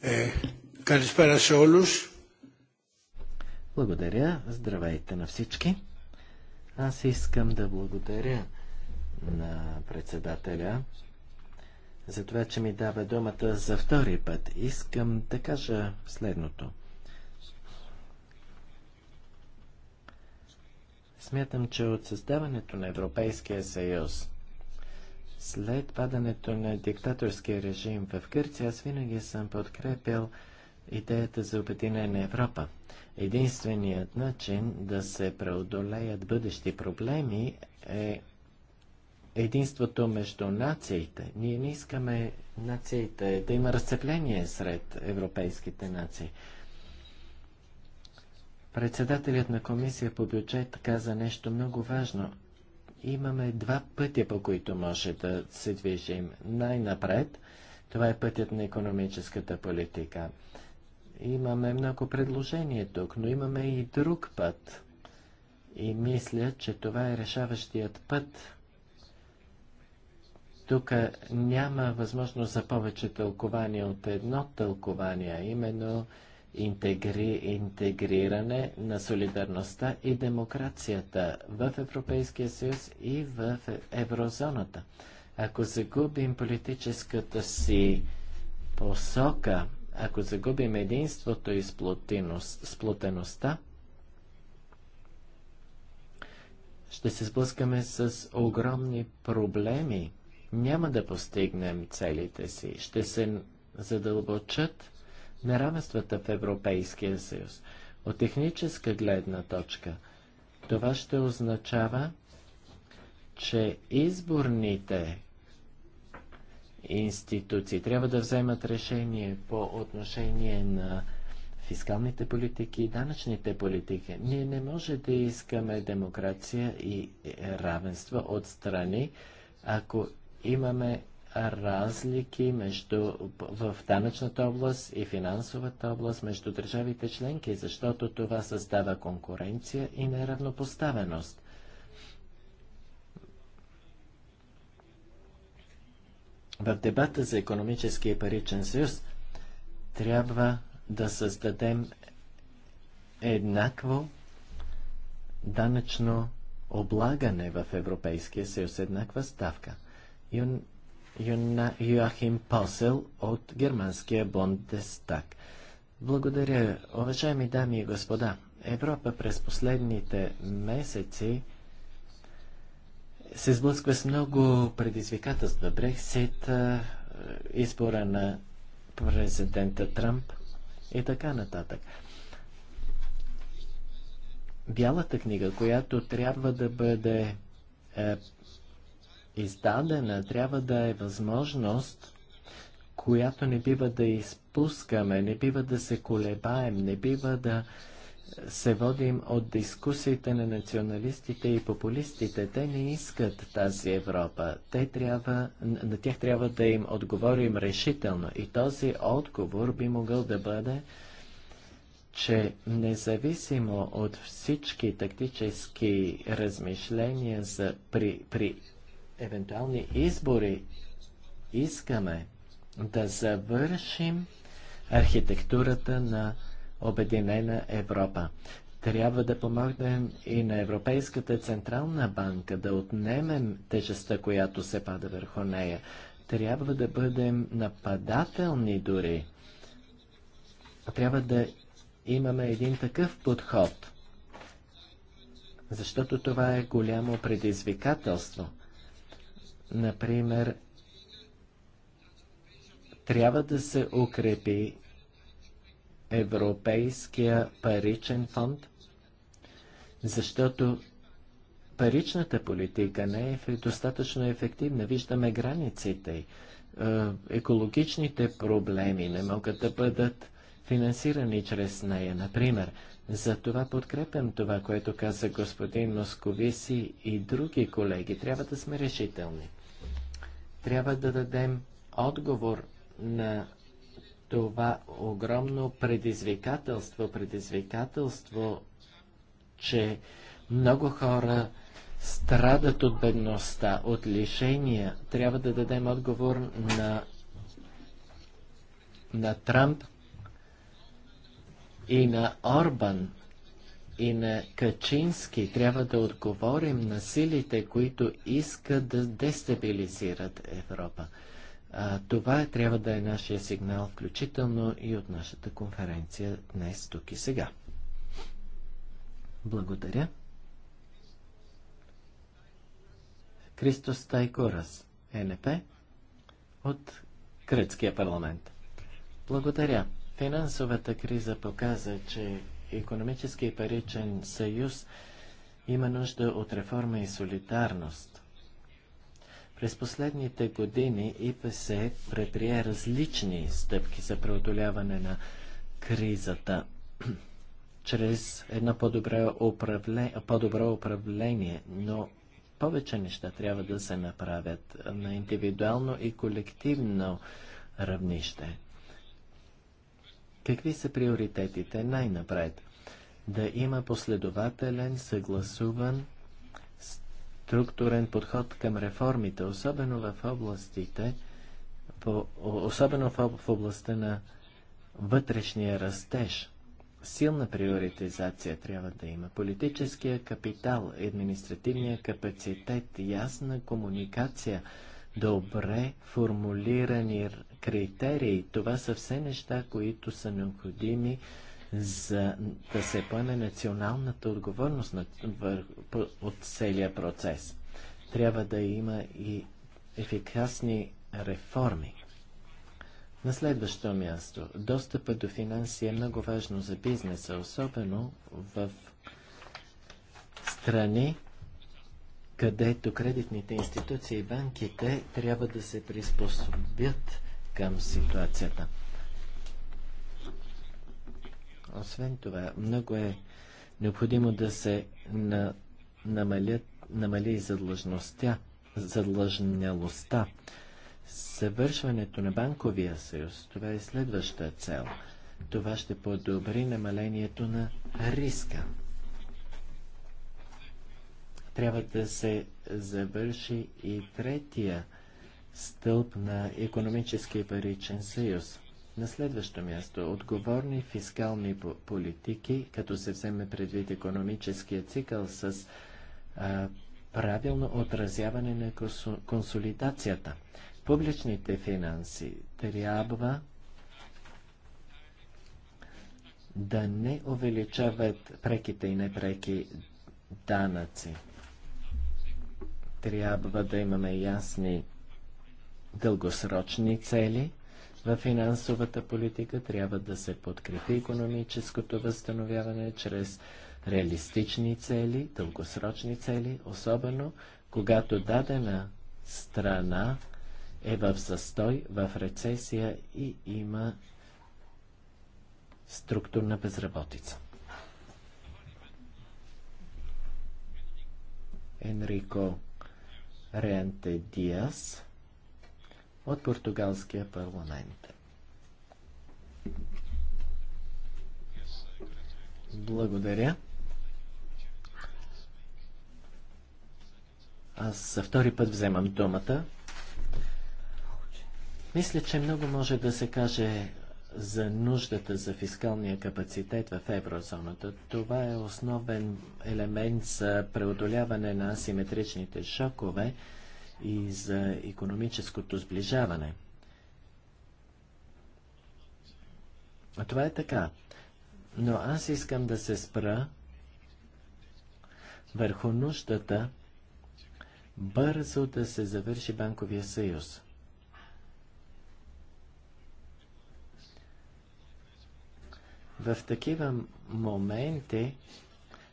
Е, Благодаря. Здравейте на всички. Аз искам да благодаря на председателя за това, че ми дава думата за втори път. Искам да кажа следното. Смятам, че от създаването на Европейския съюз след падането на диктаторския режим в Гърция, аз винаги съм подкрепил идеята за обединена Европа. Единственият начин да се преодолеят бъдещи проблеми е единството между нациите. Ние не искаме нациите да има разцепление сред европейските нации. Председателят на комисия по бюджет каза нещо много важно. Имаме два пътя, по които може да се движим. Най-напред, това е пътят на економическата политика. Имаме много предложения тук, но имаме и друг път. И мисля, че това е решаващият път тук няма възможност за повече тълкование от едно тълкование, именно интегри, интегриране на солидарността и демокрацията в Европейския съюз и в еврозоната. Ако загубим политическата си посока, ако загубим единството и сплотеността, ще се сблъскаме с огромни проблеми – няма да постигнем целите си. Ще се задълбочат неравенствата в Европейския съюз. От техническа гледна точка, това ще означава, че изборните институции трябва да вземат решение по отношение на фискалните политики и данъчните политики. Ние не може да искаме демокрация и равенство от страни, ако имаме разлики между, в данъчната област и финансовата област между държавите членки, защото това създава конкуренция и неравнопоставеност. В дебата за економически и паричен съюз трябва да създадем еднакво данъчно облагане в Европейския съюз, еднаква ставка – Йоахим Пасел Юахим Посел от германския Бондестаг. Благодаря, уважаеми дами и господа. Европа през последните месеци се сблъсква с много предизвикателства. Брексит, избора на президента Трамп и така нататък. Бялата книга, която трябва да бъде е, издадена, трябва да е възможност, която не бива да изпускаме, не бива да се колебаем, не бива да се водим от дискусиите на националистите и популистите. Те не искат тази Европа. Те трябва, на тях трябва да им отговорим решително. И този отговор би могъл да бъде, че независимо от всички тактически размишления за, при, при евентуални избори искаме да завършим архитектурата на Обединена Европа. Трябва да помогнем и на Европейската Централна банка да отнемем тежестта, която се пада върху нея. Трябва да бъдем нападателни дори. Трябва да имаме един такъв подход, защото това е голямо предизвикателство – Например, трябва да се укрепи Европейския паричен фонд, защото паричната политика не е достатъчно ефективна. Виждаме границите. Е, екологичните проблеми не могат да бъдат финансирани чрез нея. Например, затова подкрепям това, което каза господин Московиси и други колеги. Трябва да сме решителни. Трябва да дадем отговор на това огромно предизвикателство, предизвикателство, че много хора страдат от бедността, от лишения. Трябва да дадем отговор на, на Трамп и на Орбан, и на Качински трябва да отговорим на силите, които искат да дестабилизират Европа. А, това трябва да е нашия сигнал, включително и от нашата конференция днес, тук и сега. Благодаря. Кристос Тайкорас, е НП, от Гръцкия парламент. Благодаря. Финансовата криза показа, че економически и паричен съюз има нужда от реформа и солидарност. През последните години ИПС предприе различни стъпки за преодоляване на кризата чрез едно по-добро управление, по управление, но повече неща трябва да се направят на индивидуално и колективно равнище. Какви са приоритетите най-напред? Да има последователен, съгласуван, структурен подход към реформите, особено в областите, по, особено в, в областта на вътрешния растеж. Силна приоритизация трябва да има. Политическия капитал, административния капацитет, ясна комуникация – добре формулирани критерии. Това са все неща, които са необходими за да се поеме националната отговорност на, вър, по, от целия процес. Трябва да има и ефикасни реформи. На следващо място, достъпа до финанси е много важно за бизнеса, особено в страни, където кредитните институции и банките трябва да се приспособят към ситуацията. Освен това, много е необходимо да се на, намалят, намали и задлъжността, задлъжнялостта. Съвършването на банковия съюз, това е следваща цел. Това ще подобри намалението на риска. Трябва да се завърши и третия стълб на економически и паричен съюз. На следващо място отговорни фискални политики, като се вземе предвид економическия цикъл с а, правилно отразяване на консолидацията. Публичните финанси трябва да не увеличават преките и непреки данъци трябва да имаме ясни дългосрочни цели. В финансовата политика трябва да се подкрепи економическото възстановяване чрез реалистични цели, дългосрочни цели, особено когато дадена страна е в застой, в рецесия и има структурна безработица. Енрико Ренте Диас от португалския парламент. Благодаря. Аз за втори път вземам думата. Мисля, че много може да се каже за нуждата за фискалния капацитет в еврозоната. Това е основен елемент за преодоляване на асиметричните шокове и за економическото сближаване. А това е така. Но аз искам да се спра върху нуждата бързо да се завърши банковия съюз. В такива моменти,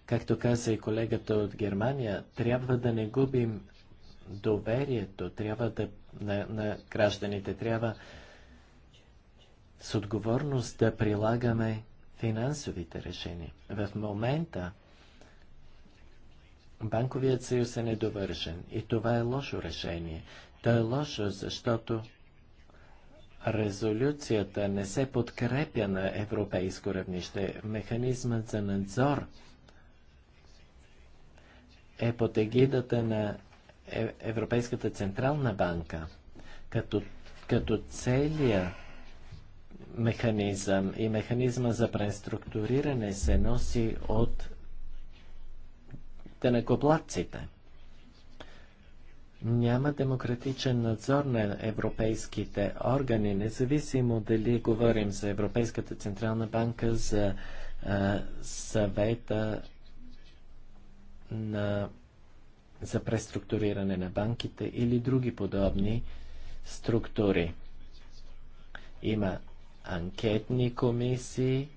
както каза и колегата от Германия, трябва да не губим доверието, трябва да на, на гражданите, трябва с отговорност да прилагаме финансовите решения. В момента банковият съюз е недовършен и това е лошо решение. То е лошо, защото резолюцията не се подкрепя на европейско равнище. Механизмът за надзор е под егидата на е, Европейската централна банка. Като, като целият механизъм и механизма за преструктуриране се носи от тенакоплатците няма демократичен надзор на европейските органи, независимо дали говорим за Европейската Централна банка, за а, съвета на, за преструктуриране на банките или други подобни структури. Има анкетни комисии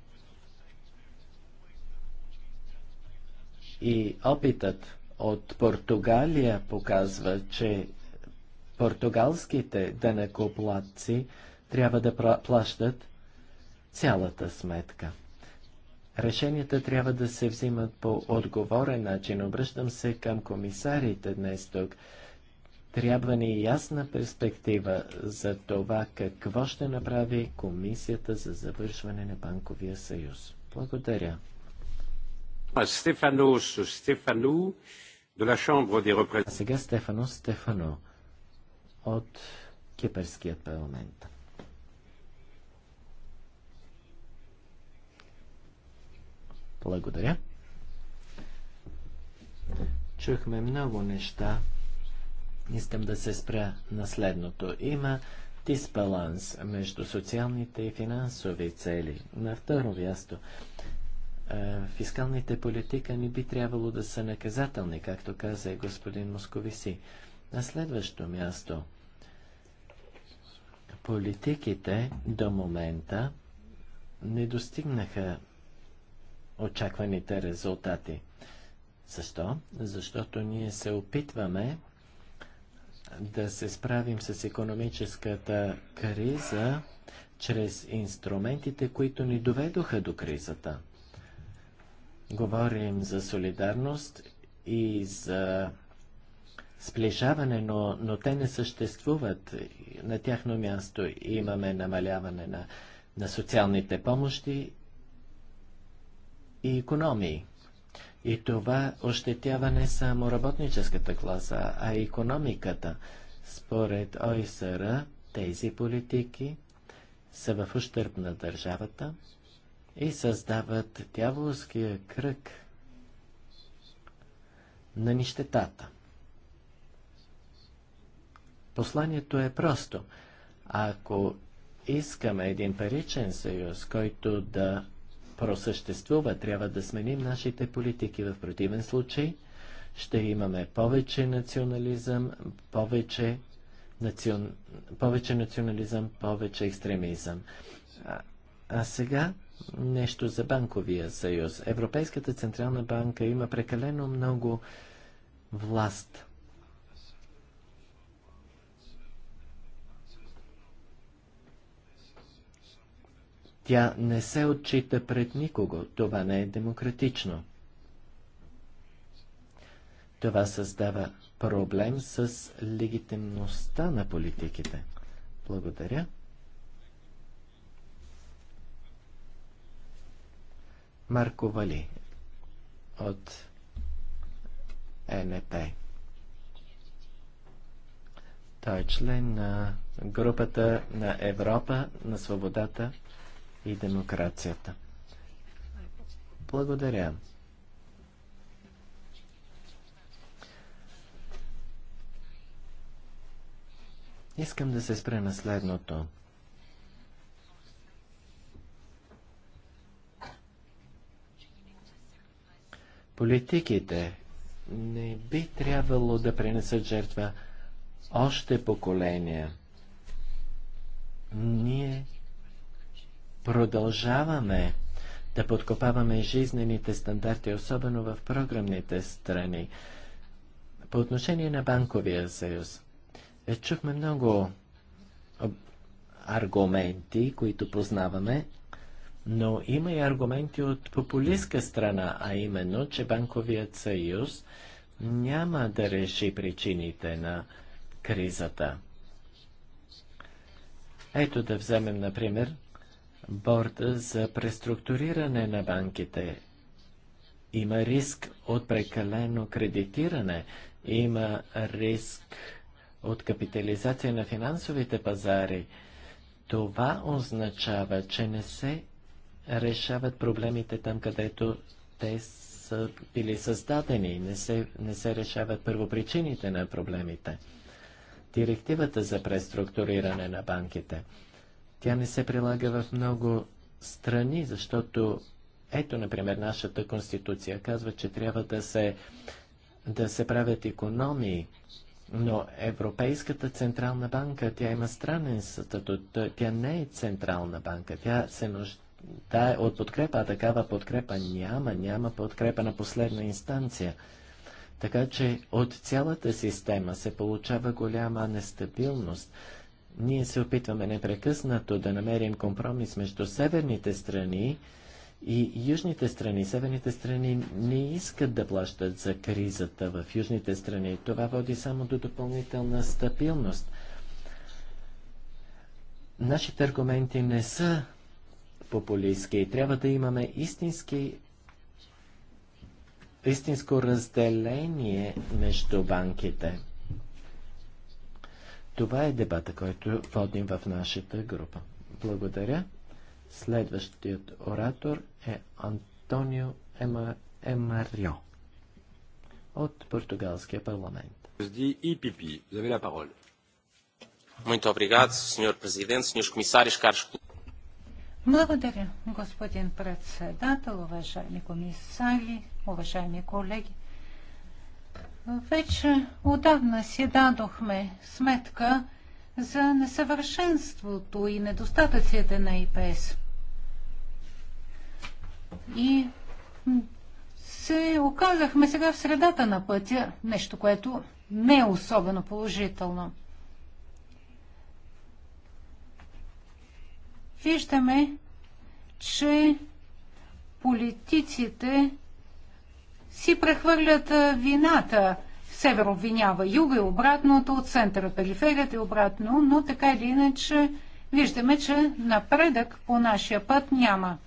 и опитът от Португалия показва, че португалските денекоплатци трябва да плащат цялата сметка. Решенията трябва да се взимат по отговорен начин. Обръщам се към комисарите днес тук. Трябва ни ясна перспектива за това какво ще направи Комисията за завършване на Банковия съюз. Благодаря. Стефанос Стефану, de la Chambre des représentants. Сега Стефано Стефано от Кипърският парламент. Благодаря. Чухме много неща. Искам да се спря на следното. Има дисбаланс между социалните и финансови цели. На второ място е, фискалните политика не би трябвало да са наказателни, както каза и господин Московиси. На следващо място, политиките до момента не достигнаха очакваните резултати. Защо? Защото ние се опитваме да се справим с економическата криза чрез инструментите, които ни доведоха до кризата. Говорим за солидарност и за сближаване, но, но те не съществуват. На тяхно място имаме намаляване на, на социалните помощи и економии. И това ощетява не само работническата класа, а и економиката. Според ОИСР, тези политики са в ущърб на държавата, и създават дяволския кръг на нищетата. Посланието е просто. Ако искаме един паричен съюз, който да просъществува, трябва да сменим нашите политики. В противен случай ще имаме повече национализъм, повече, национ... повече национализъм, повече екстремизъм. А, а сега нещо за банковия съюз. Европейската централна банка има прекалено много власт. Тя не се отчита пред никого. Това не е демократично. Това създава проблем с легитимността на политиките. Благодаря. Марко Вали от НП. Той е член на групата на Европа на свободата и демокрацията. Благодаря. Искам да се спре на следното. Политиките не би трябвало да принесат жертва още поколения. Ние продължаваме да подкопаваме жизнените стандарти, особено в програмните страни. По отношение на банковия съюз, е, чухме много аргументи, които познаваме, но има и аргументи от популистска страна, а именно, че Банковият съюз няма да реши причините на кризата. Ето да вземем, например, борда за преструктуриране на банките. Има риск от прекалено кредитиране, има риск от капитализация на финансовите пазари. Това означава, че не се решават проблемите там, където те са били създадени. Не се, не се решават първопричините на проблемите. Директивата за преструктуриране на банките. Тя не се прилага в много страни, защото ето, например, нашата конституция казва, че трябва да се, да се правят економии, но Европейската централна банка, тя има странен статут, тя не е централна банка, тя се нужда да, е от подкрепа, а такава подкрепа няма, няма подкрепа на последна инстанция. Така че от цялата система се получава голяма нестабилност. Ние се опитваме непрекъснато да намерим компромис между северните страни и южните страни. Северните страни не искат да плащат за кризата в южните страни. Това води само до допълнителна стабилност. Нашите аргументи не са популистски. Трябва да имаме истински истинско разделение между банките. Това е дебата, който водим в нашата група. Благодаря. Следващият оратор е Антонио Ема, Емарио от португалския парламент. Muito obrigado, Sr. Presidente, Srs. Comissários, caros colegas. Благодаря, господин председател, уважаеми комисари, уважаеми колеги. Вече отдавна си дадохме сметка за несъвършенството и недостатъците на ИПС. И се оказахме сега в средата на пътя, нещо, което не е особено положително. виждаме, че политиците си прехвърлят вината. Север обвинява юга и обратното, от центъра периферията и обратно, но така или иначе виждаме, че напредък по нашия път няма.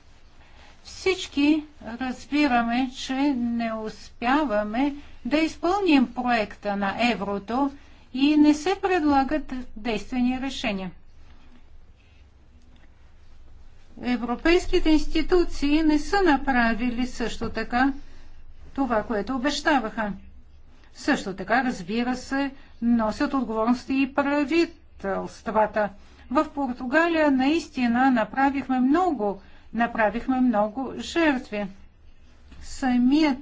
Всички разбираме, че не успяваме да изпълним проекта на еврото и не се предлагат действени решения. Европейските институции не са направили също така това, което обещаваха. Също така, разбира се, носят отговорности и правителствата. В Португалия наистина направихме много, направихме много жертви. Самият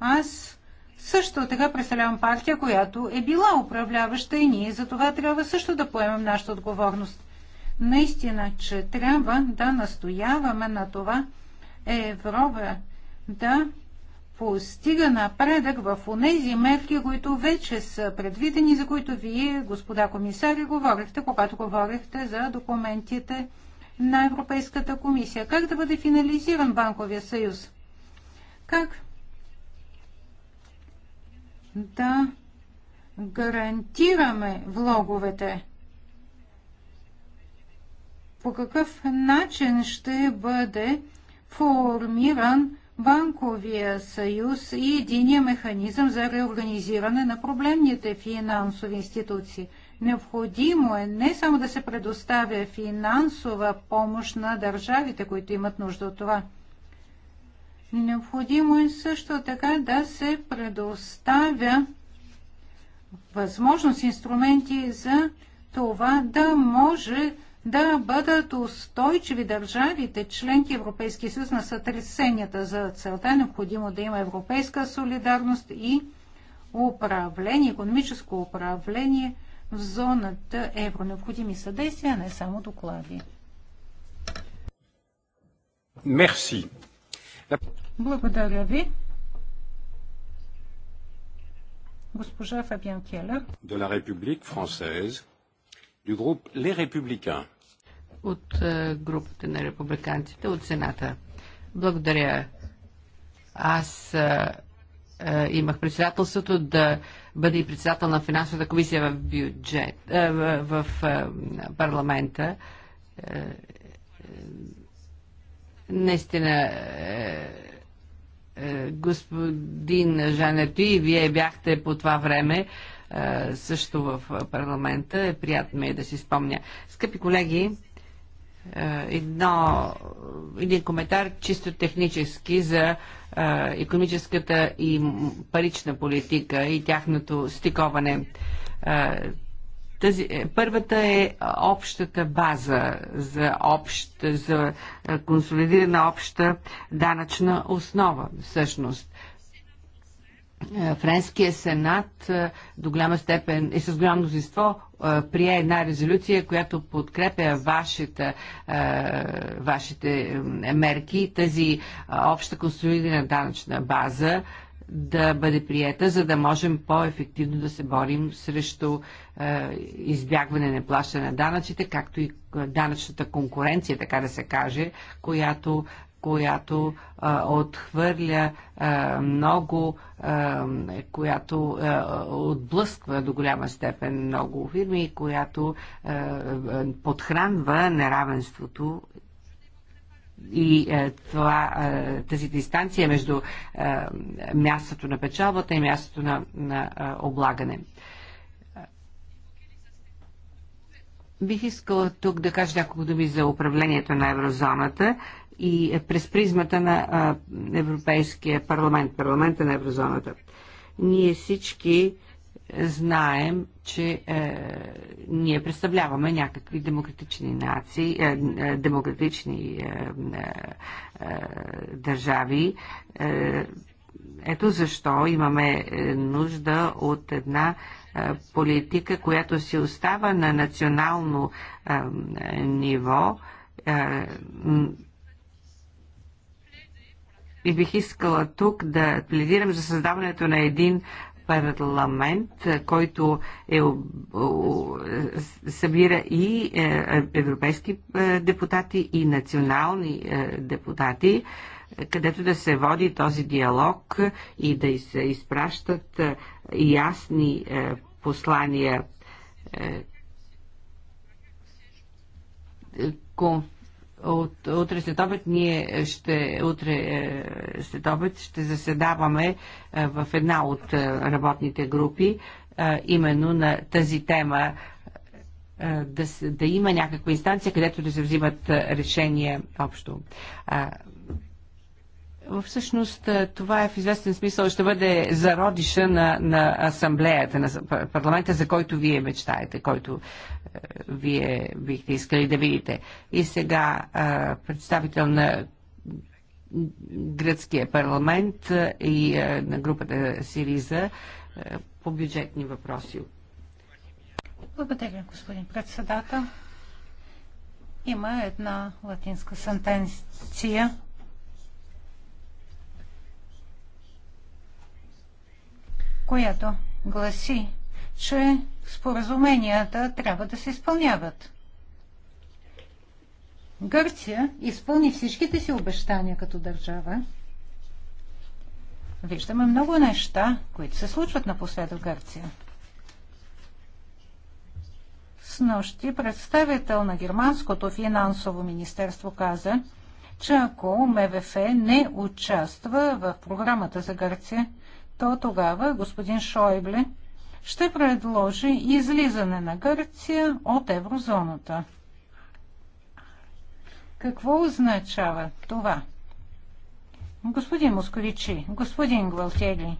аз също така представлявам партия, която е била управляваща и ние за това трябва също да поемем нашата отговорност наистина, че трябва да настояваме на това Европа да постига напредък в тези мерки, които вече са предвидени, за които вие, господа комисари, говорихте, когато говорихте за документите на Европейската комисия. Как да бъде финализиран банковия съюз? Как да гарантираме влоговете? по какъв начин ще бъде формиран банковия съюз и единия механизъм за реорганизиране на проблемните финансови институции. Необходимо е не само да се предоставя финансова помощ на държавите, които имат нужда от това. Необходимо е също така да се предоставя възможност, инструменти за това да може да бъдат устойчиви държавите, членки Европейския съюз на сътресенията. За целта е необходимо да има европейска солидарност и управление, економическо управление в зоната евро. Необходими са действия, не само доклади. Мерси. Благодаря ви. Госпожа Фабиан Келер. De la République française du groupe Les Républicains. От е, групата на републиканците, от Сената. Благодаря. Аз а, е, а, е, имах председателството да бъда и председател на финансовата комисия в, бюджет, а, в, в а, парламента. А, наистина господин Жанетуи, вие бяхте по това време също в парламента. Е приятно ми е да си спомня. Скъпи колеги, едно, един коментар чисто технически за економическата и парична политика и тяхното стиковане. Тази, е, първата е общата база за, общ, за консолидирана обща данъчна основа, всъщност. Е, Френския сенат е, до голяма степен и с голямо мнозинство е, прие една резолюция, която подкрепя вашата, вашите мерки, тази обща консолидирана данъчна база да бъде приета, за да можем по-ефективно да се борим срещу избягване на плащане на данъците, както и данъчната конкуренция, така да се каже, която която а, отхвърля а, много, а, която а, отблъсква до голяма степен много фирми, която а, подхранва неравенството и е, това, е, тази дистанция между е, мястото на печалбата и мястото на, на е, облагане. Бих искала тук да кажа няколко думи за управлението на еврозоната. Е, и през призмата на Европейския парламент, парламента на еврозоната. Ние всички знаем, че е, ние представляваме някакви демократични нации, е, е, демократични е, е, е държави. Е, ето защо имаме е, нужда от една е, политика, която си остава на национално е, ниво. Е, и бих искала тук да пледирам за създаването на един парламент, е, който е, събира и е, европейски е, депутати, и национални депутати, където да се води този диалог и да се изпращат ясни послания. Е, от, утре след обед ние ще, утре е, след обед ще заседаваме е, в една от е, работните групи, е, именно на тази тема е, да, да има някаква инстанция, където да се взимат е, решения общо. Всъщност това е в известен смисъл ще бъде зародиша на, на асамблеята, на парламента, за който вие мечтаете, който вие бихте искали да видите. И сега представител на гръцкия парламент и на групата Сириза по бюджетни въпроси. Благодаря, господин председател. Има една латинска сентенция. която гласи че споразуменията трябва да се изпълняват. Гърция изпълни всичките си обещания като държава. Виждаме много неща, които се случват напоследък в Гърция. С нощи представител на Германското финансово министерство каза, че ако МВФ не участва в програмата за Гърция, то тогава господин Шойбле ще предложи излизане на Гърция от еврозоната. Какво означава това? Господин Московичи, господин Гвалтели,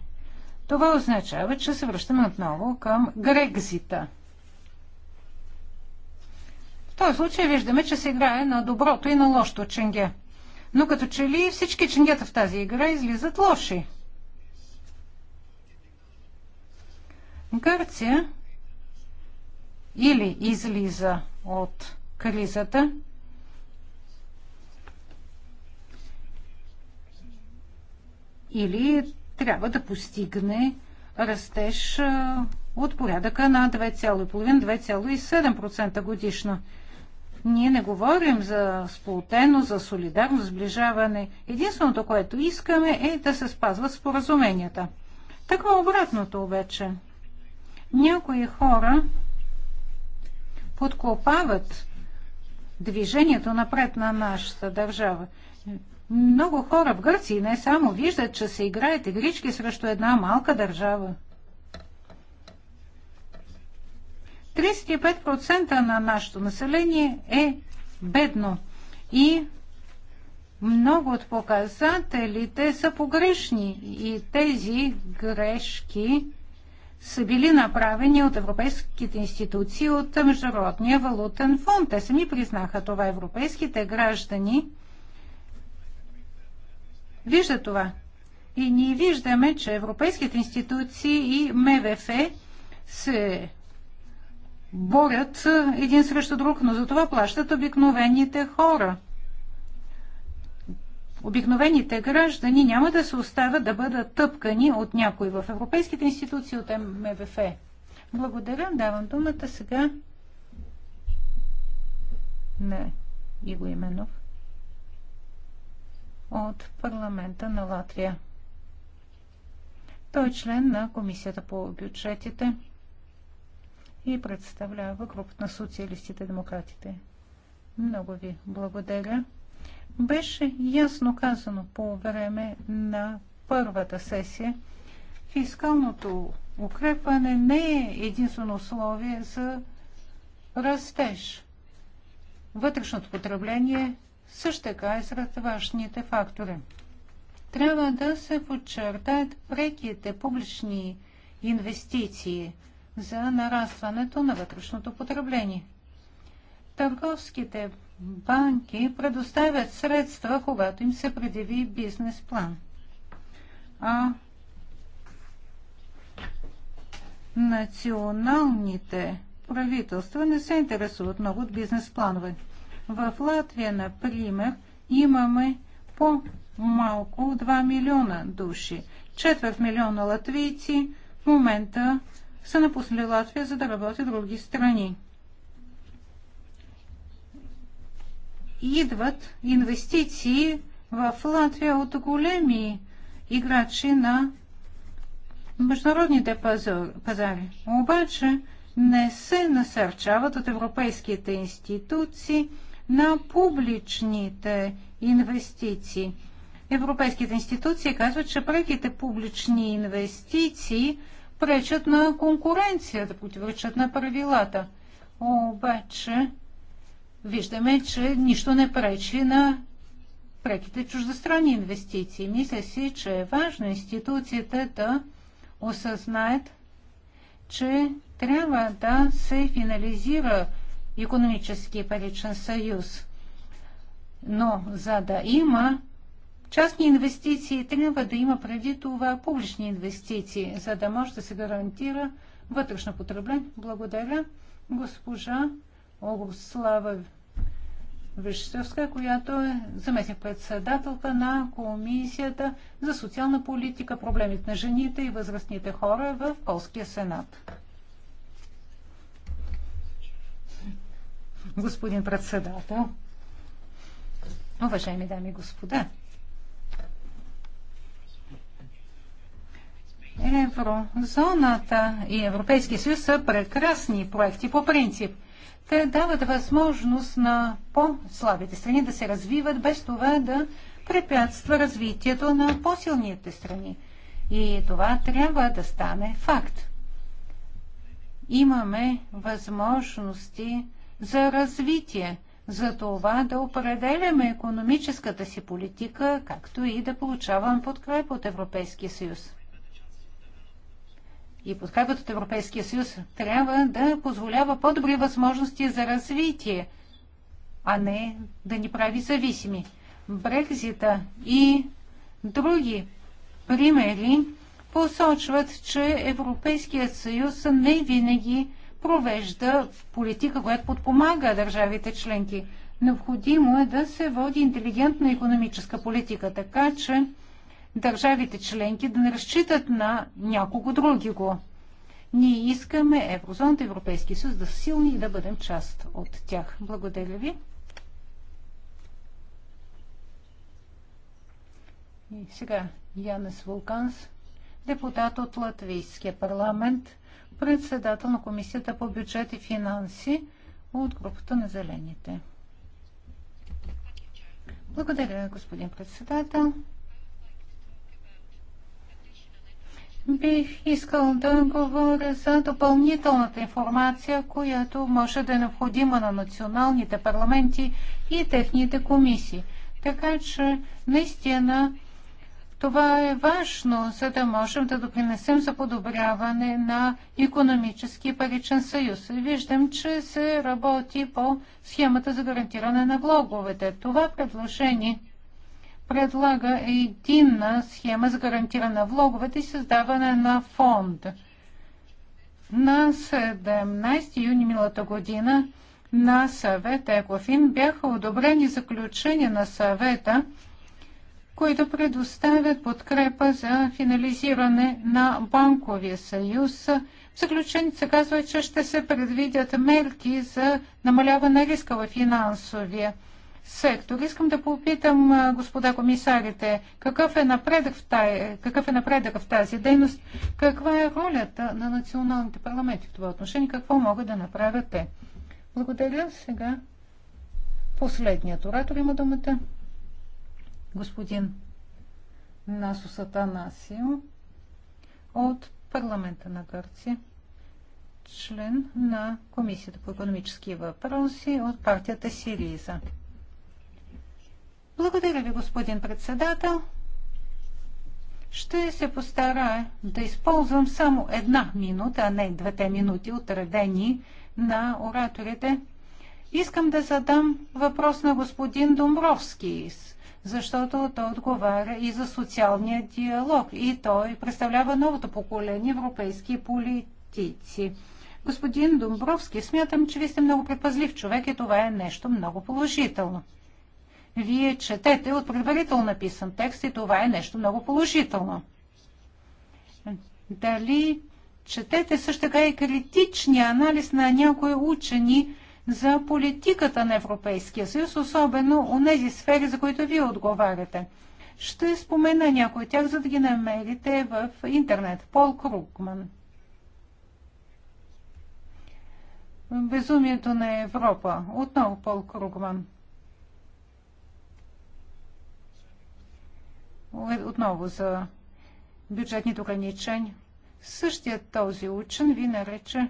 това означава, че се връщаме отново към Грекзита. В този случай виждаме, че се играе на доброто и на лошото ченге. Но като че ли всички ченгета в тази игра излизат лоши. Гърция или излиза от кризата, или трябва да постигне растеж от порядъка на 2,5-2,7% годишно. Ние не говорим за сплутено, за солидарно сближаване. Единственото, което искаме е да се спазват споразуменията. Така обратното обаче. Някои хора подкопават движението напред на нашата държава. Много хора в Гърция не само виждат, че се играят игрички срещу една малка държава. 35% на нашето население е бедно и много от показателите са погрешни и тези грешки са били направени от европейските институции, от Международния валутен фонд. Те сами признаха това. Европейските граждани виждат това. И ние виждаме, че европейските институции и МВФ се борят един срещу друг, но за това плащат обикновените хора – обикновените граждани няма да се оставят да бъдат тъпкани от някой в европейските институции, от МВФ. Благодаря. Давам думата сега на Иго Именов от парламента на Латвия. Той е член на Комисията по бюджетите и представлява групата на социалистите и демократите. Много ви благодаря. Беше ясно казано по време на първата сесия, фискалното укрепване не е единствено условие за растеж. Вътрешното потребление също така е сред важните фактори. Трябва да се подчертаят преките публични инвестиции за нарастването на вътрешното потребление. Търговските банки предоставят средства, когато им се предяви бизнес план. А националните правителства не се интересуват много от бизнес планове. В Латвия, например, имаме по-малко 2 милиона души. Четвърт милиона латвийци в момента са напуснали Латвия, за да работят в други страни. идват инвестиции в Латвия от големи играчи на международните пазари. Обаче не се насърчават от европейските институции на публичните инвестиции. Европейските институции казват, че преките публични инвестиции пречат на конкуренцията, противоречат на правилата. Обаче виждаме, че нищо не пречи на преките чуждестранни инвестиции. Мисля си, че е важно институцията да осъзнаят, че трябва да се финализира економически паричен съюз. Но за да има частни инвестиции, трябва да има преди това публични инвестиции, за да може да се гарантира вътрешно потребление. Благодаря, госпожа Огослава Вещевска, която е заместник председателка на Комисията за социална политика, проблемите на жените и възрастните хора в Полския сенат. Господин председател, уважаеми дами и господа, Еврозоната и Европейския съюз са прекрасни проекти по принцип – те дават възможност на по-слабите страни да се развиват, без това да препятства развитието на по-силните страни. И това трябва да стане факт. Имаме възможности за развитие, за това да определяме економическата си политика, както и да получаваме подкрепа от Европейския съюз и подкрепят от Европейския съюз, трябва да позволява по-добри възможности за развитие, а не да ни прави зависими. Брекзита и други примери посочват, че Европейският съюз не винаги провежда политика, която подпомага държавите членки. Необходимо е да се води интелигентна економическа политика, така че държавите членки да не разчитат на някого други го. Ние искаме Еврозоната, Европейския съюз да са силни и да бъдем част от тях. Благодаря ви. И сега Янес Вулканс, депутат от Латвийския парламент, председател на Комисията по бюджет и финанси от групата на Зелените. Благодаря, господин председател. Бих искал да говоря за допълнителната информация, която може да е необходима на националните парламенти и техните комисии. Така че наистина това е важно, за да можем да допринесем за подобряване на економически паричен съюз. Виждам, че се работи по схемата за гарантиране на влоговете. Това предложение предлага единна схема за гарантиране на влоговете и създаване на фонд. На 17 юни миналата година на съвета Екофин бяха одобрени заключения на съвета, които предоставят подкрепа за финализиране на банковия съюз. В заключение се казва, че ще се предвидят мерки за намаляване на риска в финансовия сектор. Искам да попитам господа комисарите, какъв е напредък в, тая, какъв е напредък в тази дейност, каква е ролята на националните парламенти в това отношение, какво могат да направят те. Благодаря. Сега последният оратор има думата. Господин Насо Насио от парламента на Гърция, член на Комисията по економически въпроси от партията Сириза. Благодаря ви, господин председател. Ще се постарая да използвам само една минута, а не двете минути, отредени на ораторите. Искам да задам въпрос на господин Домбровски, защото той отговаря и за социалния диалог и той представлява новото поколение европейски политици. Господин Домбровски, смятам, че ви сте много предпазлив човек и това е нещо много положително вие четете от предварително написан текст и това е нещо много положително. Дали четете също така и критичния анализ на някои учени за политиката на Европейския съюз, особено у тези сфери, за които вие отговаряте. Ще спомена някои от тях, за да ги намерите в интернет. Пол Кругман. Безумието на Европа. Отново Пол Кругман. Е, отново за бюджетните ограничения. Същият този учен ви нарече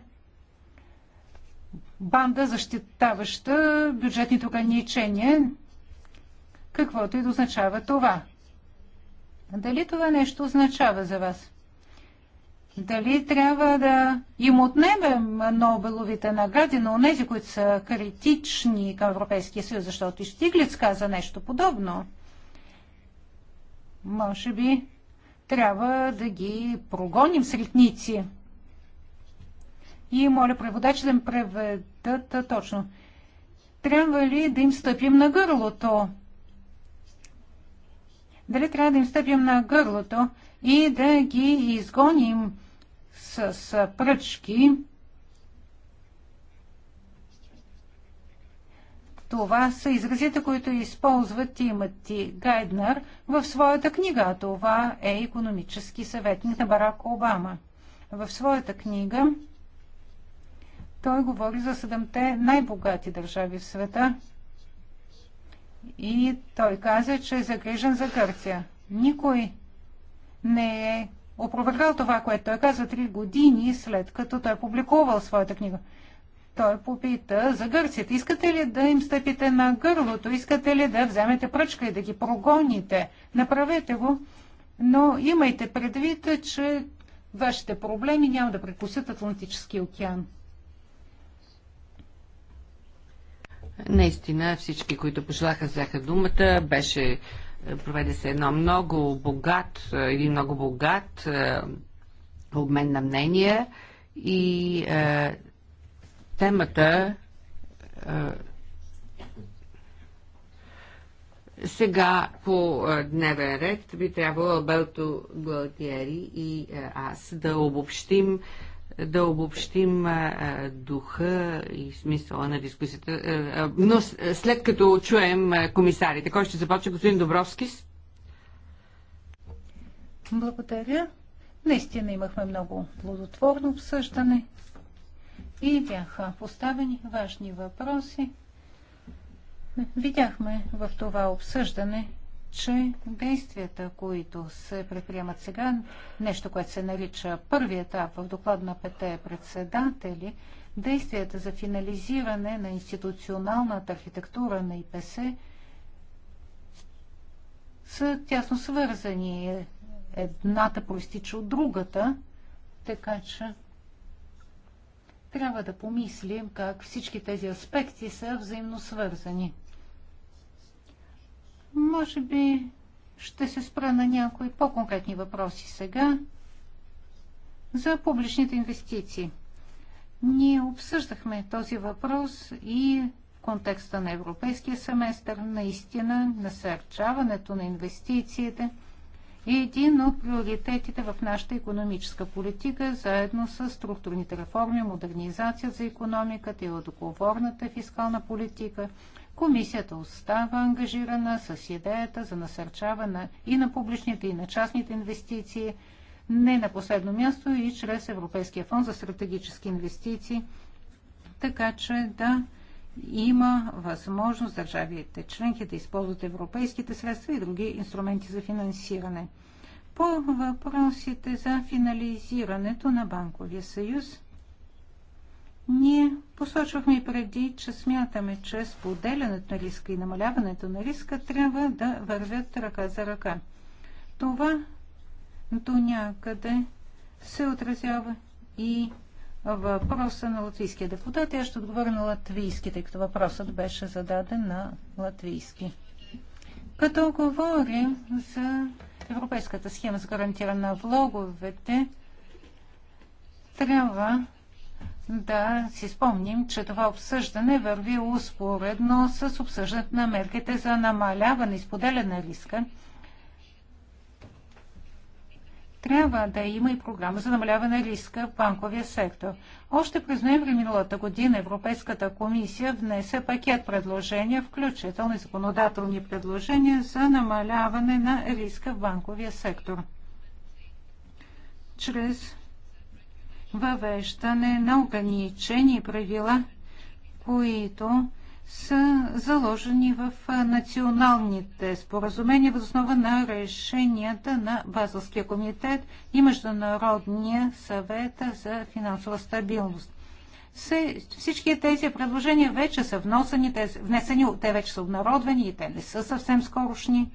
банда, защитаваща бюджетните ограничения, каквото и да означава това. Дали това нещо означава за вас? Дали трябва да им отнемем Нобеловите награди на тези, които са критични към Европейския съюз, защото и Штиглиц каза нещо подобно? Може би трябва да ги прогоним средници. И моля преводач да ми преведат точно. Трябва ли да им стъпим на гърлото? Дали трябва да им стъпим на гърлото и да ги изгоним с пръчки? Това са изразите, които използват Тимати Гайднер в своята книга, това е економически съветник на Барак Обама. В своята книга той говори за седемте най-богати държави в света и той каза, че е загрижен за Гърция. Никой не е опровергал това, което той казва три години след като той е публикувал своята книга. Той попита за гърците. Искате ли да им стъпите на гърлото? Искате ли да вземете пръчка и да ги прогоните? Направете го. Но имайте предвид, че вашите проблеми няма да прекусят Атлантическия океан. Наистина всички, които пожелаха, взеха думата. Беше, е, проведе се едно много богат, е, един много богат е, обмен на мнения и е, Темата сега по дневен ред би трябвало Алберто Гуалтиери и аз да обобщим да обобщим духа и смисъла на дискусията. Но след като чуем комисарите, кой ще започне? Господин Добровски? Благодаря. Наистина имахме много плодотворно обсъждане и бяха поставени важни въпроси. Видяхме в това обсъждане, че действията, които се предприемат сега, нещо, което се нарича първи етап в доклад на пете председатели, действията за финализиране на институционалната архитектура на ИПС са тясно свързани. Едната проистича от другата, така че трябва да помислим как всички тези аспекти са взаимно свързани. Може би ще се спра на някои по-конкретни въпроси сега за публичните инвестиции. Ние обсъждахме този въпрос и в контекста на европейския семестър. Наистина, насърчаването на инвестициите – е един от приоритетите в нашата економическа политика, заедно с структурните реформи, модернизация за економиката и отговорната фискална политика. Комисията остава ангажирана с идеята за насърчаване и на публичните, и на частните инвестиции, не на последно място и чрез Европейския фонд за стратегически инвестиции, така че да има възможност държавите членки да използват европейските средства и други инструменти за финансиране. По въпросите за финализирането на Банковия съюз, ние посочвахме и преди, че смятаме, че споделянето на риска и намаляването на риска трябва да вървят ръка за ръка. Това до някъде се отразява и въпроса на латвийския депутат. Я ще отговоря на латвийски, тъй като въпросът беше зададен на латвийски. Като говорим за европейската схема за гарантиране на влоговете, трябва да си спомним, че това обсъждане върви успоредно с обсъждането на мерките за намаляване и споделяне на риска трябва да има и програма за намаляване на риска в банковия сектор. Още през ноември миналата година Европейската комисия внесе пакет предложения, включително и законодателни предложения за намаляване на риска в банковия сектор. Чрез въвеждане на ограничени правила, които са заложени в националните споразумения в основа на решенията на Базълския комитет и Международния съвет за финансова стабилност. Всички тези предложения вече са вносени, те, внесени, те вече са обнародвани и те не са съвсем скорошни.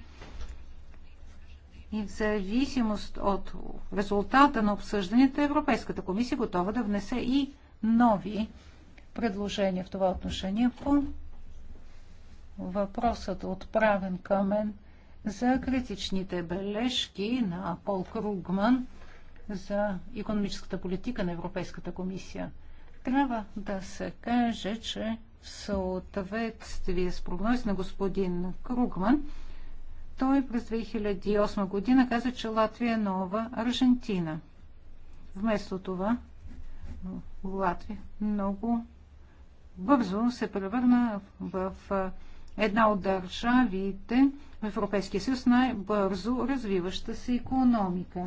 И в зависимост от резултата на обсъждането, Европейската комисия е готова да внесе и нови предложение в това отношение по въпросът отправен към мен за критичните бележки на Пол Кругман за економическата политика на Европейската комисия. Трябва да се каже, че в съответствие с прогноз на господин Кругман, той през 2008 година каза, че Латвия е нова Аржентина. Вместо това Латвия много бързо се превърна в една от държавите в Европейския съюз най-бързо развиваща се економика.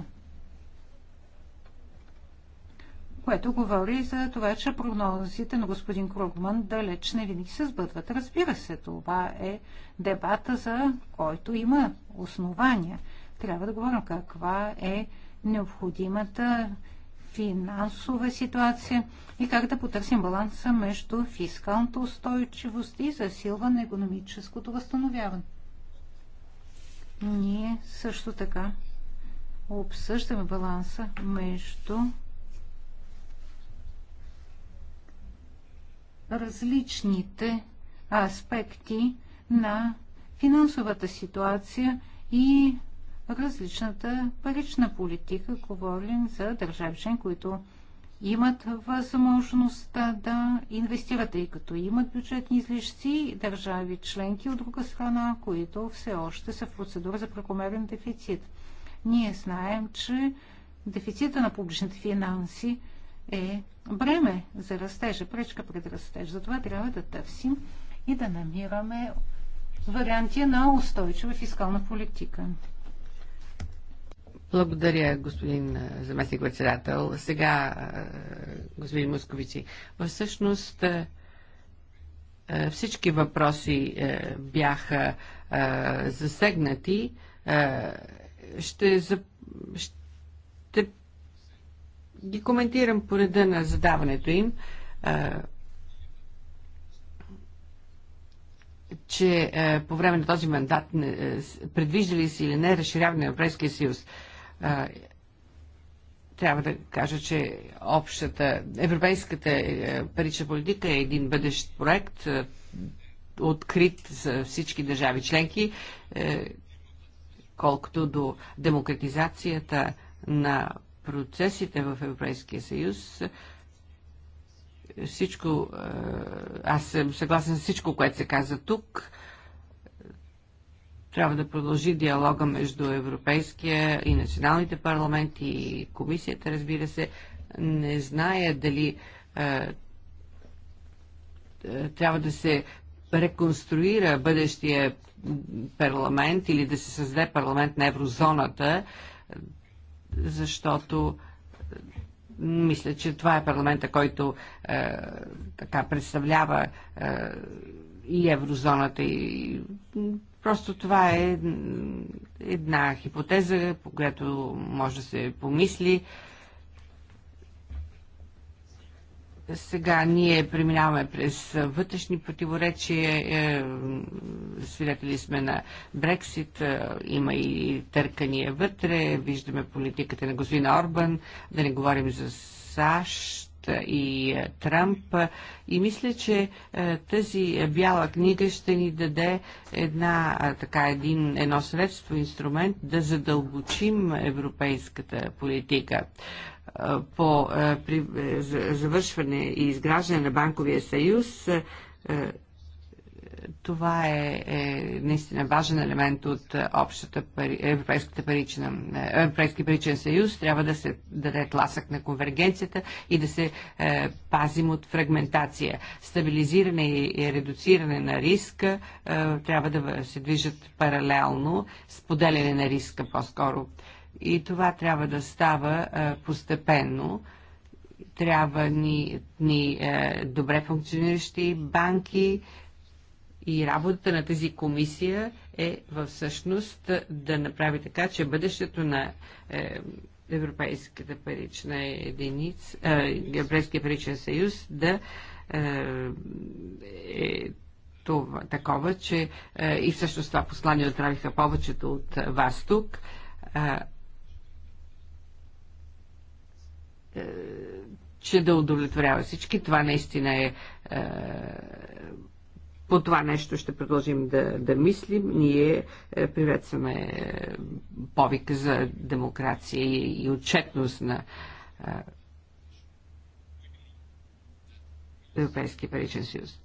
Което говори за това, че прогнозите на господин Кругман далеч не винаги се сбъдват. Разбира се, това е дебата, за който има основания. Трябва да говорим каква е необходимата финансова ситуация и как да потърсим баланса между фискалната устойчивост и засилване на економическото възстановяване. Ние също така обсъждаме баланса между различните аспекти на финансовата ситуация и различната парична политика. Говорим за държави член, които имат възможността да инвестират, тъй като имат бюджетни излишци, държави членки от друга страна, които все още са в процедура за прекомерен дефицит. Ние знаем, че дефицита на публичните финанси е бреме за растежа, пречка пред растеж. Затова трябва да търсим и да намираме варианти на устойчива фискална политика. Благодаря, господин заместник председател. Сега, господин Московици, всъщност всички въпроси бяха засегнати. Ще, за... ще ги коментирам по реда на задаването им, че по време на този мандат предвиждали си или не разширяване на Европейския съюз трябва да кажа, че общата европейската е, парична политика е един бъдещ проект, е, открит за всички държави членки, е, колкото до демократизацията на процесите в Европейския съюз. Всичко, аз съм съгласен с всичко, което се каза тук трябва да продължи диалога между Европейския и националните парламенти и комисията, разбира се. Не зная дали е, е, трябва да се реконструира бъдещия парламент или да се създаде парламент на еврозоната, защото е, мисля, че това е парламента, който е, така представлява е, и еврозоната и Просто това е една хипотеза, по която може да се помисли. Сега ние преминаваме през вътрешни противоречия, е, свидетели сме на Брексит, е, има и търкания вътре, виждаме политиката на господин Орбан, да не говорим за САЩ, и е, Трамп. И мисля, че е, тази бяла книга ще ни даде една, е, така, един, едно средство, инструмент да задълбочим европейската политика по при, завършване и изграждане на банковия съюз това е, е наистина важен елемент от е, общата пари, европейската парична, е, Европейски паричен съюз. Трябва да се даде тласък на конвергенцията и да се е, пазим от фрагментация. Стабилизиране и редуциране на риска е, трябва да се движат паралелно, споделяне на риска по-скоро. И това трябва да става е, постепенно трябва ни, ни е, добре функциониращи банки, и работата на тази комисия е всъщност да направи така, че бъдещето на е, Европейската парична единица, е, Европейския паричен съюз да е, е това, такова, че е, и всъщност това послание отправиха повечето от вас тук. Е, е, че да удовлетворява всички. Това наистина е, е по това нещо ще продължим да, да мислим. Ние е, приветстваме повика за демокрация и, и отчетност на е, Европейския паричен съюз.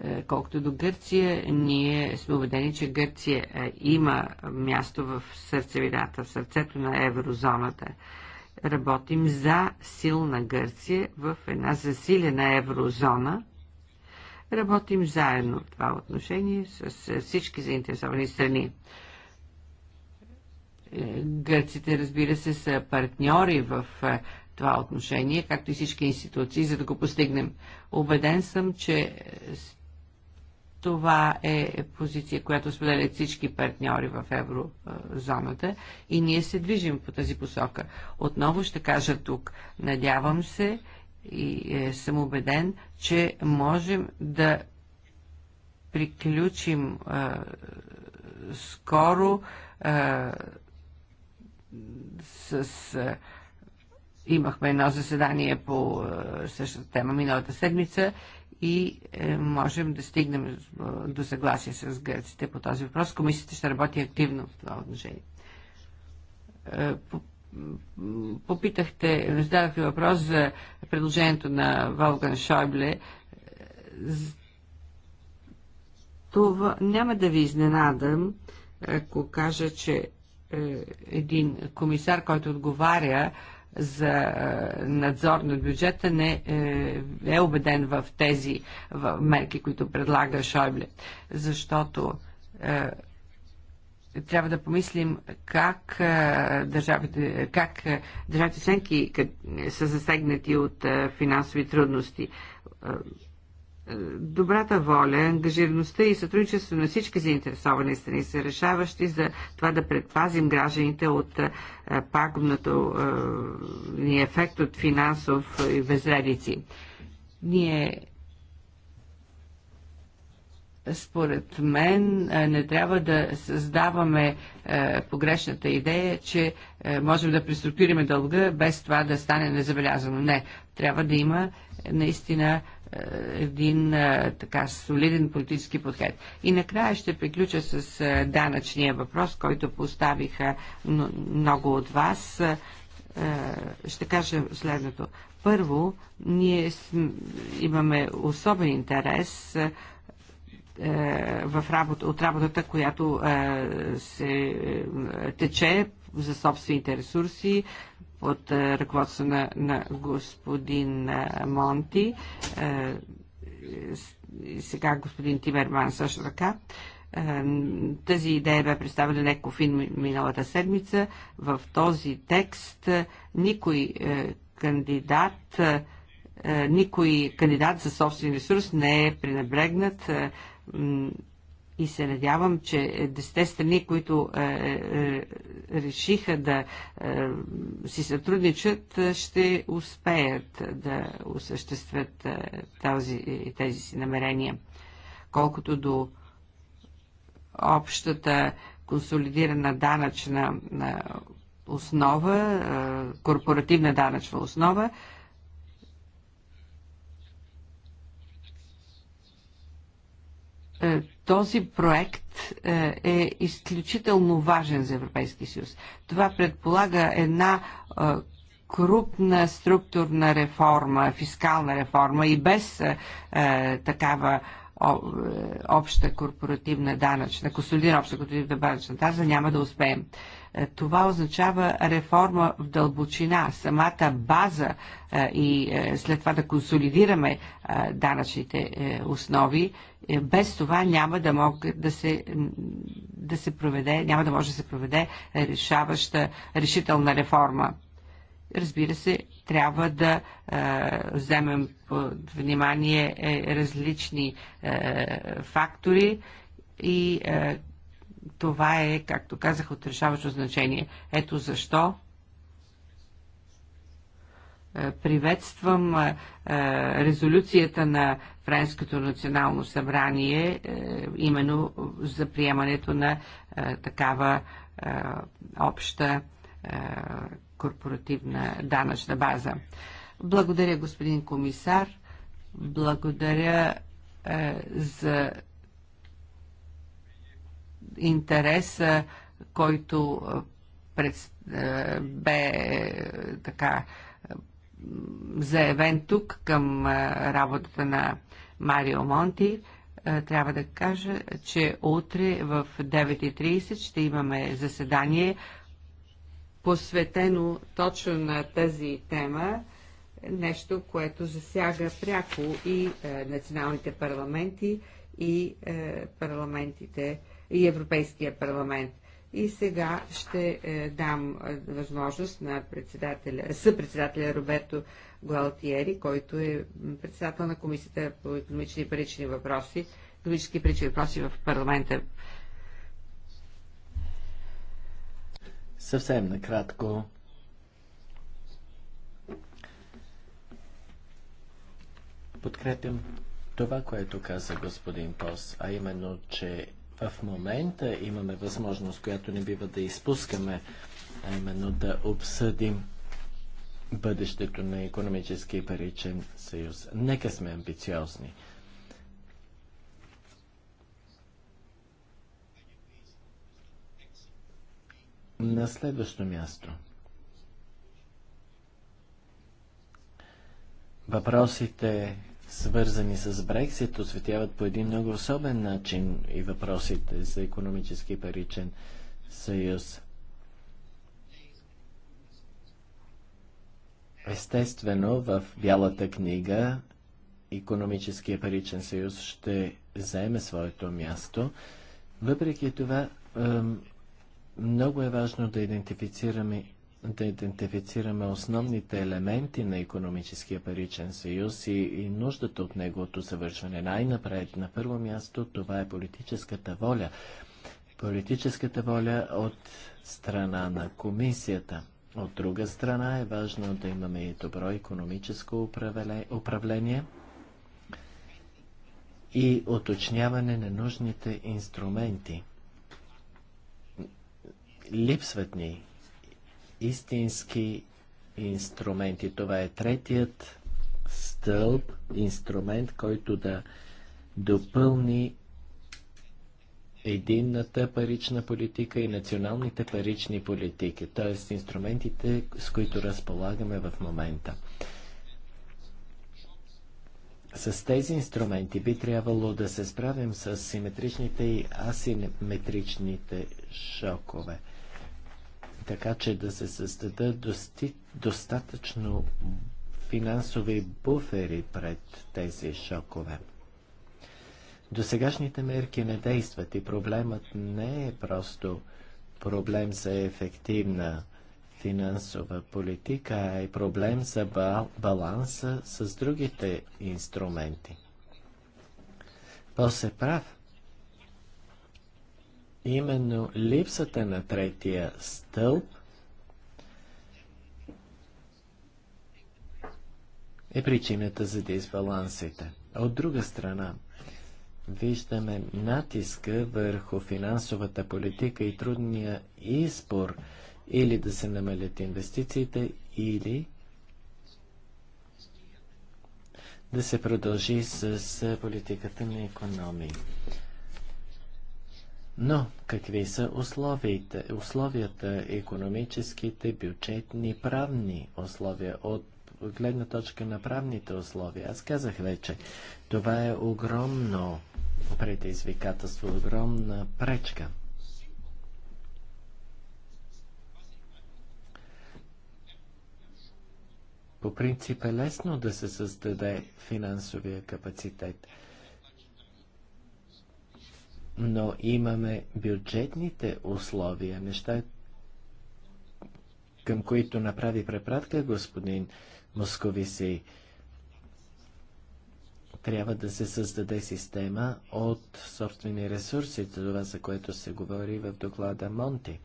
Е, колкото до Гърция, ние сме убедени, че Гърция има място в сърцевината, в сърцето на еврозоната. Работим за силна Гърция в една засилена еврозона – Работим заедно в това отношение с всички заинтересовани страни. Е, гърците, разбира се, са партньори в е, това отношение, както и всички институции, за да го постигнем. Обеден съм, че е, това е позиция, която споделят всички партньори в еврозоната и ние се движим по тази посока. Отново ще кажа тук, надявам се, и е, съм убеден, че можем да приключим е, скоро е, с. Е, имахме едно заседание по е, същата тема миналата седмица и е, можем да стигнем до съгласие с гърците по този въпрос. Комисията ще работи активно в това отношение. Е, по попитахте, зададохте въпрос за предложението на Волган Шойбле. Това няма да ви изненадам, ако кажа, че е, един комисар, който отговаря за е, надзор на бюджета, не е, е убеден в тези мерки, които предлага Шойбле. Защото трябва да помислим как държавите, как държавите членки са засегнати от финансови трудности. Добрата воля, ангажираността и сътрудничество на всички заинтересовани страни са решаващи за това да предпазим гражданите от пагубното ни ефект от финансов и безредици. Ние според мен е, не трябва да създаваме е, погрешната идея, че е, можем да преструктурираме дълга без това да стане незабелязано. Не, трябва да има наистина един така солиден политически подход. И накрая ще приключа с данъчния въпрос, който поставиха много от вас. Ще кажа следното. Първо, ние имаме особен интерес е, в работа, от работата, която е, се е, тече за собствените ресурси под ръководство на, на господин Монти. Сега господин Тиберман също така. Тази идея бе представена леко Екофин миналата седмица. В този текст никой кандидат никой кандидат за собствен ресурс не е пренебрегнат и се надявам, че десете страни, които е, е, е решиха да е, си сътрудничат, е, ще успеят да осъществят е, е, тези си намерения. Колкото до общата консолидирана данъчна основа, корпоративна данъчна основа, Е, този проект е, е изключително важен за Европейския съюз. Това предполага една е, крупна структурна реформа, фискална реформа и без е, такава обща корпоративна данъчна, консолидирана обща корпоративна данъчна таза няма да успеем. Е, това означава реформа в дълбочина, самата база е, и е, след това да консолидираме данъчните основи. Без това няма да, може да, се, да се проведе, няма да може да се проведе решаваща, решителна реформа. Разбира се, трябва да е, вземем под внимание е, различни е, фактори и е, това е, както казах, от решаващо значение. Ето защо е, приветствам е, е, резолюцията на Френското национално събрание именно за приемането на такава обща корпоративна данъчна база. Благодаря, господин комисар. Благодаря за интереса, който пред, бе така заявен тук към работата на Марио Монти, трябва да кажа, че утре в 9.30 ще имаме заседание, посветено точно на тази тема, нещо, което засяга пряко и националните парламенти, и парламентите и Европейския парламент. И сега ще е, дам е, възможност на председателя, съпредседателя Роберто Гуалтиери, който е председател на Комисията по економични и парични въпроси, економически парични въпроси в парламента. Съвсем накратко. Подкрепям това, което каза господин Пос, а именно, че в момента имаме възможност, която не бива да изпускаме, а именно да обсъдим бъдещето на економически и паричен съюз. Нека сме амбициозни. На следващо място. Въпросите свързани с Брексит, осветяват по един много особен начин и въпросите за економически паричен съюз. Естествено, в Бялата книга економическия паричен съюз ще заеме своето място. Въпреки това, много е важно да идентифицираме да идентифицираме основните елементи на економическия паричен съюз и, и нуждата от неговото завършване. Най-напред, на първо място, това е политическата воля. Политическата воля от страна на комисията. От друга страна е важно да имаме и добро економическо управление и уточняване на нужните инструменти. Липсват ни истински инструменти. Това е третият стълб, инструмент, който да допълни единната парична политика и националните парични политики, т.е. инструментите, с които разполагаме в момента. С тези инструменти би трябвало да се справим с симетричните и асиметричните шокове така че да се създадат дости, достатъчно финансови буфери пред тези шокове. Досегашните мерки не действат и проблемът не е просто проблем за ефективна финансова политика, а е проблем за баланса с другите инструменти. После прав, Именно липсата на третия стълб е причината за дисбалансите. От друга страна, виждаме натиска върху финансовата политика и трудния избор или да се намалят инвестициите, или да се продължи с политиката на економии. Но какви са условията, условията економическите, бюджетни, правни условия от гледна точка на правните условия? Аз казах вече, това е огромно предизвикателство, огромна пречка. По принцип е лесно да се създаде финансовия капацитет – но имаме бюджетните условия, неща, към които направи препратка господин Московиси. Трябва да се създаде система от собствени ресурси, това за което се говори в доклада Монти.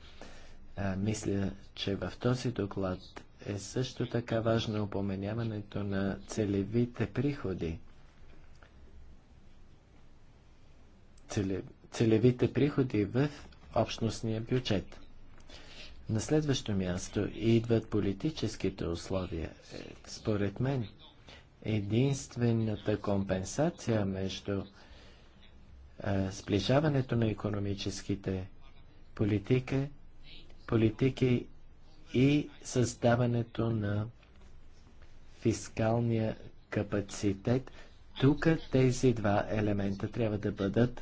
А, мисля, че в този доклад е също така важно упоменяването на целевите приходи. Целевите целевите приходи в общностния бюджет. На следващо място идват политическите условия. Е, според мен, единствената компенсация между а, е, сближаването на економическите политики, политики и създаването на фискалния капацитет, тук тези два елемента трябва да бъдат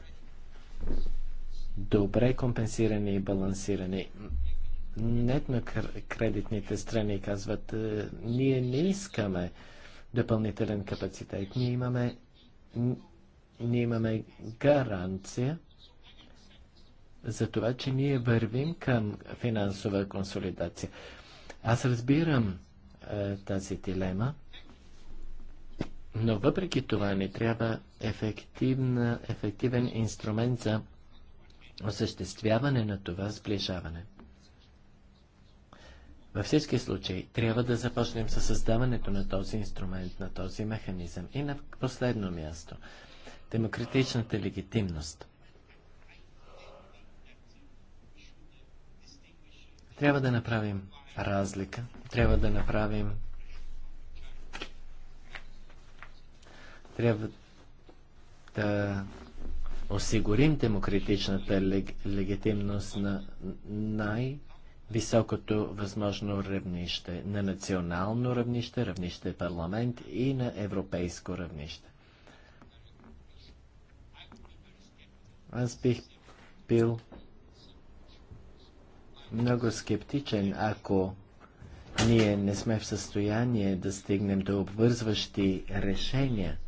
добре компенсирани и балансирани. на кредитните страни казват, е, ние не искаме допълнителен капацитет, ние имаме, ние имаме гаранция за това, че ние вървим към финансова консолидация. Аз разбирам е, тази дилема, но въпреки това ни трябва ефективен инструмент за осъществяване на това сближаване. Във всички случаи трябва да започнем със създаването на този инструмент, на този механизъм. И на последно място – демократичната легитимност. Трябва да направим разлика, трябва да направим Трябва да осигурим демократичната лег, легитимност на най-високото възможно равнище, на национално равнище, равнище парламент и на европейско равнище. Аз бих бил много скептичен, ако ние не сме в състояние да стигнем до обвързващи решения –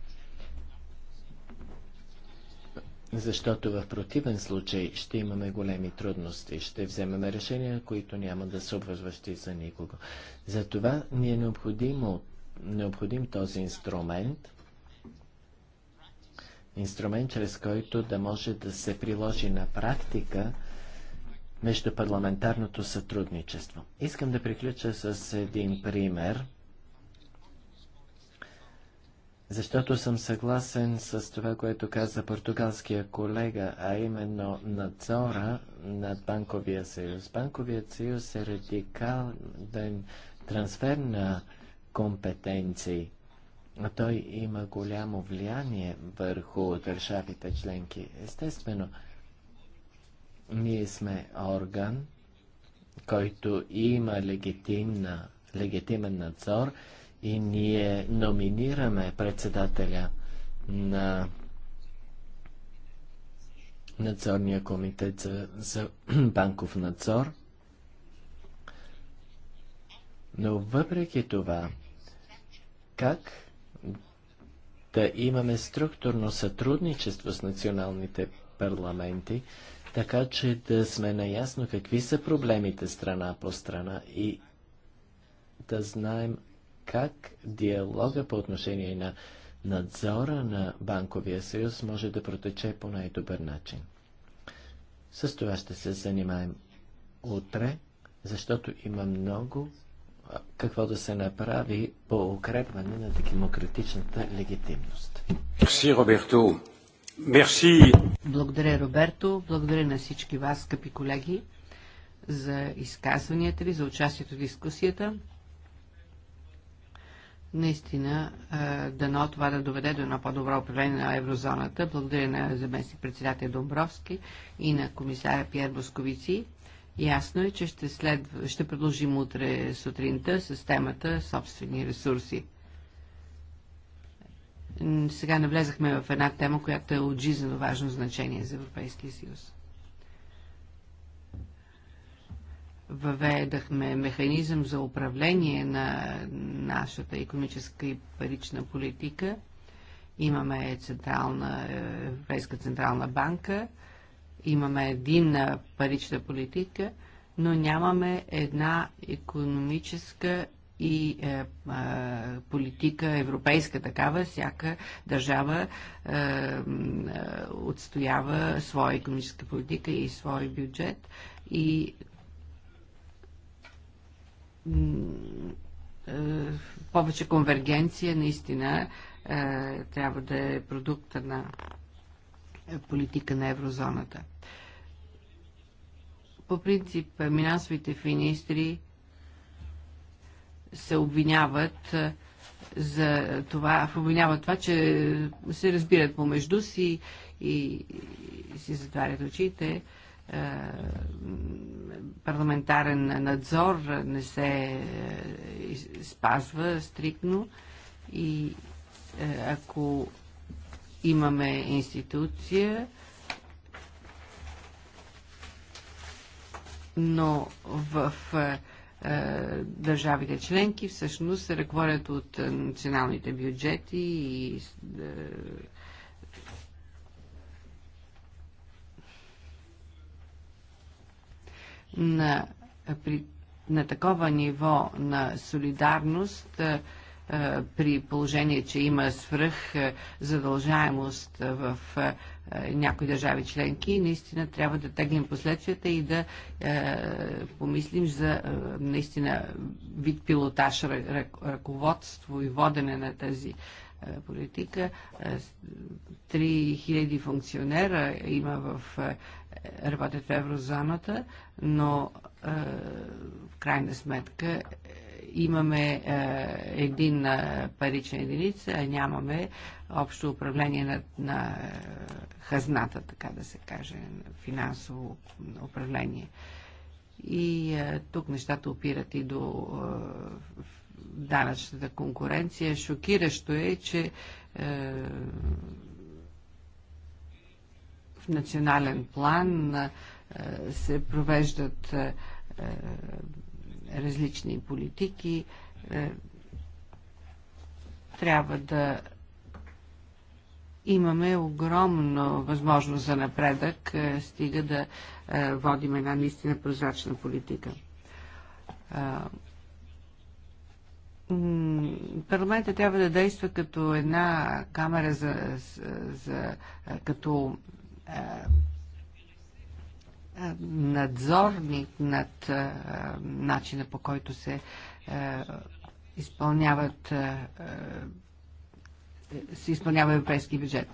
защото в противен случай ще имаме големи трудности, ще вземем решения, които няма да са обвързващи за никого. Затова ни е необходимо, необходим този инструмент, инструмент, чрез който да може да се приложи на практика между парламентарното сътрудничество. Искам да приключа с един пример – защото съм съгласен с това, което каза португалския колега, а именно надзора над Банковия съюз. Банковият съюз е радикален трансфер на компетенции. Но той има голямо влияние върху държавите членки. Естествено, ние сме орган, който има легитимна, легитимен надзор, и ние номинираме председателя на надзорния комитет за, за банков надзор. Но въпреки това, как да имаме структурно сътрудничество с националните парламенти, така че да сме наясно какви са проблемите страна по страна и да знаем как диалога по отношение на надзора на банковия съюз може да протече по най-добър начин. С това ще се занимаем утре, защото има много какво да се направи по укрепване на демократичната легитимност. Merci, Роберто. Merci. Благодаря, Роберто. Благодаря на всички вас, скъпи колеги, за изказванията ви, за участието в дискусията наистина дано това да доведе до едно по-добро управление на еврозоната. Благодаря на заместник председател Домбровски и на комисаря Пьер Босковици. Ясно е, че ще, следва, ще продължим утре сутринта с темата собствени ресурси. Сега навлезахме в една тема, която е от жизненно важно значение за Европейския съюз. въведахме механизъм за управление на нашата економическа и парична политика. Имаме Централна, Европейска Централна банка, имаме единна парична политика, но нямаме една економическа и е, е политика, европейска такава, всяка държава е, е, отстоява своя економическа политика и свой бюджет и е, повече конвергенция наистина е, трябва да е продукта на политика на еврозоната. По принцип, е, минасовите финистри се обвиняват за това, обвиняват това, че се разбират помежду си и, и си затварят очите. Е, парламентарен надзор не се е, спазва стриктно и е, ако имаме институция, но в държавите членки всъщност се ръководят от националните бюджети и на, при, на такова ниво на солидарност при положение, че има свръх задължаемост в някои държави членки, наистина трябва да теглим последствията и да помислим за наистина вид пилотаж, ръководство и водене на тази политика. 3000 функционера има в работят в еврозоната, но е, в крайна сметка е, имаме е, един е, парична единица, а нямаме общо управление на, на е, хазната, така да се каже, финансово управление. И е, тук нещата опират и до е, данъчната конкуренция. Шокиращо е, че е, в национален план се провеждат различни политики. Трябва да имаме огромна възможност за напредък, стига да водим една наистина прозрачна политика. Парламента трябва да действа като една камера за, за, за като е, е, надзорник над е, начина по който се изпълняват се изпълнява европейски бюджет.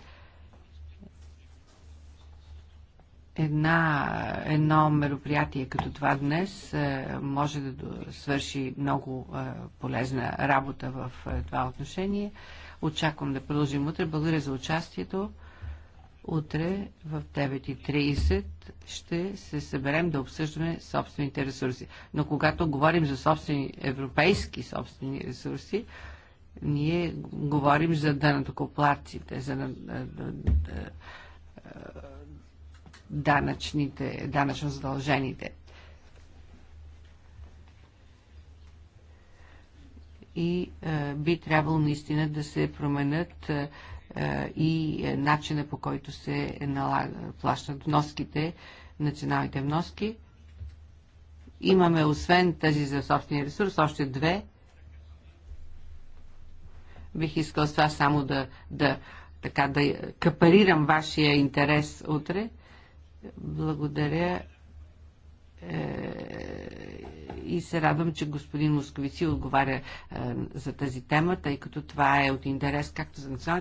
Една, едно мероприятие като това днес може да свърши много полезна работа в това отношение. Очаквам да продължим утре. Благодаря за участието. Утре в 9.30 ще се съберем да обсъждаме собствените ресурси. Но когато говорим за собствени, европейски собствени ресурси, ние говорим за данатокоплаците, за данъчните, данъчно задължените. И е, би трябвало наистина да се променят е, и е, начина по който се плащат вноските, националните вноски. Имаме освен тази за собствения ресурс още две. Бих искал с това само да, да, така, да капарирам вашия интерес утре. Благодаря е, и се радвам, че господин Московици отговаря е, за тази тема, тъй като това е от интерес както за националната